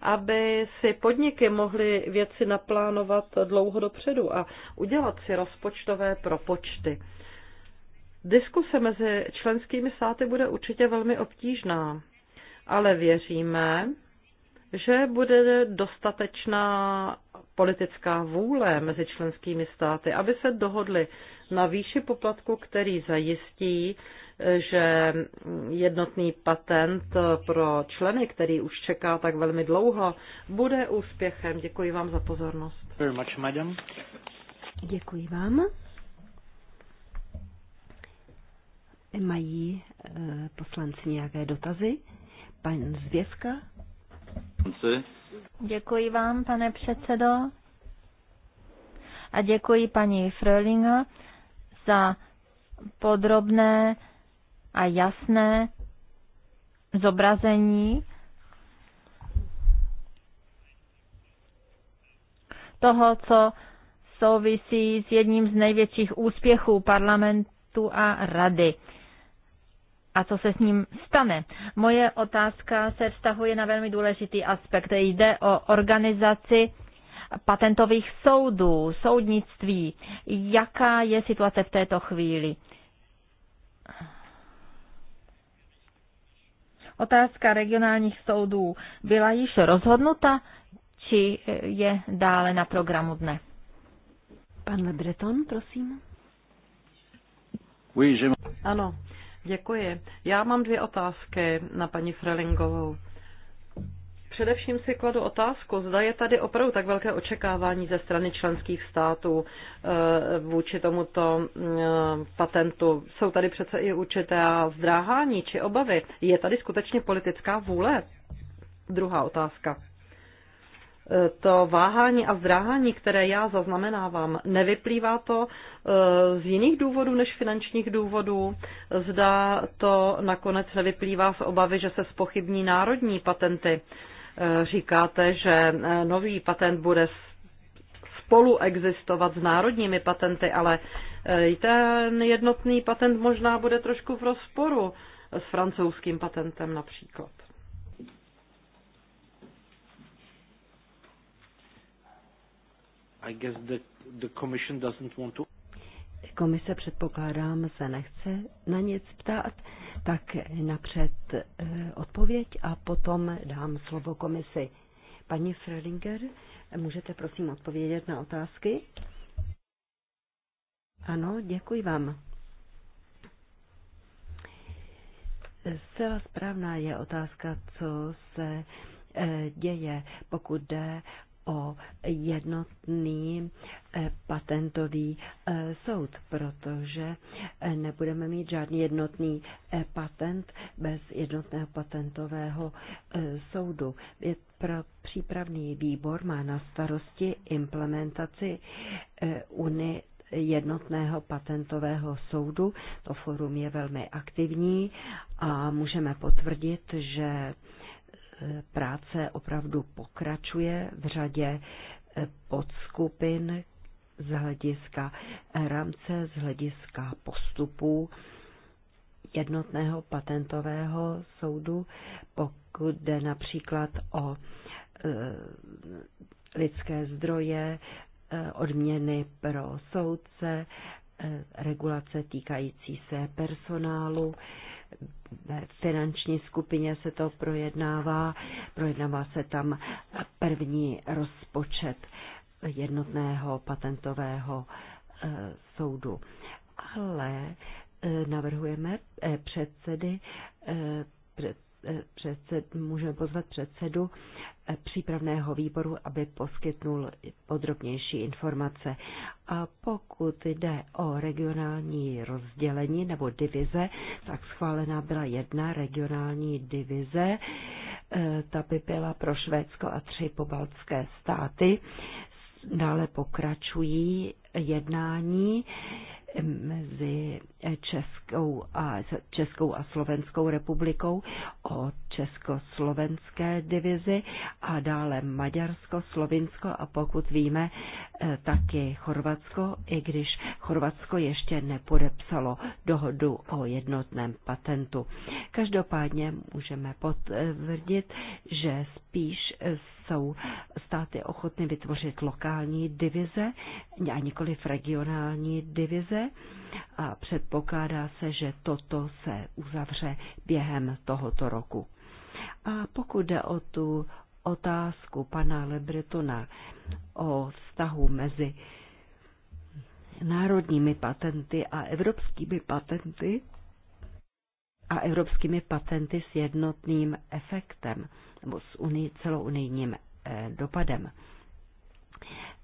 aby si podniky mohly věci naplánovat dlouho dopředu a udělat si rozpočtové propočty. Diskuse mezi členskými státy bude určitě velmi obtížná, ale věříme, že bude dostatečná politická vůle mezi členskými státy, aby se dohodli na výši poplatku, který zajistí, že jednotný patent pro členy, který už čeká tak velmi dlouho, bude úspěchem. Děkuji vám za pozornost. Very much, madam. Děkuji vám. Mají eh, poslanci nějaké dotazy? Pan Zvězka? Děkuji vám, pane předsedo. A děkuji paní Frölinga za podrobné a jasné zobrazení toho, co souvisí s jedním z největších úspěchů parlamentu a rady. A co se s ním stane? Moje otázka se vztahuje na velmi důležitý aspekt. Jde o organizaci patentových soudů, soudnictví. Jaká je situace v této chvíli? Otázka regionálních soudů byla již rozhodnuta, či je dále na programu dne? Pan Le Breton, prosím. Ano, děkuji. Já mám dvě otázky na paní Frelingovou. Především si kladu otázku, zda je tady opravdu tak velké očekávání ze strany členských států eh, vůči tomuto eh, patentu. Jsou tady přece i určité zdráhání či obavy. Je tady skutečně politická vůle? Druhá otázka. Eh, to váhání a zdráhání, které já zaznamenávám, nevyplývá to z jiných důvodů než finančních důvodů? Zda to nakonec nevyplývá z obavy, že se spochybní národní patenty? Eh, říkáte, že eh, nový patent bude spolu existovat s národními patenty, ale eh, ten jednotný patent možná bude trošku v rozporu s francouzským patentem například. I guess the, the commission doesn't want to Komise předpokládám se nechce na nic ptát, tak napřed eh, odpověď a potom dám slovo komisi. Paní Fredinger, můžete prosím odpovědět na otázky? Ano, děkuji vám. Zcela správná je otázka, co se eh, děje, pokud jde o jednotný eh, patentový eh, soud, protože eh, nebudeme mít žádný jednotný patent bez jednotného patentového soudu. Pro přípravný výbor má na starosti implementaci Uni jednotného patentového soudu. To forum je velmi aktivní a můžeme potvrdit, že práce opravdu pokračuje v řadě eh, podskupin z hlediska rámce, z hlediska postupů jednotného patentového soudu, pokud jde například o eh, lidské zdroje, eh, odměny pro soudce, regulace týkající se personálu, ve finanční skupině se to projednává. Projednává se tam první rozpočet jednotného patentového eh, soudu. Ale eh, navrhujeme eh, předsedy, před, před, můžeme pozvat předsedu přípravného výboru, aby poskytnul podrobnější informace. A pokud jde o regionální rozdělení nebo divize, tak schválená byla jedna regionální divize, e, ta by byla pro Švédsko a tři pobaltské státy. Dále pokračují jednání mezi Českou a, Českou a Slovenskou republikou o československé divizi a dále Maďarsko, Slovinsko a pokud víme, eh, taky Chorvatsko, i když Chorvatsko ještě nepodepsalo dohodu o jednotném patentu. Každopádně můžeme potvrdit, že spíš jsou státy ochotny vytvořit lokální divize a v regionální divize a předpokládá se, že toto se uzavře během tohoto roku. A pokud jde o tu otázku pana Lebretona o vztahu mezi národními patenty a evropskými patenty a evropskými patenty s jednotným efektem nebo s unii, celounijním eh, dopadem.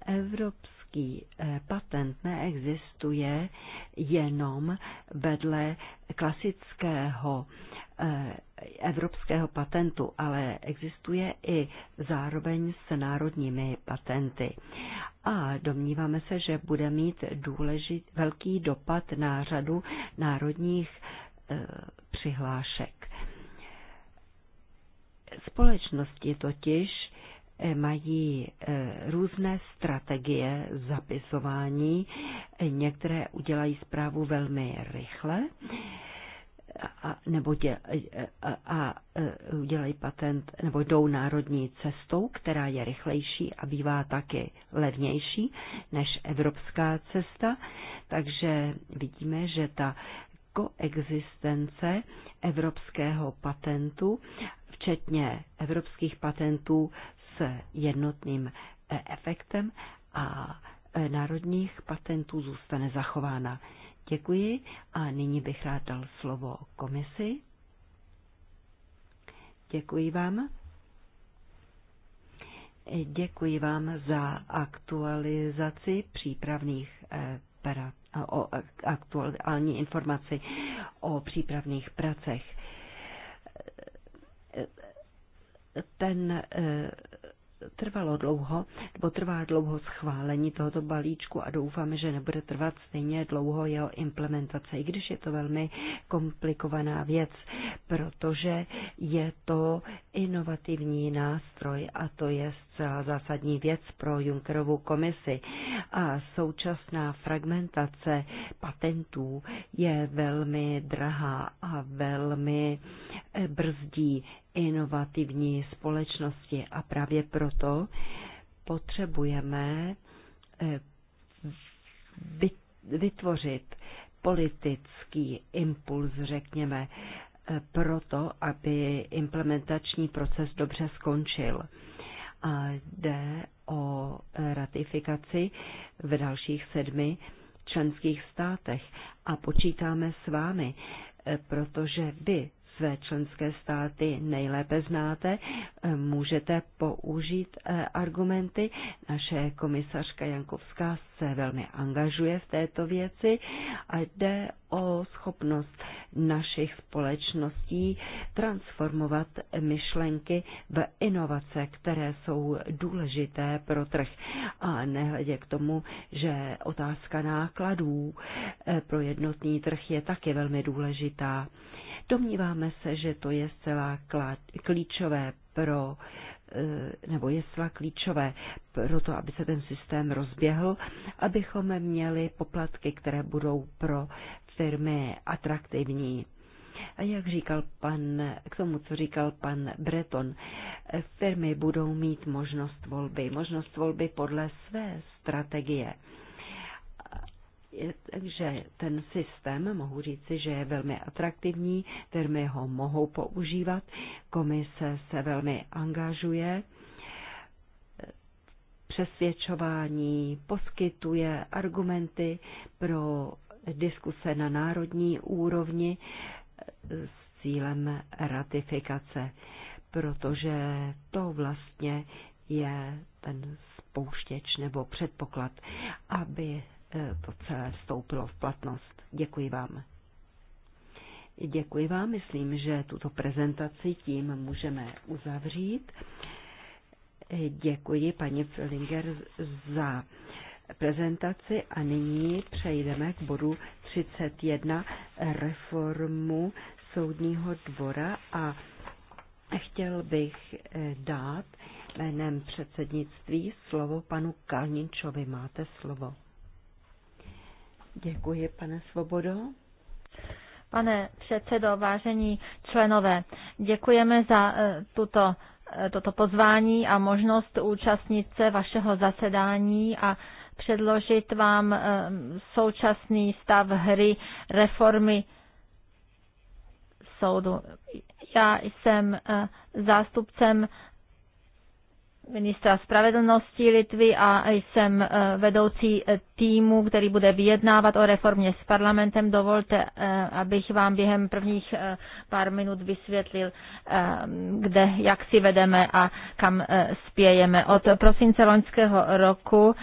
Evropský eh, patent neexistuje jenom vedle klasického eh, evropského patentu, ale existuje i zároveň s národními patenty. A domníváme se, že bude mít důležit, velký dopad na řadu národních eh, přihlášek. Společnosti totiž eh, mají eh, různé strategie zapisování. Některé udělají zprávu velmi rychle a, nebo dě, eh, a, a, udělají patent nebo jdou národní cestou, která je rychlejší a bývá taky levnější než evropská cesta. Takže vidíme, že ta koexistence evropského patentu včetně evropských patentů s jednotným e, efektem a e, národních patentů zůstane zachována. Děkuji a nyní bych rád dal slovo komisi. Děkuji vám. E, děkuji vám za aktualizaci přípravných pra, o aktuální informaci o přípravných pracech ten eh, trvalo dlouho, nebo trvá dlouho schválení tohoto balíčku a doufáme, že nebude trvat stejně dlouho jeho implementace, i když je to velmi komplikovaná věc, protože je to inovativní nástroj a to je zcela zásadní věc pro Junckerovu komisi. A současná fragmentace patentů je velmi drahá a velmi Eh, brzdí inovativní společnosti a právě proto potřebujeme eh, vytvořit politický impuls, řekněme, eh, proto, aby implementační proces dobře skončil. A jde o ratifikaci v dalších sedmi členských státech a počítáme s vámi, protože vy své členské státy nejlépe znáte, eh, můžete použít eh, argumenty. Naše komisařka Jankovská se velmi angažuje v této věci a jde o schopnost našich společností transformovat myšlenky v inovace, které jsou důležité pro trh. A nehledě k tomu, že otázka nákladů eh, pro jednotný trh je taky velmi důležitá. Domníváme se, že to je zcela klíčové pro eh, nebo je zcela klíčové pro to, aby se ten systém rozběhl, abychom měli poplatky, které budou pro firmy atraktivní. A jak říkal pan, k tomu, co říkal pan Breton, firmy budou mít možnost volby, možnost volby podle své strategie. Takže ten systém, mohu říci, že je velmi atraktivní, firmy ho mohou používat, komise se velmi angažuje, přesvědčování poskytuje argumenty pro diskuse na národní úrovni s cílem ratifikace, protože to vlastně je ten spouštěč nebo předpoklad, aby to celé vstoupilo v platnost. Děkuji vám. Děkuji vám, myslím, že tuto prezentaci tím můžeme uzavřít. Děkuji paní Frelinger za prezentaci a nyní přejdeme k bodu 31 reformu soudního dvora a chtěl bych eh, dát jménem předsednictví slovo panu Kalninčovi. Máte slovo. Děkuji, pane Svobodo. Pane předsedo, vážení členové, děkujeme za eh, tuto, eh, toto pozvání a možnost účastnit se vašeho zasedání a předložit vám eh, současný stav hry reformy soudu. Já jsem zástupcem ministra spravedlnosti Litvy a jsem eh, vedoucí eh, týmu, který bude vyjednávat o reformě s parlamentem. Dovolte, eh, abych vám během prvních pár minut vysvětlil, kde, jak si vedeme a kam spějeme. Od prosince loňského roku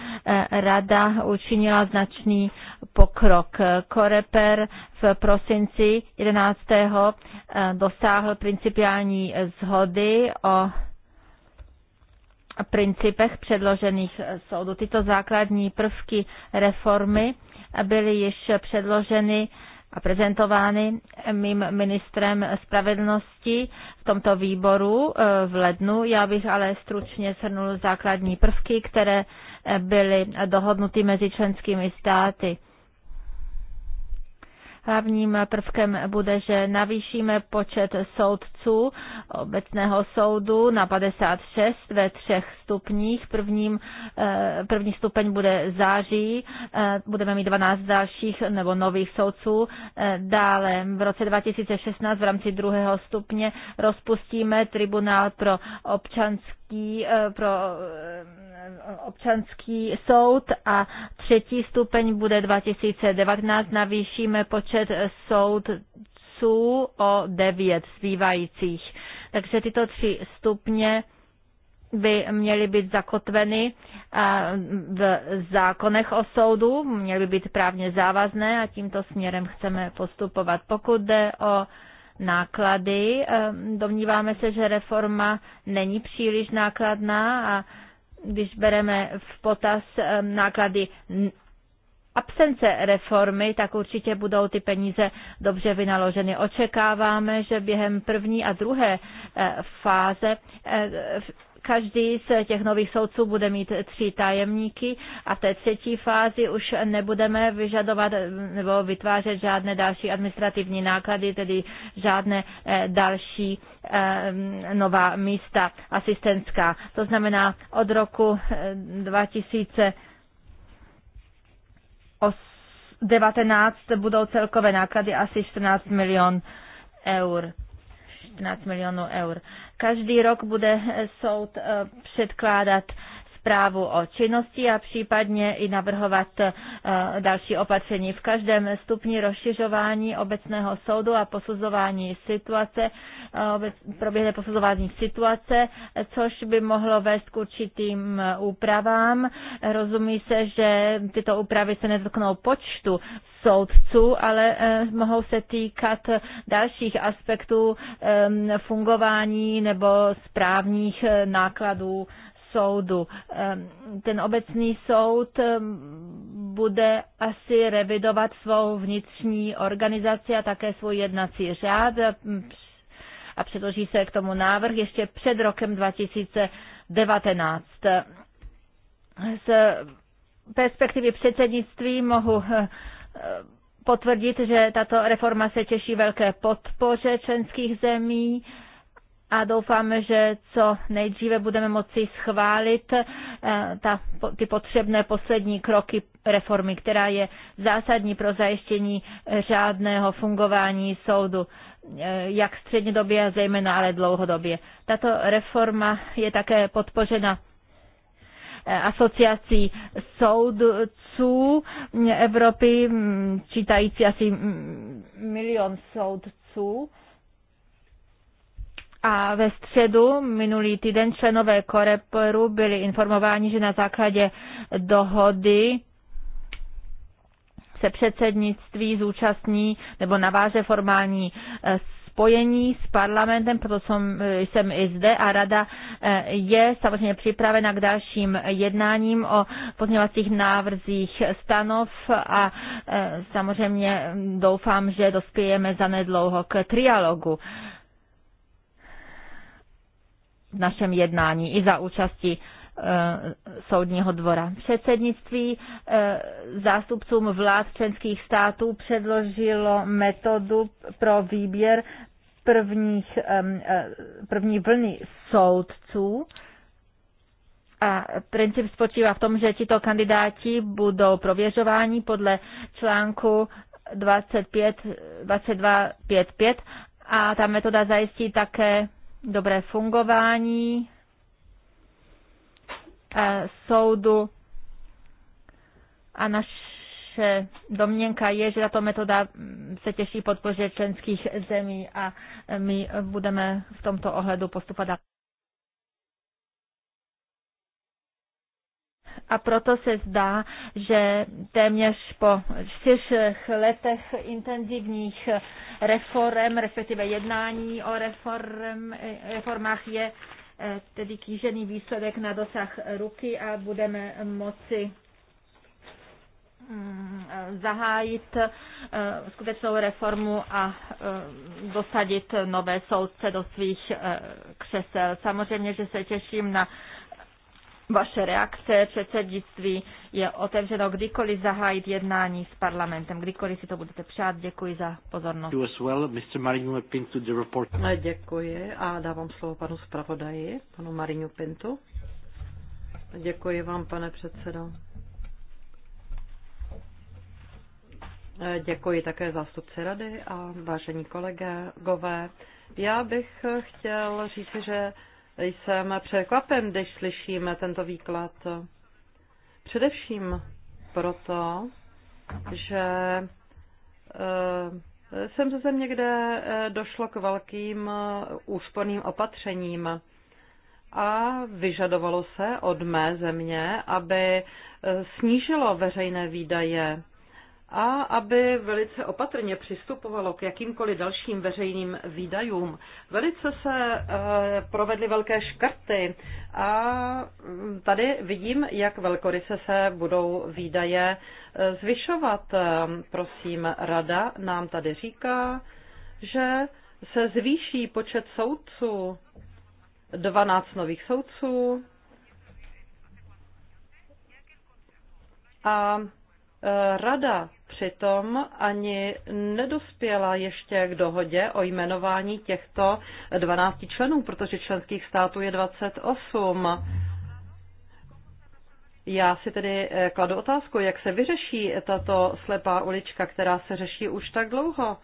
rada učinila značný pokrok. Koreper v prosinci 11. dosáhl principiální zhody o principech předložených e, soudu. Tyto základní prvky reformy byly již předloženy a prezentovány mým ministrem spravedlnosti v tomto výboru e, v lednu. Já bych ale stručně shrnul základní prvky, které e, byly dohodnuty mezi členskými státy. Hlavním prvkem bude, že navýšíme počet soudců obecného soudu na 56 ve třech stupních. Prvním, eh, první stupeň bude září, eh, budeme mít 12 dalších nebo nových soudců. Eh, dále v roce 2016 v rámci druhého stupně rozpustíme tribunál pro občanské občanský, eh, pro eh, občanský soud a třetí stupeň bude 2019. Navýšíme počet soudců o devět zbývajících. Takže tyto tři stupně by měly být zakotveny eh, v zákonech o soudu, měly by být právně závazné a tímto směrem chceme postupovat. Pokud jde o náklady. Ehm, domníváme se, že reforma není příliš nákladná a když bereme v potaz ehm, náklady absence reformy, tak určitě budou ty peníze dobře vynaloženy. Očekáváme, že během první a druhé eh, fáze eh, Každý z těch nových soudců bude mít tři tajemníky a v té třetí fázi už nebudeme vyžadovat eh, nebo vytvářet žádné další administrativní náklady, tedy žádné eh, další eh, nová místa asistentská. To znamená od roku 2019 budou celkové náklady asi 14 milion eur. 15 milionů eur. Každý rok bude soud eh, předkládat zprávu o činnosti a případně i navrhovat eh, další opatření. V každém stupni rozšiřování obecného soudu a posuzování situace eh, proběhne posuzování situace, což by mohlo vést k určitým eh, úpravám. Rozumí se, že tyto úpravy se nedotknou počtu soudců, ale mohou se týkat dalších aspektů fungování nebo správních nákladů soudu. Ten obecný soud bude asi revidovat svou vnitřní organizaci a také svůj jednací řád a předloží se k tomu návrh ještě před rokem 2019. Z perspektivy předsednictví mohu eh, potvrdit, že tato reforma se těší velké podpoře členských zemí a doufáme, že co nejdříve budeme moci schválit eh, ta, ty potřebné poslední kroky reformy, která je zásadní pro zajištění řádného fungování soudu, eh, jak střednědobě, a zejména ale dlouhodobě. Tato reforma je také podpořena eh, asociací soudců Evropy, mm, čítající asi mm, milion soudců. A ve středu minulý týden členové Koreperu byli informováni, že na základě dohody se předsednictví zúčastní nebo naváže formální eh, spojení s parlamentem, proto jsem, eh, jsem i zde a rada eh, je samozřejmě připravena k dalším jednáním o pozměňovacích návrzích stanov a samozřejmě hm, doufám, že dospějeme zanedlouho k trialogu v našem jednání i za účasti eh, soudního dvora. Předsednictví eh, zástupcům vlád členských států předložilo metodu pro výběr prvních, eh, první vlny soudců. A princip spočívá v tom, že tito kandidáti budou prověřováni podle článku 25, 5, a ta metoda zajistí také dobré fungování eh, soudu a naše domněnka je, že tato metoda mm, se těší podpoře členských zemí a my budeme v tomto ohledu postupovat. a proto se zdá, že téměř po čtyřech letech intenzivních reform, respektive jednání o reform, reformách je eh, tedy kýžený výsledek na dosah ruky a budeme moci mm, zahájit eh, skutečnou reformu a eh, dosadit nové soudce do svých křesel. Samozřejmě, že se těším na vaše reakce. Předsednictví je otevřeno kdykoliv zahájit jednání s parlamentem, kdykoliv si to budete přát. Děkuji za pozornost. Děkuji a dávám slovo panu zpravodaji, panu Marinu Pintu. Děkuji vám, pane předsedo. Eh, děkuji také zástupci rady a vážení kolegové. Já bych chtěl říct, že jsem překvapen, když slyšíme tento výklad. Především proto, že eh, jsem ze země, kde eh, došlo k velkým eh, úsporným opatřením a vyžadovalo se od mé země, aby snížilo veřejné výdaje a aby velice opatrně přistupovalo k jakýmkoliv dalším veřejným výdajům. Velice se eh, provedly velké škrty a mm, tady vidím, jak velkoryse se budou výdaje eh, zvyšovat. Prosím, rada nám tady říká, že se zvýší počet soudců, 12 nových soudců a eh, Rada Přitom ani nedospěla ještě k dohodě o jmenování těchto 12 členů, protože členských států je 28. Já si tedy eh, kladu otázku, jak se vyřeší tato slepá ulička, která se řeší už tak dlouho.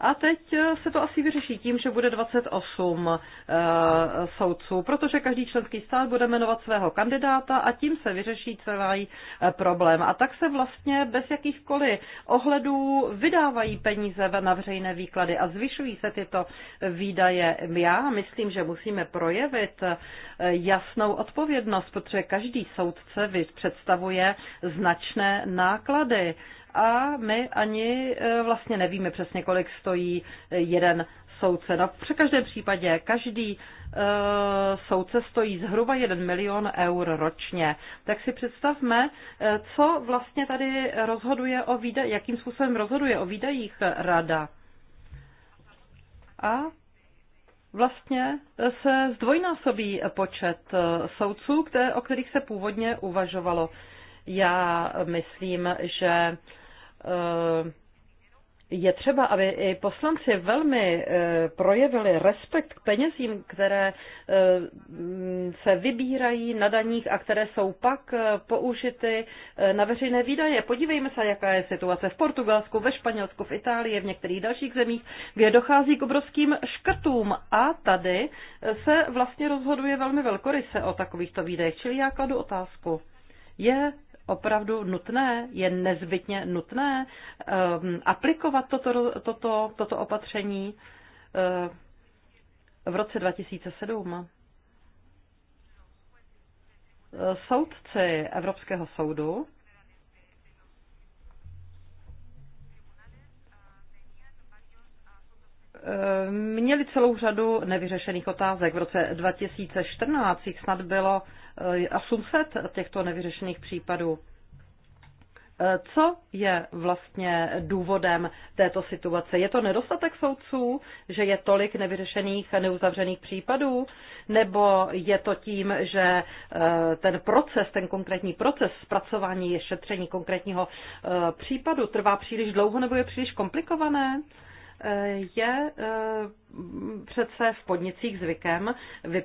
A teď eh, se to asi vyřeší tím, že bude 28 e, eh, soudců, protože každý členský stát bude jmenovat svého kandidáta a tím se vyřeší celý eh, problém. A tak se vlastně bez jakýchkoliv ohledů vydávají peníze na veřejné výklady a zvyšují se tyto výdaje. Já myslím, že musíme projevit jasnou odpovědnost, protože každý soudce představuje značné náklady a my ani e, vlastně nevíme přesně, kolik stojí jeden soudce. No, při každém případě každý uh, soudce stojí zhruba 1 milion eur ročně. Tak si představme, e, co vlastně tady rozhoduje o výdajích, jakým způsobem rozhoduje o výdajích rada. A vlastně se zdvojnásobí počet soudců, které, o kterých se původně uvažovalo. Já myslím, že Eh, je třeba, aby i poslanci velmi eh, projevili respekt k penězím, které eh, mm, se vybírají na daních a které jsou pak použity na veřejné výdaje. Podívejme se, jaká je situace v Portugalsku, ve Španělsku, v Itálii, v některých dalších zemích, kde dochází k obrovským škrtům a tady se vlastně rozhoduje velmi velkoryse o takovýchto výdajech. Čili já kladu otázku. Je opravdu nutné, je nezbytně nutné um, aplikovat toto, toto, toto opatření uh, v roce 2007. Soudci Evropského soudu eh, měli celou řadu nevyřešených otázek. V roce 2014 jich snad bylo Eh, a 800 těchto nevyřešených případů. Eh, co je vlastně důvodem této situace? Je to nedostatek soudců, že je tolik nevyřešených a neuzavřených případů? Nebo je to tím, že eh, ten proces, ten konkrétní proces zpracování, šetření konkrétního případu trvá příliš dlouho nebo je příliš komplikované? je eh, přece v podnicích zvykem eh,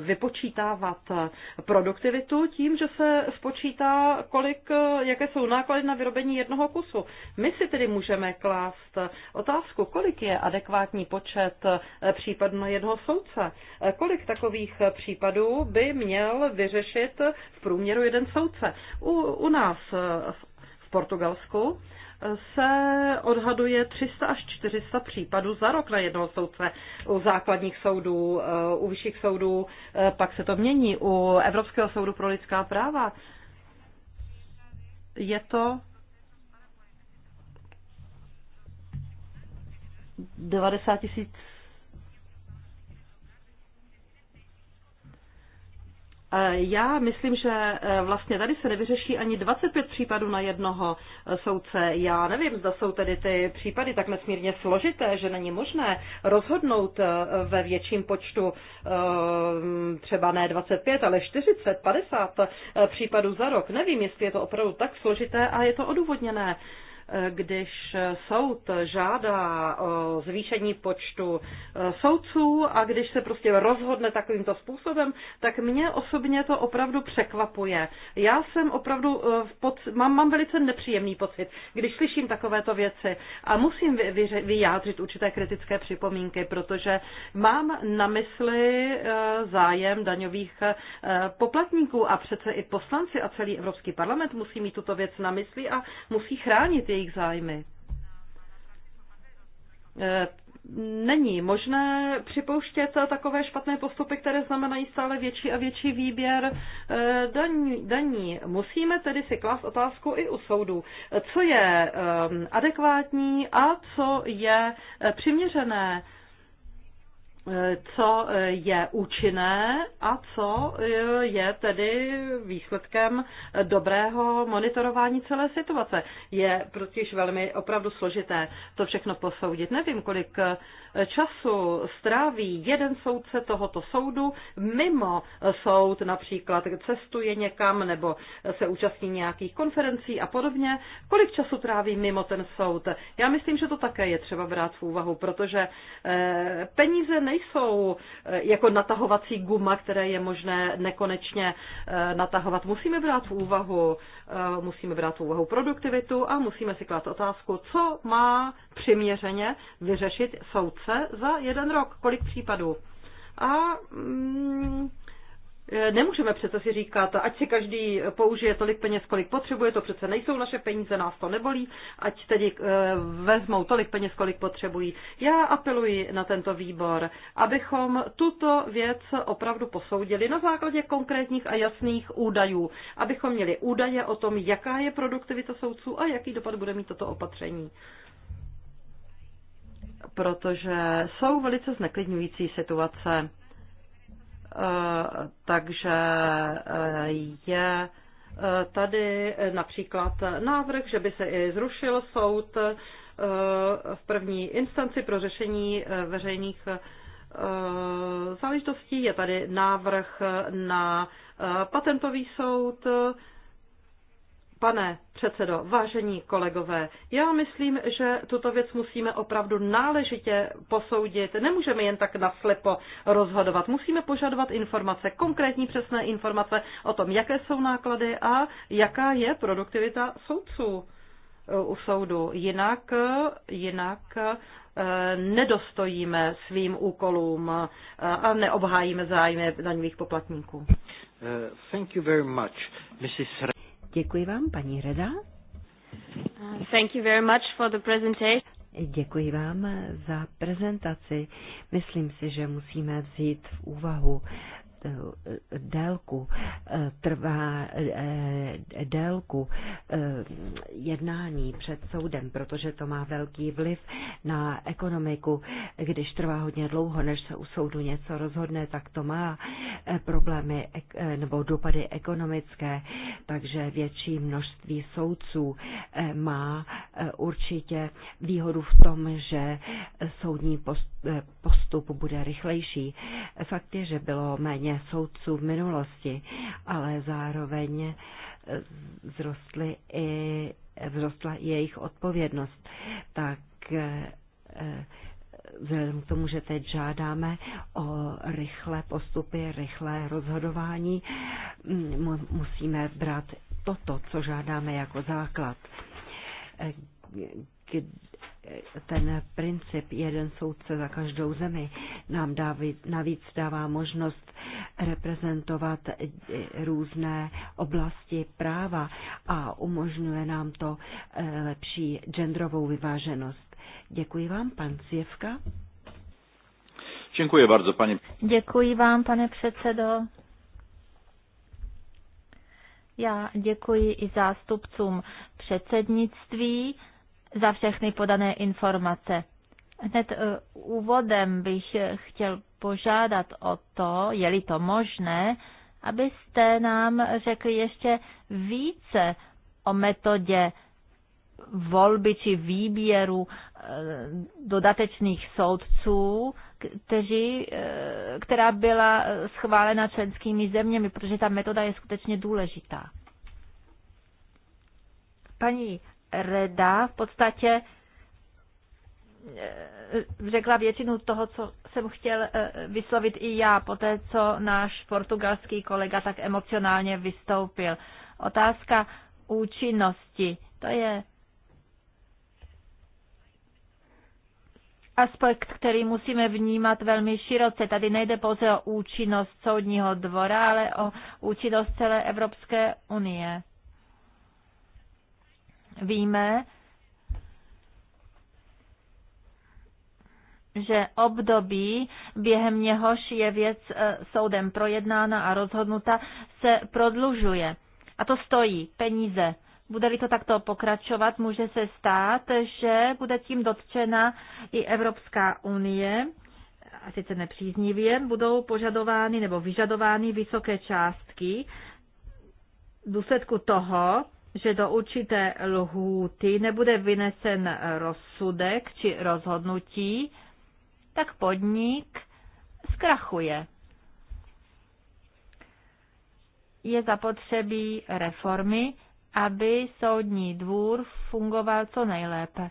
vypočítávat produktivitu tím, že se spočítá, kolik, eh, jaké jsou náklady na vyrobení jednoho kusu. My si tedy můžeme klást otázku, kolik je adekvátní počet případů na jednoho soudce. Kolik takových případů by měl vyřešit v průměru jeden soudce. U, u nás v Portugalsku se odhaduje 300 až 400 případů za rok na jednoho soudce u základních soudů, eh, u vyšších soudů, eh, pak se to mění u Evropského soudu pro lidská práva. Je to 90 tisíc E, já myslím, že e, vlastně tady se nevyřeší ani 25 případů na jednoho e, soudce. Já nevím, zda jsou tedy ty případy tak nesmírně složité, že není možné rozhodnout ve větším počtu třeba ne 25, ale 40, 50 případů za rok. Nevím, jestli je to opravdu tak složité a je to odůvodněné když soud žádá o zvýšení počtu e, soudců a když se prostě rozhodne takovýmto způsobem, tak mě osobně to opravdu překvapuje. Já jsem opravdu, e, pod, mám, mám velice nepříjemný pocit, když slyším takovéto věci a musím vy, vy, vyjádřit určité kritické připomínky, protože mám na mysli e, zájem daňových poplatníků a přece i poslanci a celý Evropský parlament musí mít tuto věc na mysli a musí chránit její jejich zájmy. E, není možné připouštět takové špatné postupy, které znamenají stále větší a větší výběr e, daní. Musíme tedy si klást otázku i u soudu, co je e, adekvátní a co je přiměřené co je účinné a co je tedy výsledkem dobrého monitorování celé situace. Je totiž velmi opravdu složité to všechno posoudit. Nevím, kolik času stráví jeden soudce tohoto soudu mimo soud, například cestuje někam nebo se účastní nějakých konferencí a podobně. Kolik času tráví mimo ten soud? Já myslím, že to také je třeba brát v úvahu, protože eh, peníze nejsou nejsou eh, jako natahovací guma, které je možné nekonečně eh, natahovat. Musíme brát v úvahu, eh, musíme brát v úvahu produktivitu a musíme si klát otázku, co má přiměřeně vyřešit soudce za jeden rok, kolik případů. A mm, Eh, nemůžeme přece si říkat, ať si každý použije tolik peněz, kolik potřebuje, to přece nejsou naše peníze, nás to nebolí, ať tedy eh, vezmou tolik peněz, kolik potřebují. Já apeluji na tento výbor, abychom tuto věc opravdu posoudili na základě konkrétních a jasných údajů, abychom měli údaje o tom, jaká je produktivita soudců a jaký dopad bude mít toto opatření protože jsou velice zneklidňující situace Eh, takže eh, je eh, tady například návrh, že by se i zrušil soud v první instanci pro řešení veřejných záležitostí. Je tady návrh na patentový soud, Pane předsedo, vážení kolegové, já myslím, že tuto věc musíme opravdu náležitě posoudit. Nemůžeme jen tak naslepo rozhodovat. Musíme požadovat informace, konkrétní přesné informace o tom, jaké jsou náklady a jaká je produktivita soudců eh, u soudu. Jinak, jinak eh, nedostojíme svým úkolům eh, a neobhájíme zájmy daňových poplatníků. Uh, thank you very much, Mrs. Děkuji vám, paní Reda. Uh, thank you very much for the presentation. Děkuji vám za prezentaci. Myslím si, že musíme vzít v úvahu délku, eh, trvá eh, délku eh, jednání před soudem, protože to má velký vliv na ekonomiku. Když trvá hodně dlouho, než se u soudu něco rozhodne, tak to má problémy nebo dopady ekonomické, takže větší množství soudců má určitě výhodu v tom, že soudní postup bude rychlejší. Fakt je, že bylo méně ohledně soudců v minulosti, ale zároveň i, vzrostla i jejich odpovědnost. Tak eh, vzhledem k tomu, že teď žádáme o rychlé postupy, rychlé rozhodování, musíme brát toto, co žádáme jako základ eh, ten princip jeden soudce za každou zemi nám dáví, navíc dává možnost reprezentovat eh, různé oblasti práva a umožňuje nám to eh, lepší genderovou vyváženost. Děkuji vám, pan Cievka. Děkuji bardzo, paní. Děkuji vám, pane předsedo. Já děkuji i zástupcům předsednictví za všechny podané informace. Hned eh, úvodem bych eh, chtěl požádat o to, je-li to možné, abyste nám řekli ještě více o metodě volby či výběru eh, dodatečných soudců, kteří, která byla schválena členskými zeměmi, protože ta metoda je skutečně důležitá. Paní Reda v podstatě eh, řekla většinu toho, co jsem chtěl eh, vyslovit i já, po té, co náš portugalský kolega tak emocionálně vystoupil. Otázka účinnosti, to je aspekt, který musíme vnímat velmi široce. Tady nejde pouze o účinnost soudního dvora, ale o účinnost celé Evropské unie. Víme, že období, během něhož je věc e, soudem projednána a rozhodnuta, se prodlužuje. A to stojí peníze. Bude-li to takto pokračovat, může se stát, že bude tím dotčena i Evropská unie, a sice nepříznivě, budou požadovány nebo vyžadovány vysoké částky. V důsledku toho že do určité lhůty nebude vynesen rozsudek či rozhodnutí, tak podnik zkrachuje. Je zapotřebí reformy, aby soudní dvůr fungoval co nejlépe.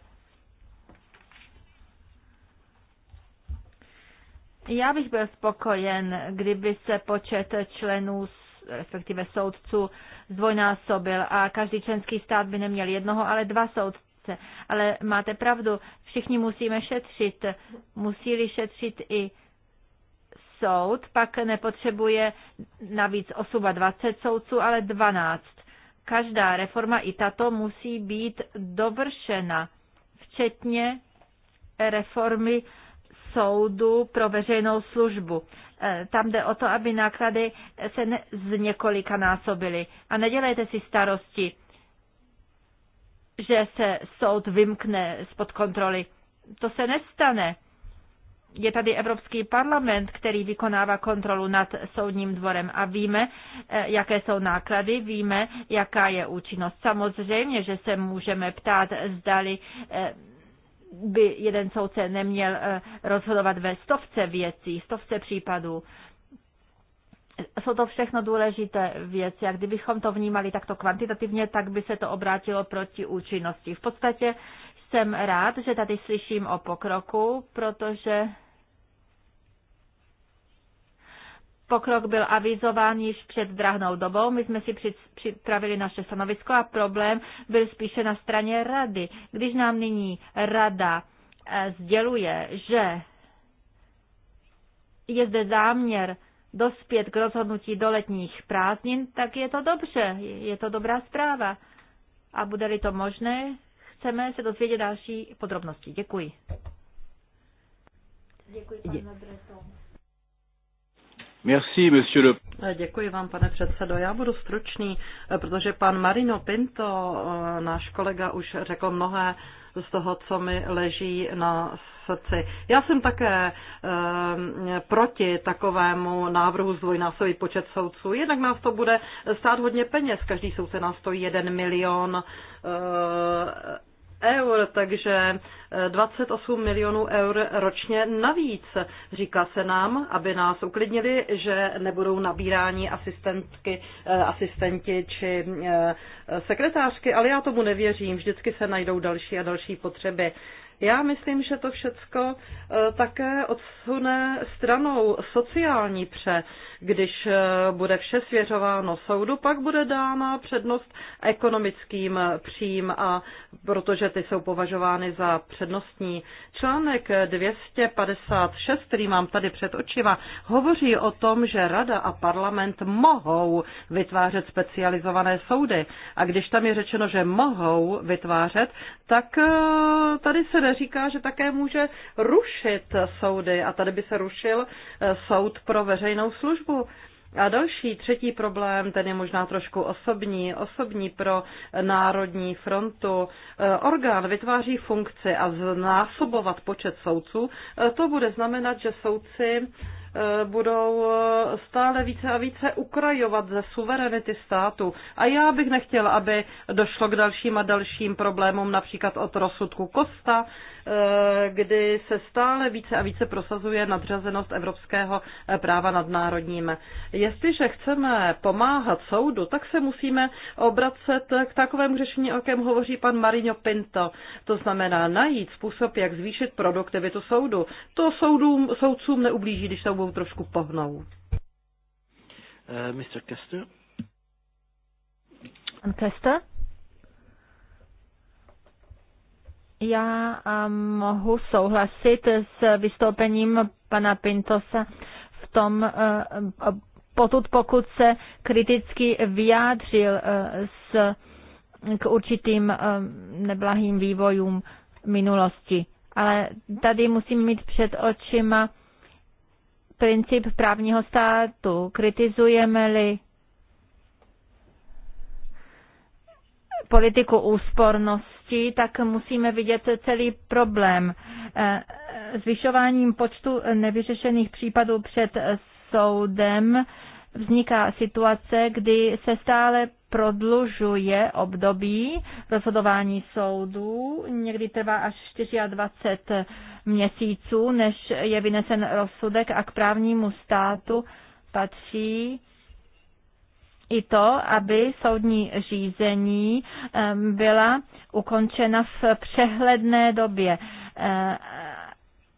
Já bych byl spokojen, kdyby se počet členů respektive soudců zdvojnásobil a každý členský stát by neměl jednoho, ale dva soudce. Ale máte pravdu, všichni musíme šetřit. Musí-li šetřit i soud, pak nepotřebuje navíc 20 soudců, ale 12. Každá reforma i tato musí být dovršena, včetně reformy soudu pro veřejnou službu. Eh, tam jde o to, aby náklady se ne, z několika násobily. A nedělejte si starosti, že se soud vymkne spod kontroly. To se nestane. Je tady Evropský parlament, který vykonává kontrolu nad soudním dvorem a víme, eh, jaké jsou náklady, víme, jaká je účinnost. Samozřejmě, že se můžeme ptát, zdali eh, by jeden soudce neměl eh, rozhodovat ve stovce věcí, stovce případů. Jsou to všechno důležité věci a kdybychom to vnímali takto kvantitativně, tak by se to obrátilo proti účinnosti. V podstatě jsem rád, že tady slyším o pokroku, protože Pokrok byl avizován již před drahnou dobou, my jsme si připravili naše stanovisko a problém byl spíše na straně rady. Když nám nyní rada eh, sděluje, že je zde záměr dospět k rozhodnutí do letních prázdnin, tak je to dobře, je to dobrá zpráva. A bude-li to možné, chceme se dozvědět další podrobnosti. Děkuji. Děkuji, pane Breton. Merci, monsieur le... Eh, děkuji vám, pane předsedo. Já budu stručný, eh, protože pan Marino Pinto, eh, náš kolega, už řekl mnohé z toho, co mi leží na srdci. Já jsem také e, proti takovému návrhu zdvojnásový počet soudců. Jednak nás to bude stát hodně peněz. Každý soudce nás stojí jeden milion e, eur, takže 28 eh, milionů eur ročně navíc. Říká se nám, aby nás uklidnili, že nebudou nabírání asistentky, eh, asistenti či eh, sekretářky, ale já tomu nevěřím. Vždycky se najdou další a další potřeby. Já myslím, že to všecko také odsune stranou sociální pře. Když eh, bude vše svěřováno soudu, pak bude dána přednost ekonomickým příjm, a protože ty jsou považovány za přednostní. Článek 256, který mám tady před očima, hovoří o tom, že rada a parlament mohou vytvářet specializované soudy. A když tam je řečeno, že mohou vytvářet, tak eh, tady se neříká, že také může rušit soudy a tady by se rušil eh, soud pro veřejnou službu službu. A další, třetí problém, ten je možná trošku osobní, osobní pro Národní frontu. E, orgán vytváří funkci a znásobovat počet soudců, e, to bude znamenat, že soudci e, budou stále více a více ukrajovat ze suverenity státu. A já bych nechtěl, aby došlo k dalším a dalším problémům, například od rozsudku Kosta, Eh, kdy se stále více a více prosazuje nadřazenost evropského eh, práva nad národním, Jestliže chceme pomáhat soudu, tak se musíme obracet k takovému řešení, o kterém hovoří pan Marino Pinto. To znamená najít způsob, jak zvýšit produktivitu soudu. To soudům, soudcům neublíží, když se budou trošku pohnou. Uh, eh, Mr. Kester. Kester? Já mohu souhlasit s vystoupením pana Pintosa v tom, e, e, potud pokud se kriticky vyjádřil e, s, k určitým neblahým vývojům minulosti. Ale tady musím mít před očima princip právního státu. Kritizujeme-li politiku úspornosti, znalostí, tak musíme vidět celý problém. Eh, zvyšováním počtu nevyřešených případů před soudem vzniká situace, kdy se stále prodlužuje období rozhodování soudů. Někdy trvá až 24 měsíců, než je vynesen rozsudek a k právnímu státu patří i to, aby soudní řízení byla ukončena v přehledné době. Eh,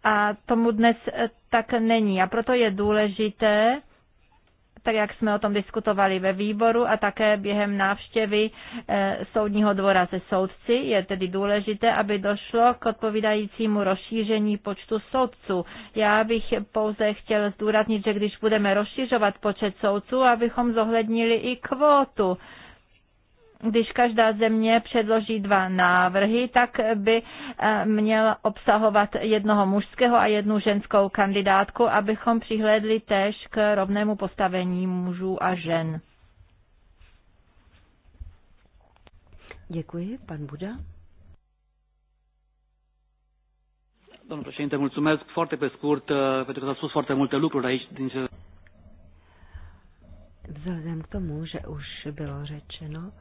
a tomu dnes eh, tak není. A proto je důležité, tak jak jsme o tom diskutovali ve výboru a také během návštěvy eh, soudního dvora se soudci. Je tedy důležité, aby došlo k odpovídajícímu rozšíření počtu soudců. Já bych pouze chtěl zdůraznit, že když budeme rozšířovat počet soudců, abychom zohlednili i kvótu když každá země předloží dva návrhy, tak by eh, měl obsahovat jednoho mužského a jednu ženskou kandidátku, abychom přihlédli též k rovnému postavení mužů a žen. Děkuji, pan Buda. Eh, Vzhledem k tomu, že už bylo řečeno,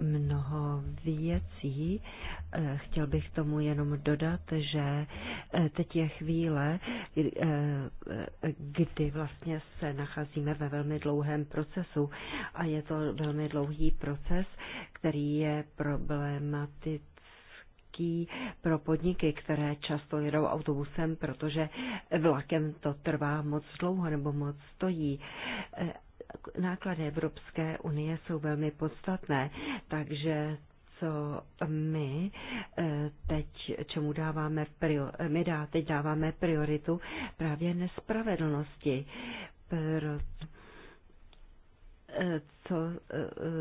mnoho věcí. Eh, chtěl bych tomu jenom dodat, že eh, teď je chvíle, eh, kdy vlastně se nacházíme ve velmi dlouhém procesu a je to velmi dlouhý proces, který je problematický pro podniky, které často jedou autobusem, protože vlakem to trvá moc dlouho nebo moc stojí náklady Evropské unie jsou velmi podstatné, takže co my eh, teď, čemu dáváme, my dá, teď dáváme prioritu právě nespravedlnosti, Pro, eh, co eh,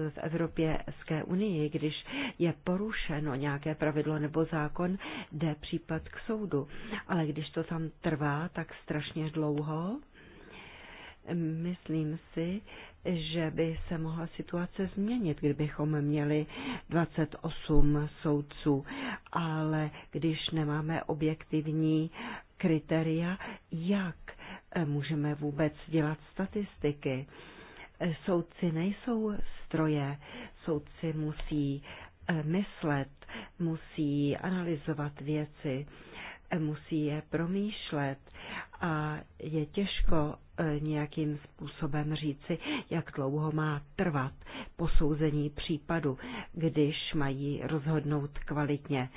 v Evropské unii, když je porušeno nějaké pravidlo nebo zákon, jde případ k soudu. Ale když to tam trvá tak strašně dlouho, Myslím si, že by se mohla situace změnit, kdybychom měli 28 soudců, ale když nemáme objektivní kritéria, jak eh, můžeme vůbec dělat statistiky? Eh, soudci nejsou stroje, soudci musí eh, myslet, musí analyzovat věci musí je promýšlet a je těžko e, nějakým způsobem říci, jak dlouho má trvat posouzení případu, když mají rozhodnout kvalitně.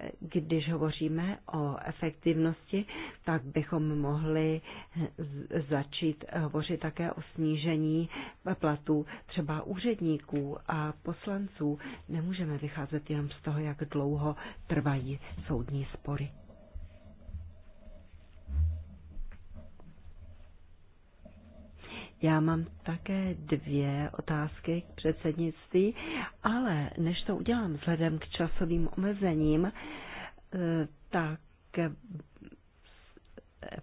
E, když hovoříme o efektivnosti, tak bychom mohli začít hovořit také o snížení platů třeba úředníků a poslanců. Nemůžeme vycházet jenom z toho, jak dlouho trvají soudní spory. Já mám také dvě otázky k předsednictví, ale než to udělám vzhledem k časovým omezením, eh, tak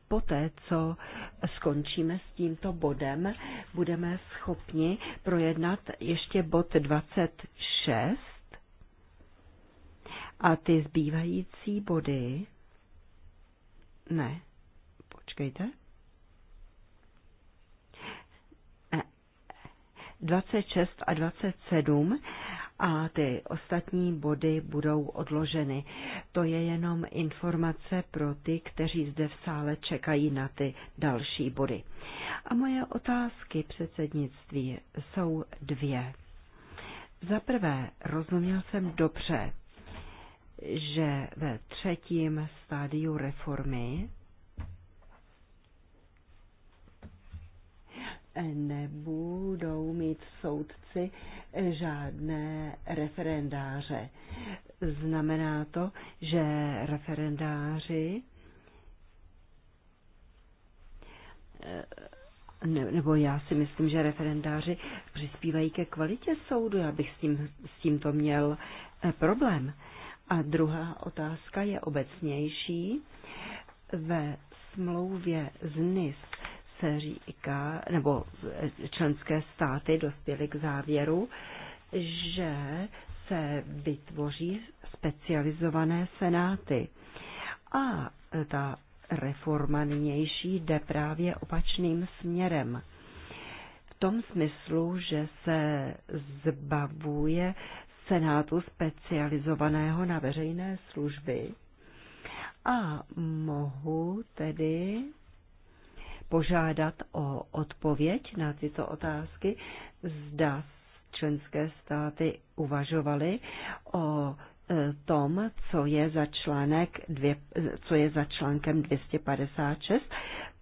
poté, co skončíme s tímto bodem, budeme schopni projednat ještě bod 26 a ty zbývající body. Ne, počkejte. 26 a 27 a ty ostatní body budou odloženy. To je jenom informace pro ty, kteří zde v sále čekají na ty další body. A moje otázky předsednictví jsou dvě. Za prvé, rozuměl jsem dobře, že ve třetím stádiu reformy nebudou mít soudci žádné referendáře. Znamená to, že referendáři eh, ne, nebo já si myslím, že referendáři přispívají ke kvalitě soudu. Já bych s, tím, s tímto měl eh, problém. A druhá otázka je obecnější. Ve smlouvě z NIS se říká, nebo členské státy dospěly k závěru, že se vytvoří specializované senáty. A ta reforma nynější jde právě opačným směrem. V tom smyslu, že se zbavuje senátu specializovaného na veřejné služby a mohu tedy požádat o odpověď na tyto otázky, zda členské státy uvažovaly o e, tom, co je za, článek dvě, co je za článkem 256.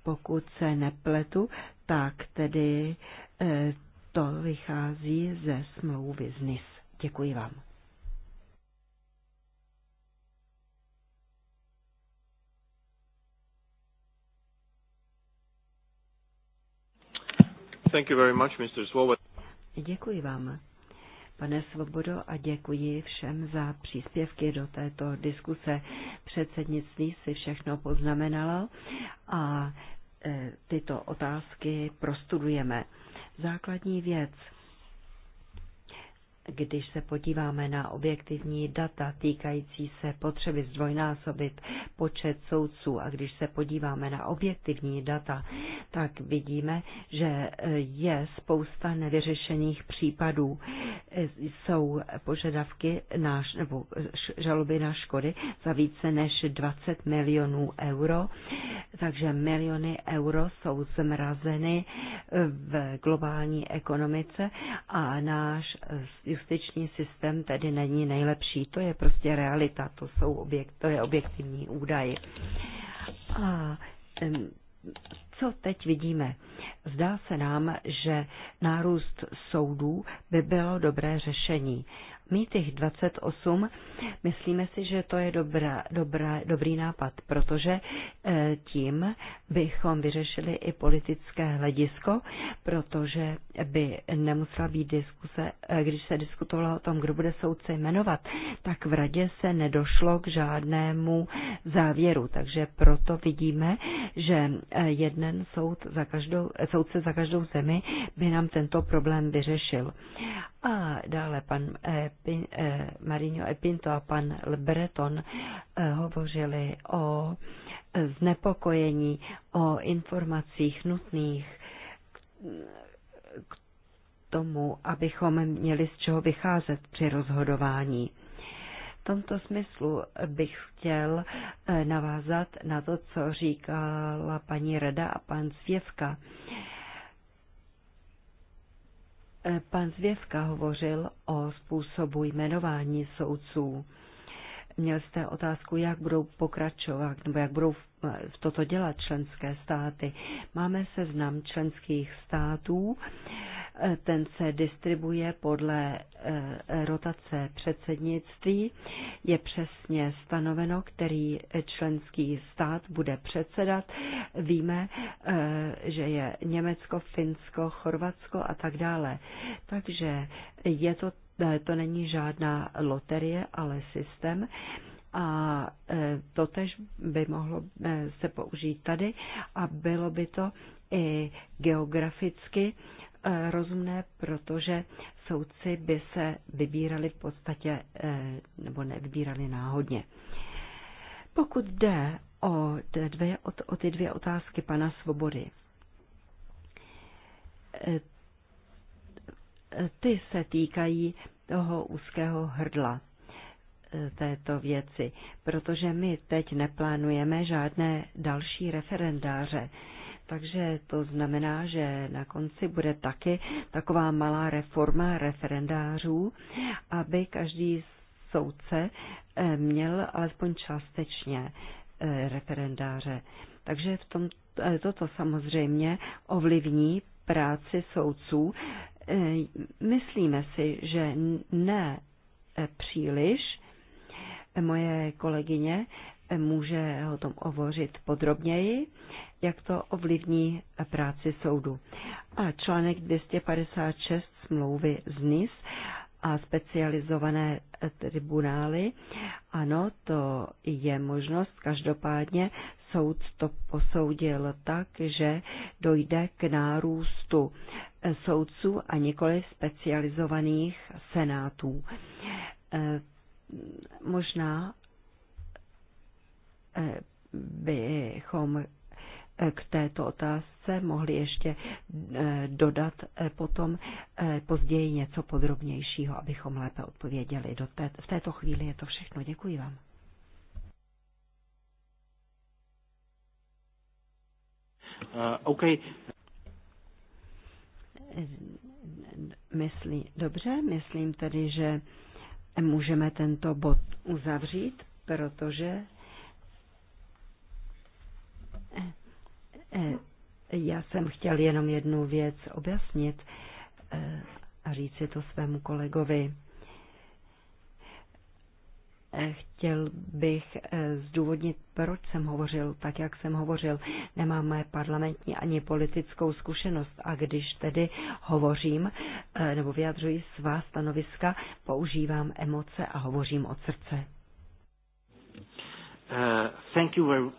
Pokud se nepletu, tak tedy e, to vychází ze smlouvy z NIS. Děkuji vám. Thank you very much, Mr. Děkuji vám, pane Svobodo, a děkuji všem za příspěvky do této diskuse. Předsednictví si všechno poznamenalo a e, tyto otázky prostudujeme. Základní věc – když se podíváme na objektivní data týkající se potřeby zdvojnásobit počet soudců a když se podíváme na objektivní data, tak vidíme, že e, je spousta nevyřešených případů. E, jsou požadavky na, nebo žaloby na škody za více než 20 milionů euro, takže miliony euro jsou zmrazeny v globální ekonomice a náš justiční systém tedy není nejlepší. To je prostě realita, to, jsou objekt, to je objektivní údaj. A co teď vidíme? Zdá se nám, že nárůst soudů by bylo dobré řešení mít těch 28, myslíme si, že to je dobrá, dobrá, dobrý nápad, protože eh, tím bychom vyřešili i politické hledisko, protože by nemusela být diskuse, eh, když se diskutovalo o tom, kdo bude soudce jmenovat, tak v radě se nedošlo k žádnému závěru, takže proto vidíme, že eh, jeden soud za každou, soudce za každou zemi by nám tento problém vyřešil. A dále pan eh, eh Marino Epinto a pan Breton eh, hovořili o znepokojení, o informacích nutných k tomu, abychom měli z čeho vycházet při rozhodování. V tomto smyslu bych chtěl eh, navázat na to, co říkala paní Rada a pan Svěvka. Eh, Pan Zvěvka hovořil o způsobu jmenování soudců. Měl jste otázku, jak budou pokračovat nebo jak budou v toto dělat členské státy. Máme seznam členských států, ten se distribuje podle eh, rotace předsednictví. Je přesně stanoveno, který členský stát bude předsedat. Víme, eh, že je Německo, Finsko, Chorvatsko a tak dále. Takže je to, eh, to není žádná loterie, ale systém a to tež by mohlo se použít tady a bylo by to i geograficky Eh, rozumné, protože soudci by se vybírali v podstatě eh, nebo nevybírali náhodně. Pokud jde o, dvě, o, o ty dvě otázky pana Svobody, eh, ty se týkají toho úzkého hrdla této věci, protože my teď neplánujeme žádné další referendáře takže to znamená, že na konci bude taky taková malá reforma referendářů, aby každý soudce eh, měl alespoň částečně eh, referendáře. Takže v tom, eh, toto samozřejmě ovlivní práci soudců. Myslíme si, že ne příliš. Moje kolegyně může o tom hovořit podrobněji jak to ovlivní práci soudu. A článek 256 smlouvy z NIS a specializované tribunály. Ano, to je možnost. Každopádně soud to posoudil tak, že dojde k nárůstu soudců a nikoli specializovaných senátů. E, možná e, bychom Eh, k této otázce mohli ještě eh, dodat eh, potom později něco podrobnějšího, abychom lépe odpověděli. Do té, v této chvíli je to všechno. Děkuji vám. Uh, okay. Myslí, dobře, myslím tedy, že můžeme tento bod uzavřít, protože Eh, já jsem chtěl jenom jednu věc objasnit eh, a říci to svému kolegovi. Eh, chtěl bych zdůvodnit, proč jsem hovořil tak, jak jsem hovořil. Nemáme parlamentní ani politickou zkušenost a když tedy hovořím nebo vyjadřuji svá stanoviska, používám emoce a hovořím od srdce. Uh, thank you very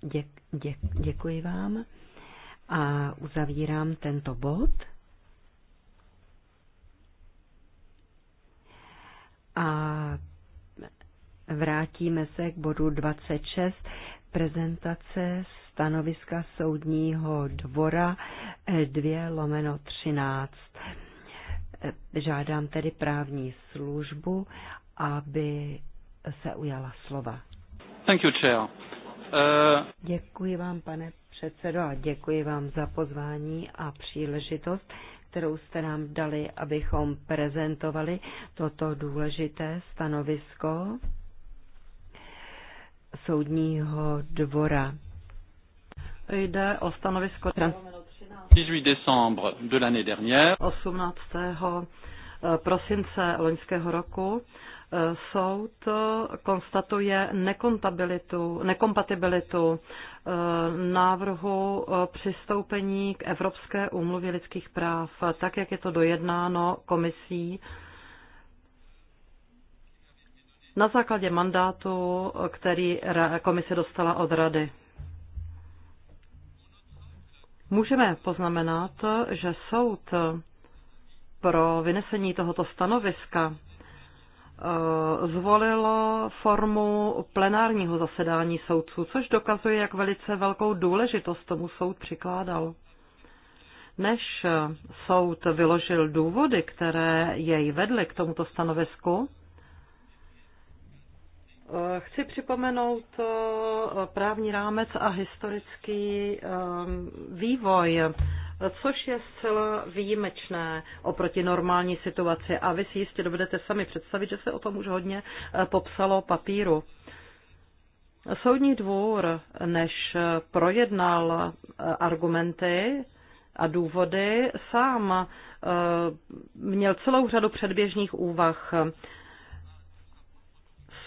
děk, děk, děkuji vám a uzavírám tento bod. A vrátíme se k bodu 26, prezentace stanoviska soudního dvora 2 lomeno 13. Žádám tedy právní službu, aby se ujala slova. Thank you, Chair. Eh, děkuji vám, pane předsedo, a děkuji vám za pozvání a příležitost, kterou jste nám dali, abychom prezentovali toto důležité stanovisko Soudního dvora. Jde o stanovisko 18 18. Eh, prosince loňského roku Soud konstatuje nekompatibilitu eh, návrhu eh, přistoupení k Evropské úmluvě lidských práv, tak jak je to dojednáno komisí na základě mandátu, který komise dostala od Rady. Můžeme poznamenat, že soud pro vynesení tohoto stanoviska Eh, zvolilo formu plenárního zasedání soudců, což dokazuje, jak velice velkou důležitost tomu soud přikládal. Než soud vyložil důvody, které jej vedly k tomuto stanovisku, eh, chci připomenout eh, právní rámec a historický vývoj což je zcela výjimečné oproti normální situaci. A vy si jistě dovedete sami představit, že se o tom už hodně eh, popsalo papíru. Soudní dvůr, než eh, projednal eh, argumenty a důvody, sám měl celou řadu předběžných úvah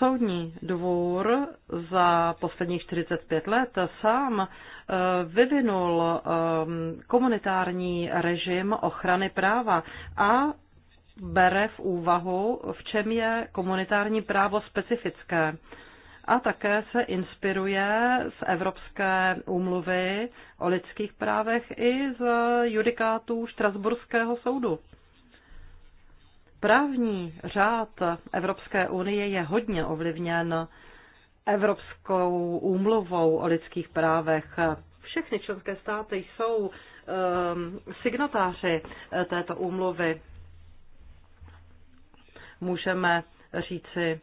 Soudní dvůr za posledních 45 let sám eh, vyvinul ehm, komunitární režim ochrany práva a bere v úvahu, v čem je komunitární právo specifické. A také se inspiruje z Evropské úmluvy o lidských právech i z judikátů Štrasburského soudu. Právní řád Evropské unie je hodně ovlivněn Evropskou úmluvou o lidských právech. Všechny členské státy jsou um, signatáři eh, této úmluvy. Můžeme říci,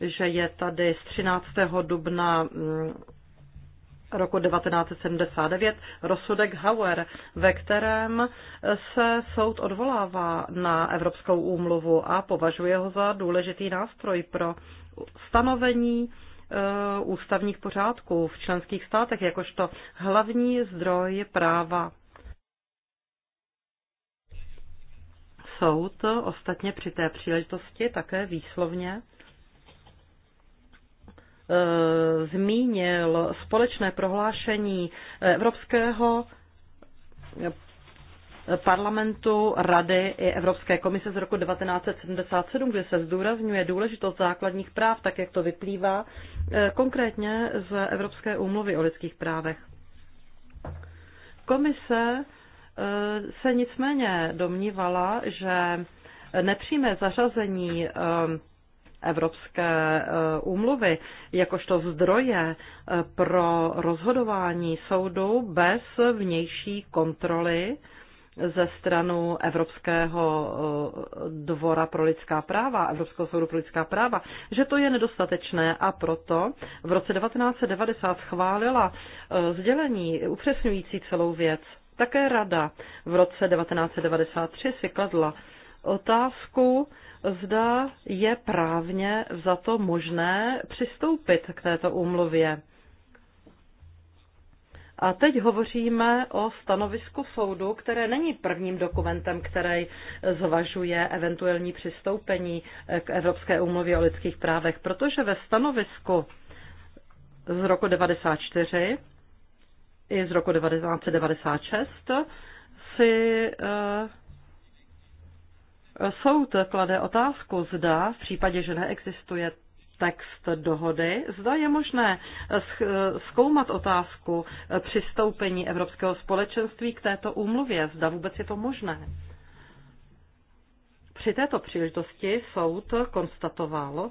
že je tady z 13. dubna mm, roku 1979 rozsudek Hauer, ve kterém se soud odvolává na Evropskou úmluvu a považuje ho za důležitý nástroj pro stanovení eh, ústavních pořádků v členských státech jakožto hlavní zdroj práva. Soud ostatně při té příležitosti také výslovně Eh, zmínil společné prohlášení Evropského parlamentu, rady i Evropské komise z roku 1977, kde se zdůrazňuje důležitost základních práv, tak jak to vyplývá eh, konkrétně z Evropské úmluvy o lidských právech. Komise eh, se nicméně domnívala, že nepřímé zařazení Evropské eh, úmluvy jakožto zdroje eh, pro rozhodování soudu bez vnější kontroly ze stranu Evropského eh, dvora pro lidská práva, Evropského soudu pro lidská práva, že to je nedostatečné a proto v roce 1990 schválila sdělení upřesňující celou věc. Také rada v roce 1993 si kladla otázku, zda je právně za to možné přistoupit k této úmluvě. A teď hovoříme o stanovisku soudu, které není prvním dokumentem, který zvažuje eventuální přistoupení k Evropské úmluvě o lidských právech, protože ve stanovisku z roku 1994 i z roku 1996 si eh, Soud klade otázku, zda v případě, že neexistuje text dohody, zda je možné zkoumat otázku přistoupení Evropského společenství k této úmluvě, zda vůbec je to možné. Při této příležitosti soud konstatoval,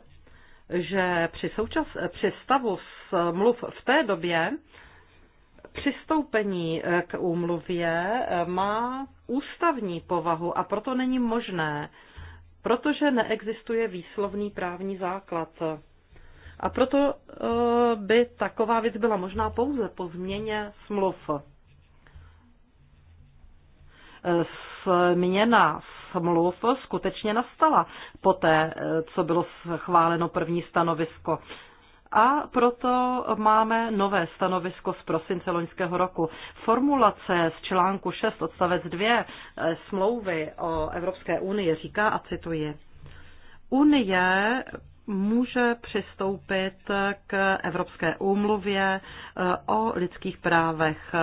že při, součas, při stavu smluv v té době přistoupení eh, k úmluvě eh, má ústavní povahu a proto není možné, protože neexistuje výslovný právní základ. A proto eh, by taková věc byla možná pouze po změně smluv. Změna smluv skutečně nastala poté, co bylo schváleno první stanovisko a proto máme nové stanovisko z prosince loňského roku. Formulace z článku 6 odstavec 2 eh, smlouvy o Evropské unii říká, a cituji, Unie může přistoupit k Evropské úmluvě eh, o lidských právech.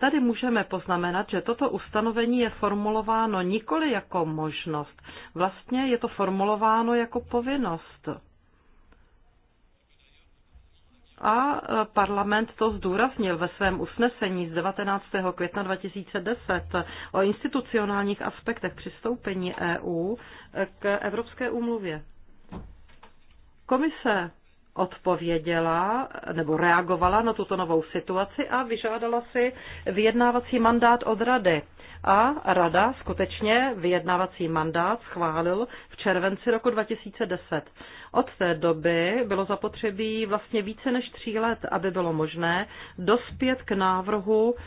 Tady můžeme poznamenat, že toto ustanovení je formulováno nikoli jako možnost, vlastně je to formulováno jako povinnost a e, parlament to zdůraznil ve svém usnesení z 19. května 2010 o institucionálních aspektech přistoupení EU e, k Evropské úmluvě. Komise odpověděla nebo reagovala na tuto novou situaci a vyžádala si vyjednávací mandát od rady a rada skutečně vyjednávací mandát schválil v červenci roku 2010. Od té doby bylo zapotřebí vlastně více než tří let, aby bylo možné dospět k návrhu e,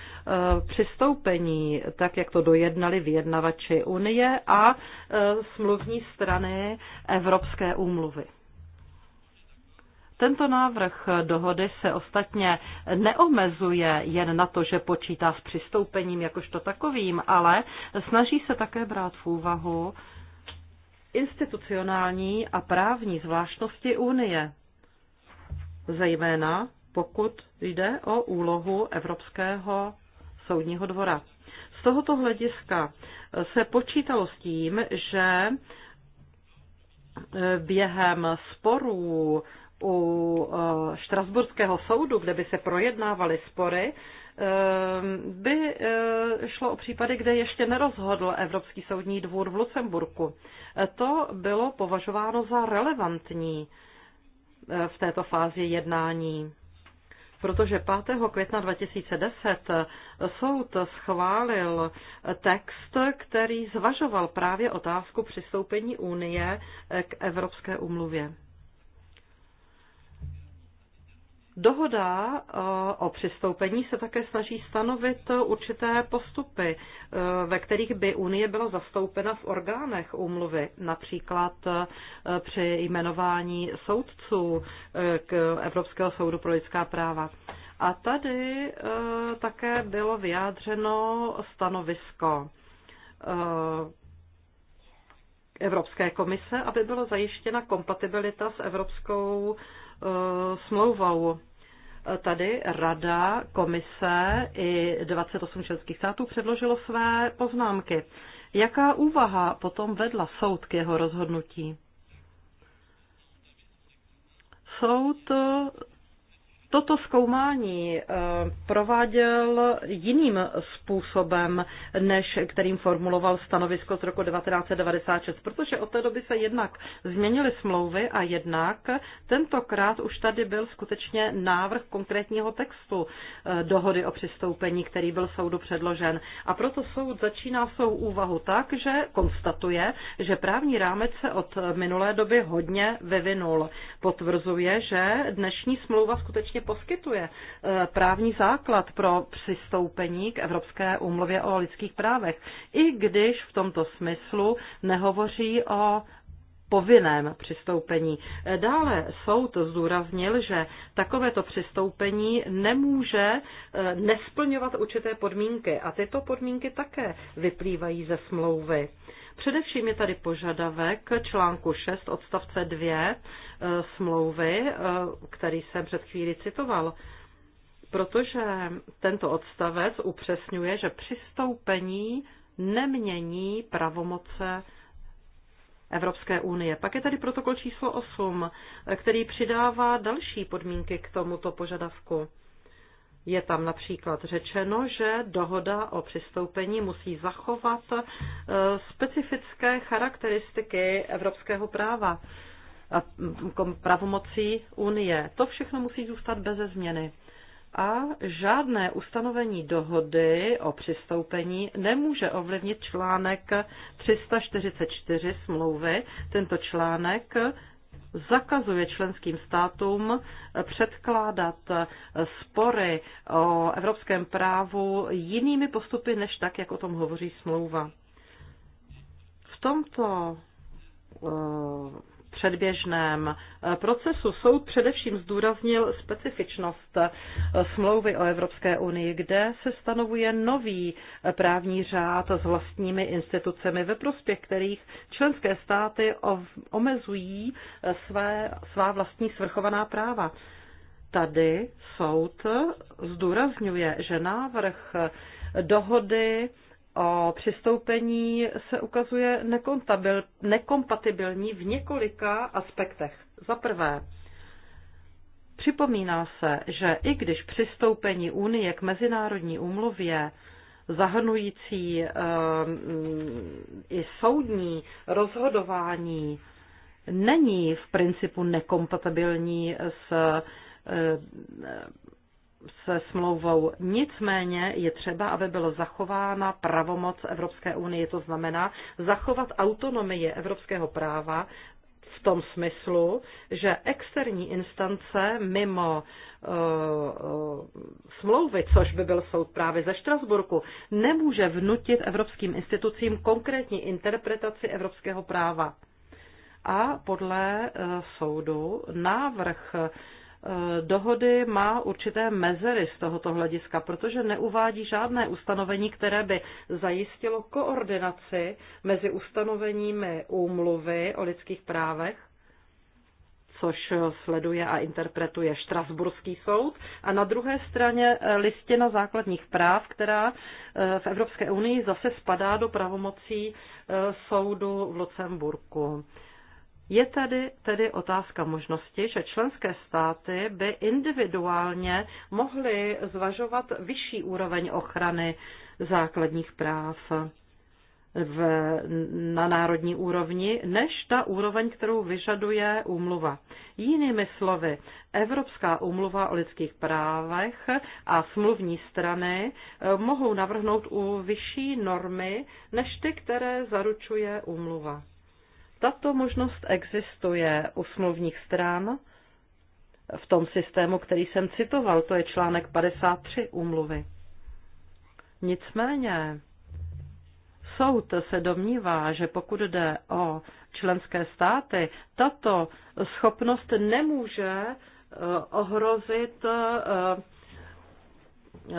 přistoupení, tak jak to dojednali vyjednavači Unie a e, smluvní strany Evropské úmluvy. Tento návrh dohody se ostatně neomezuje jen na to, že počítá s přistoupením jakožto takovým, ale snaží se také brát v úvahu institucionální a právní zvláštnosti Unie, zejména pokud jde o úlohu Evropského soudního dvora. Z tohoto hlediska se počítalo s tím, že během sporů u e, Štrasburského soudu, kde by se projednávaly spory, e, by e, šlo o případy, kde ještě nerozhodl Evropský soudní dvůr v Lucemburku. To bylo považováno za relevantní v této fázi jednání, protože 5. května 2010 soud schválil text, který zvažoval právě otázku přistoupení Unie k Evropské umluvě. Dohoda eh, o přistoupení se také snaží stanovit určité postupy, eh, ve kterých by Unie byla zastoupena v orgánech úmluvy, například eh, při jmenování soudců k Evropského soudu pro lidská práva. A tady také bylo vyjádřeno stanovisko Evropské komise, aby byla zajištěna kompatibilita s Evropskou Eh, smlouvou. Tady Rada, Komise i 28 členských států předložilo své poznámky. Jaká úvaha potom vedla soud k jeho rozhodnutí? Soud Toto zkoumání eh, prováděl jiným způsobem, než kterým formuloval stanovisko z roku 1996, protože od té doby se jednak změnily smlouvy a jednak tentokrát už tady byl skutečně návrh konkrétního textu eh, dohody o přistoupení, který byl soudu předložen. A proto soud začíná svou úvahu tak, že konstatuje, že právní rámec se od minulé doby hodně vyvinul. Potvrzuje, že dnešní smlouva skutečně vlastně poskytuje eh, právní základ pro přistoupení k Evropské úmluvě o lidských právech, i když v tomto smyslu nehovoří o povinném přistoupení. Eh, dále soud zdůraznil, že takovéto přistoupení nemůže eh, nesplňovat určité podmínky a tyto podmínky také vyplývají ze smlouvy. Především je tady požadavek článku 6 odstavce 2 e, smlouvy, e, který jsem před chvíli citoval, protože tento odstavec upřesňuje, že přistoupení nemění pravomoce Evropské unie. Pak je tady protokol číslo 8, e, který přidává další podmínky k tomuto požadavku. Je tam například řečeno, že dohoda o přistoupení musí zachovat e, specifické charakteristiky evropského práva a pravomocí Unie. To všechno musí zůstat beze změny. A žádné ustanovení dohody o přistoupení nemůže ovlivnit článek 344 smlouvy. Tento článek zakazuje členským státům předkládat spory o evropském právu jinými postupy, než tak, jak o tom hovoří smlouva. V tomto eh, předběžném procesu soud především zdůraznil specifičnost smlouvy o Evropské unii, kde se stanovuje nový právní řád s vlastními institucemi, ve prospěch kterých členské státy omezují své, svá vlastní svrchovaná práva. Tady soud zdůrazňuje, že návrh dohody o přistoupení se ukazuje nekompatibilní v několika aspektech. Za prvé, připomíná se, že i když přistoupení Unie k mezinárodní úmluvě zahrnující ehm, i soudní rozhodování není v principu nekompatibilní s ehm, se smlouvou. Nicméně je třeba, aby bylo zachována pravomoc Evropské unie, to znamená zachovat autonomii evropského práva v tom smyslu, že externí instance mimo uh, smlouvy, což by byl soud právě ze Štrasburku, nemůže vnutit evropským institucím konkrétní interpretaci evropského práva. A podle uh, soudu návrh uh, Eh, dohody má určité mezery z tohoto hlediska, protože neuvádí žádné ustanovení, které by zajistilo koordinaci mezi ustanoveními úmluvy o lidských právech což sleduje a interpretuje Štrasburský soud, a na druhé straně eh, listina základních práv, která eh, v Evropské unii zase spadá do pravomocí soudu v Lucemburku. Je tady tedy otázka možnosti, že členské státy by individuálně mohly zvažovat vyšší úroveň ochrany základních práv v, na národní úrovni, než ta úroveň, kterou vyžaduje úmluva. Jinými slovy, Evropská úmluva o lidských právech a smluvní strany eh, mohou navrhnout u vyšší normy, než ty, které zaručuje úmluva. Tato možnost existuje u smluvních stran v tom systému, který jsem citoval, to je článek 53 úmluvy. Nicméně soud se domnívá, že pokud jde o členské státy, tato schopnost nemůže eh, ohrozit eh, eh,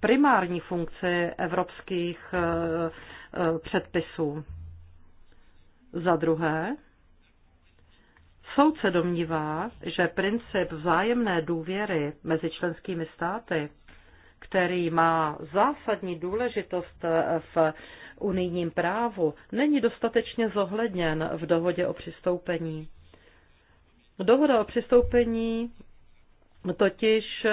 primární funkci evropských předpisů. Za druhé, soud se domnívá, že princip vzájemné důvěry mezi členskými státy, který má zásadní důležitost v unijním právu, není dostatečně zohledněn v dohodě o přistoupení. Dohoda o přistoupení totiž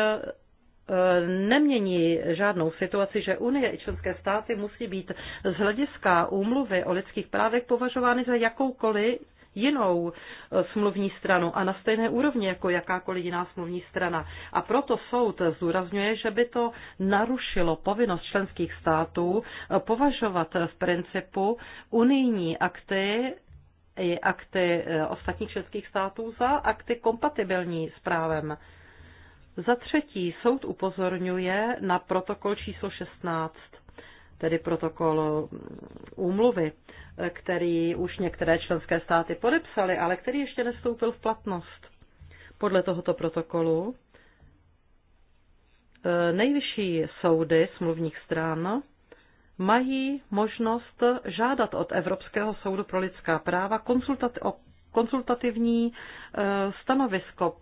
nemění žádnou situaci, že Unie i členské státy musí být z hlediska úmluvy o lidských právech považovány za jakoukoliv jinou smluvní stranu a na stejné úrovni jako jakákoliv jiná smluvní strana. A proto soud zúrazňuje, že by to narušilo povinnost členských států považovat v principu unijní akty i akty ostatních členských států za akty kompatibilní s právem za třetí, soud upozorňuje na protokol číslo 16, tedy protokol mm, úmluvy, který už některé členské státy podepsaly, ale který ještě nestoupil v platnost. Podle tohoto protokolu e, nejvyšší soudy smluvních stran mají možnost žádat od Evropského soudu pro lidská práva konsultat- o konsultativní e, stanovisko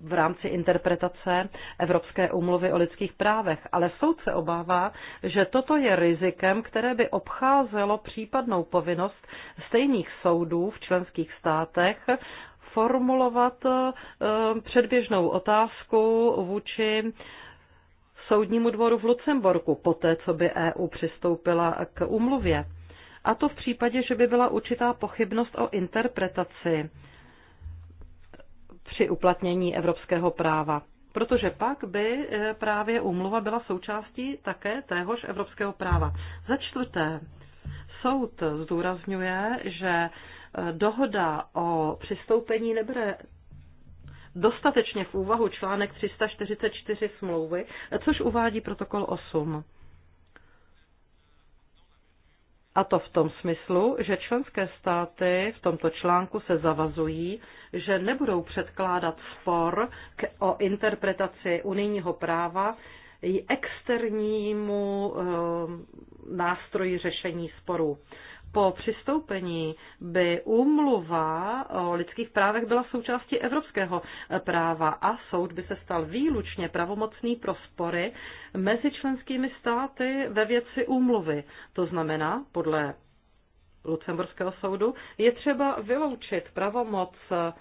v rámci interpretace Evropské úmluvy o lidských právech, ale soud se obává, že toto je rizikem, které by obcházelo případnou povinnost stejných soudů v členských státech formulovat eh, předběžnou otázku vůči soudnímu dvoru v Lucemburku, poté co by EU přistoupila k úmluvě. A to v případě, že by byla určitá pochybnost o interpretaci při uplatnění evropského práva. Protože pak by e, právě úmluva byla součástí také téhož evropského práva. Za čtvrté, soud zdůrazňuje, že e, dohoda o přistoupení nebude dostatečně v úvahu článek 344 smlouvy, což uvádí protokol 8. A to v tom smyslu, že členské státy v tomto článku se zavazují, že nebudou předkládat spor k, o interpretaci unijního práva i externímu e, nástroji řešení sporů po přistoupení by úmluva o lidských právech byla součástí evropského práva a soud by se stal výlučně pravomocný pro spory mezi členskými státy ve věci úmluvy. To znamená, podle Lucemburského soudu, je třeba vyloučit pravomoc eh,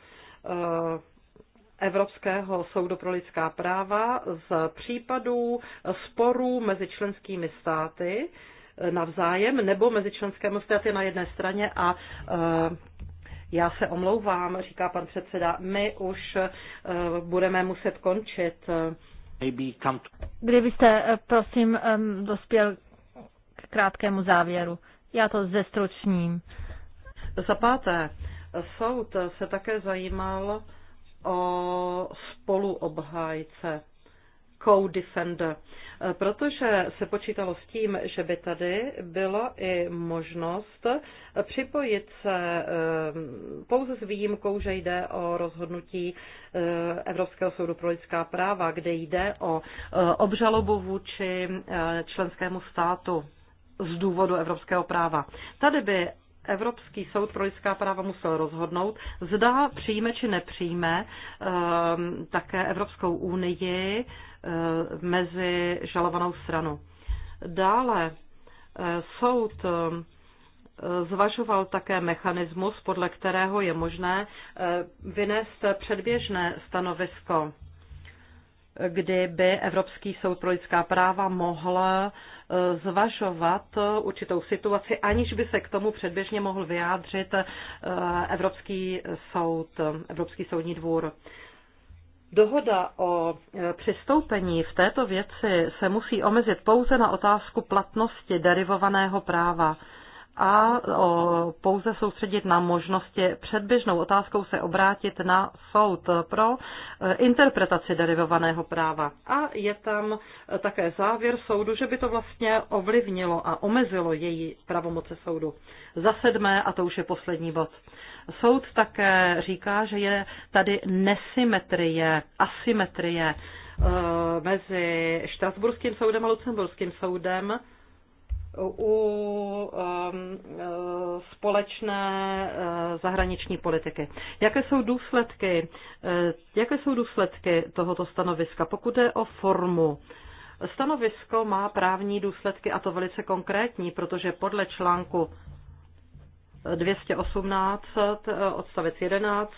Evropského soudu pro lidská práva z případů sporů mezi členskými státy, Eh, navzájem nebo mezi členskými státy na jedné straně a eh, já se omlouvám, říká pan předseda, my už eh, budeme muset končit. Kdybyste, prosím, dospěl k krátkému závěru. Já to zestručním. Za páté, soud se také zajímal o spoluobhájce co-defender, protože se počítalo s tím, že by tady bylo i možnost připojit se pouze s výjimkou, že jde o rozhodnutí Evropského soudu pro lidská práva, kde jde o obžalobu vůči členskému státu z důvodu evropského práva. Tady by Evropský soud pro lidská práva musel rozhodnout, zda přijme či nepřijme také Evropskou unii Eh, mezi žalovanou stranu. Dále eh, soud eh, zvažoval také mechanismus, podle kterého je možné vynést předběžné stanovisko, kdyby Evropský soud pro lidská práva mohl zvažovat určitou situaci, aniž by se k tomu předběžně mohl vyjádřit Evropský soud, Evropský soudní dvůr. Dohoda o e, přistoupení v této věci se musí omezit pouze na otázku platnosti derivovaného práva a o, pouze soustředit na možnosti. Předběžnou otázkou se obrátit na soud pro e, interpretaci derivovaného práva. A je tam e, také závěr soudu, že by to vlastně ovlivnilo a omezilo její pravomoce soudu. Za sedmé, a to už je poslední bod. Soud také říká, že je tady nesymetrie, asymetrie eh, mezi Štrasburským soudem a Lucemburským soudem u ehm, eh, společné eh, zahraniční politiky. Jaké jsou důsledky, jaké jsou důsledky tohoto stanoviska, pokud je o formu? Stanovisko má právní důsledky a to velice konkrétní, protože podle článku 218 eh, odstavec 11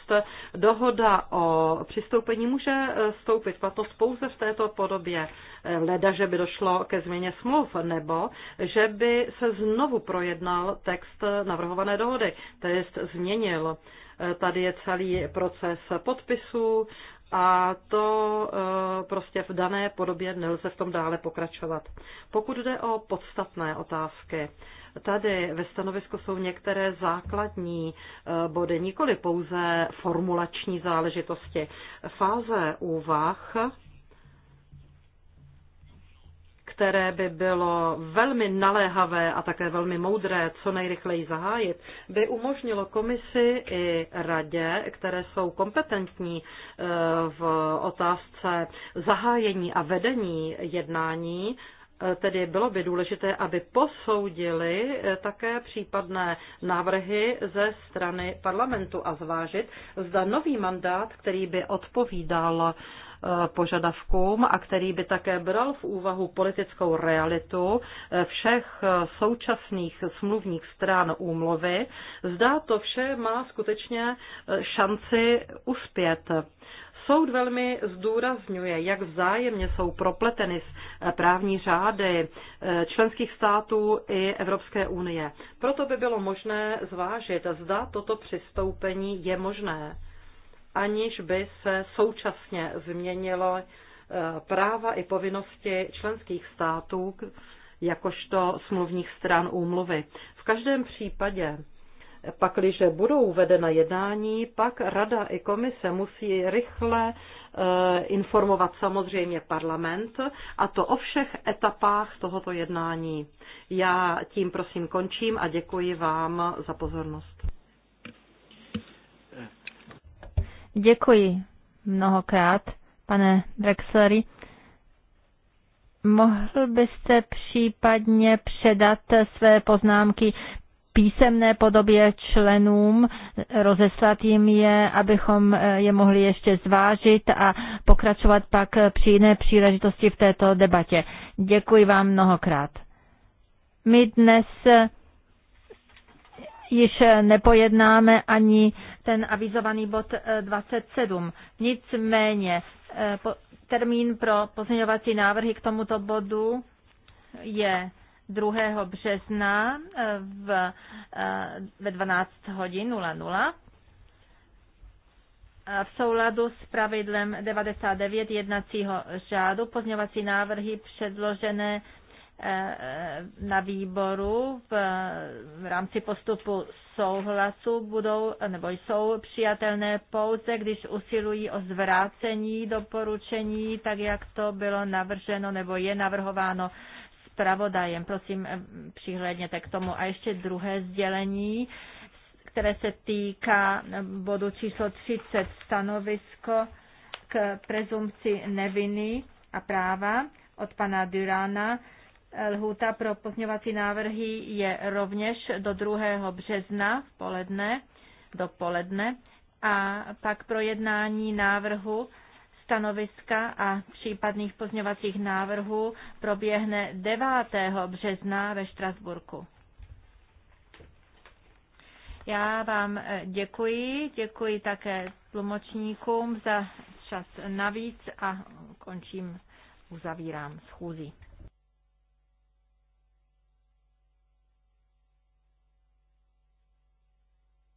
dohoda o přistoupení může eh, stoupit platnost pouze v této podobě, eh, leda, že by došlo ke změně smluv, nebo že by se znovu projednal text navrhované dohody, to jest změnil. Tady je celý proces podpisů a to prostě v dané podobě nelze v tom dále pokračovat. Pokud jde o podstatné otázky, Tady ve stanovisku jsou některé základní eh, body, nikoli pouze formulační záležitosti. Fáze úvah které by bylo velmi naléhavé a také velmi moudré co nejrychleji zahájit, by umožnilo komisi i radě, které jsou kompetentní eh, v otázce zahájení a vedení jednání, Eh, tedy bylo by důležité, aby posoudili eh, také případné návrhy ze strany parlamentu a zvážit, zda nový mandát, který by odpovídal eh, požadavkům a který by také bral v úvahu politickou realitu všech současných smluvních stran úmluvy, zdá to vše má skutečně šanci uspět. Soud velmi zdůrazňuje, jak vzájemně jsou propleteny eh, právní řády eh, členských států i Evropské unie. Proto by bylo možné zvážit, zda toto přistoupení je možné, aniž by se současně změnilo eh, práva i povinnosti členských států jakožto smluvních stran úmluvy. V každém případě Pakliže budou vedena jednání, pak Rada i komise musí rychle eh, informovat samozřejmě parlament a to o všech etapách tohoto jednání. Já tím prosím končím a děkuji vám za pozornost. Děkuji mnohokrát, pane Drexlery. Mohl byste případně předat své poznámky písemné podobě členům, rozeslat jim je, abychom eh, je mohli ještě zvážit a pokračovat pak při jiné příležitosti v této debatě. Děkuji vám mnohokrát. My dnes eh, již nepojednáme ani ten avizovaný bod 27. Eh, Nicméně termín pro pozměňovací návrhy k tomuto bodu je 2. března eh, v, eh, ve 12 hodin 00 v souladu s pravidlem 99 jednacího řádu pozměňovací návrhy předložené eh, na výboru v, v rámci postupu souhlasu budou nebo jsou přijatelné pouze, když usilují o zvrácení doporučení, tak jak to bylo navrženo nebo je navrhováno zpravodajem. Prosím, eh, přihlédněte k tomu. A ještě druhé sdělení, které se týká eh, bodu číslo 30, stanovisko k prezumci neviny a práva od pana Durana. Lhůta pro pozměňovací návrhy je rovněž do 2. března v poledne, do poledne a pak projednání návrhu stanoviska a případných pozňovacích návrhů proběhne 9. března ve Štrasburku. Já vám eh, děkuji, děkuji také tlumočníkům za čas navíc a končím, uzavírám schůzi.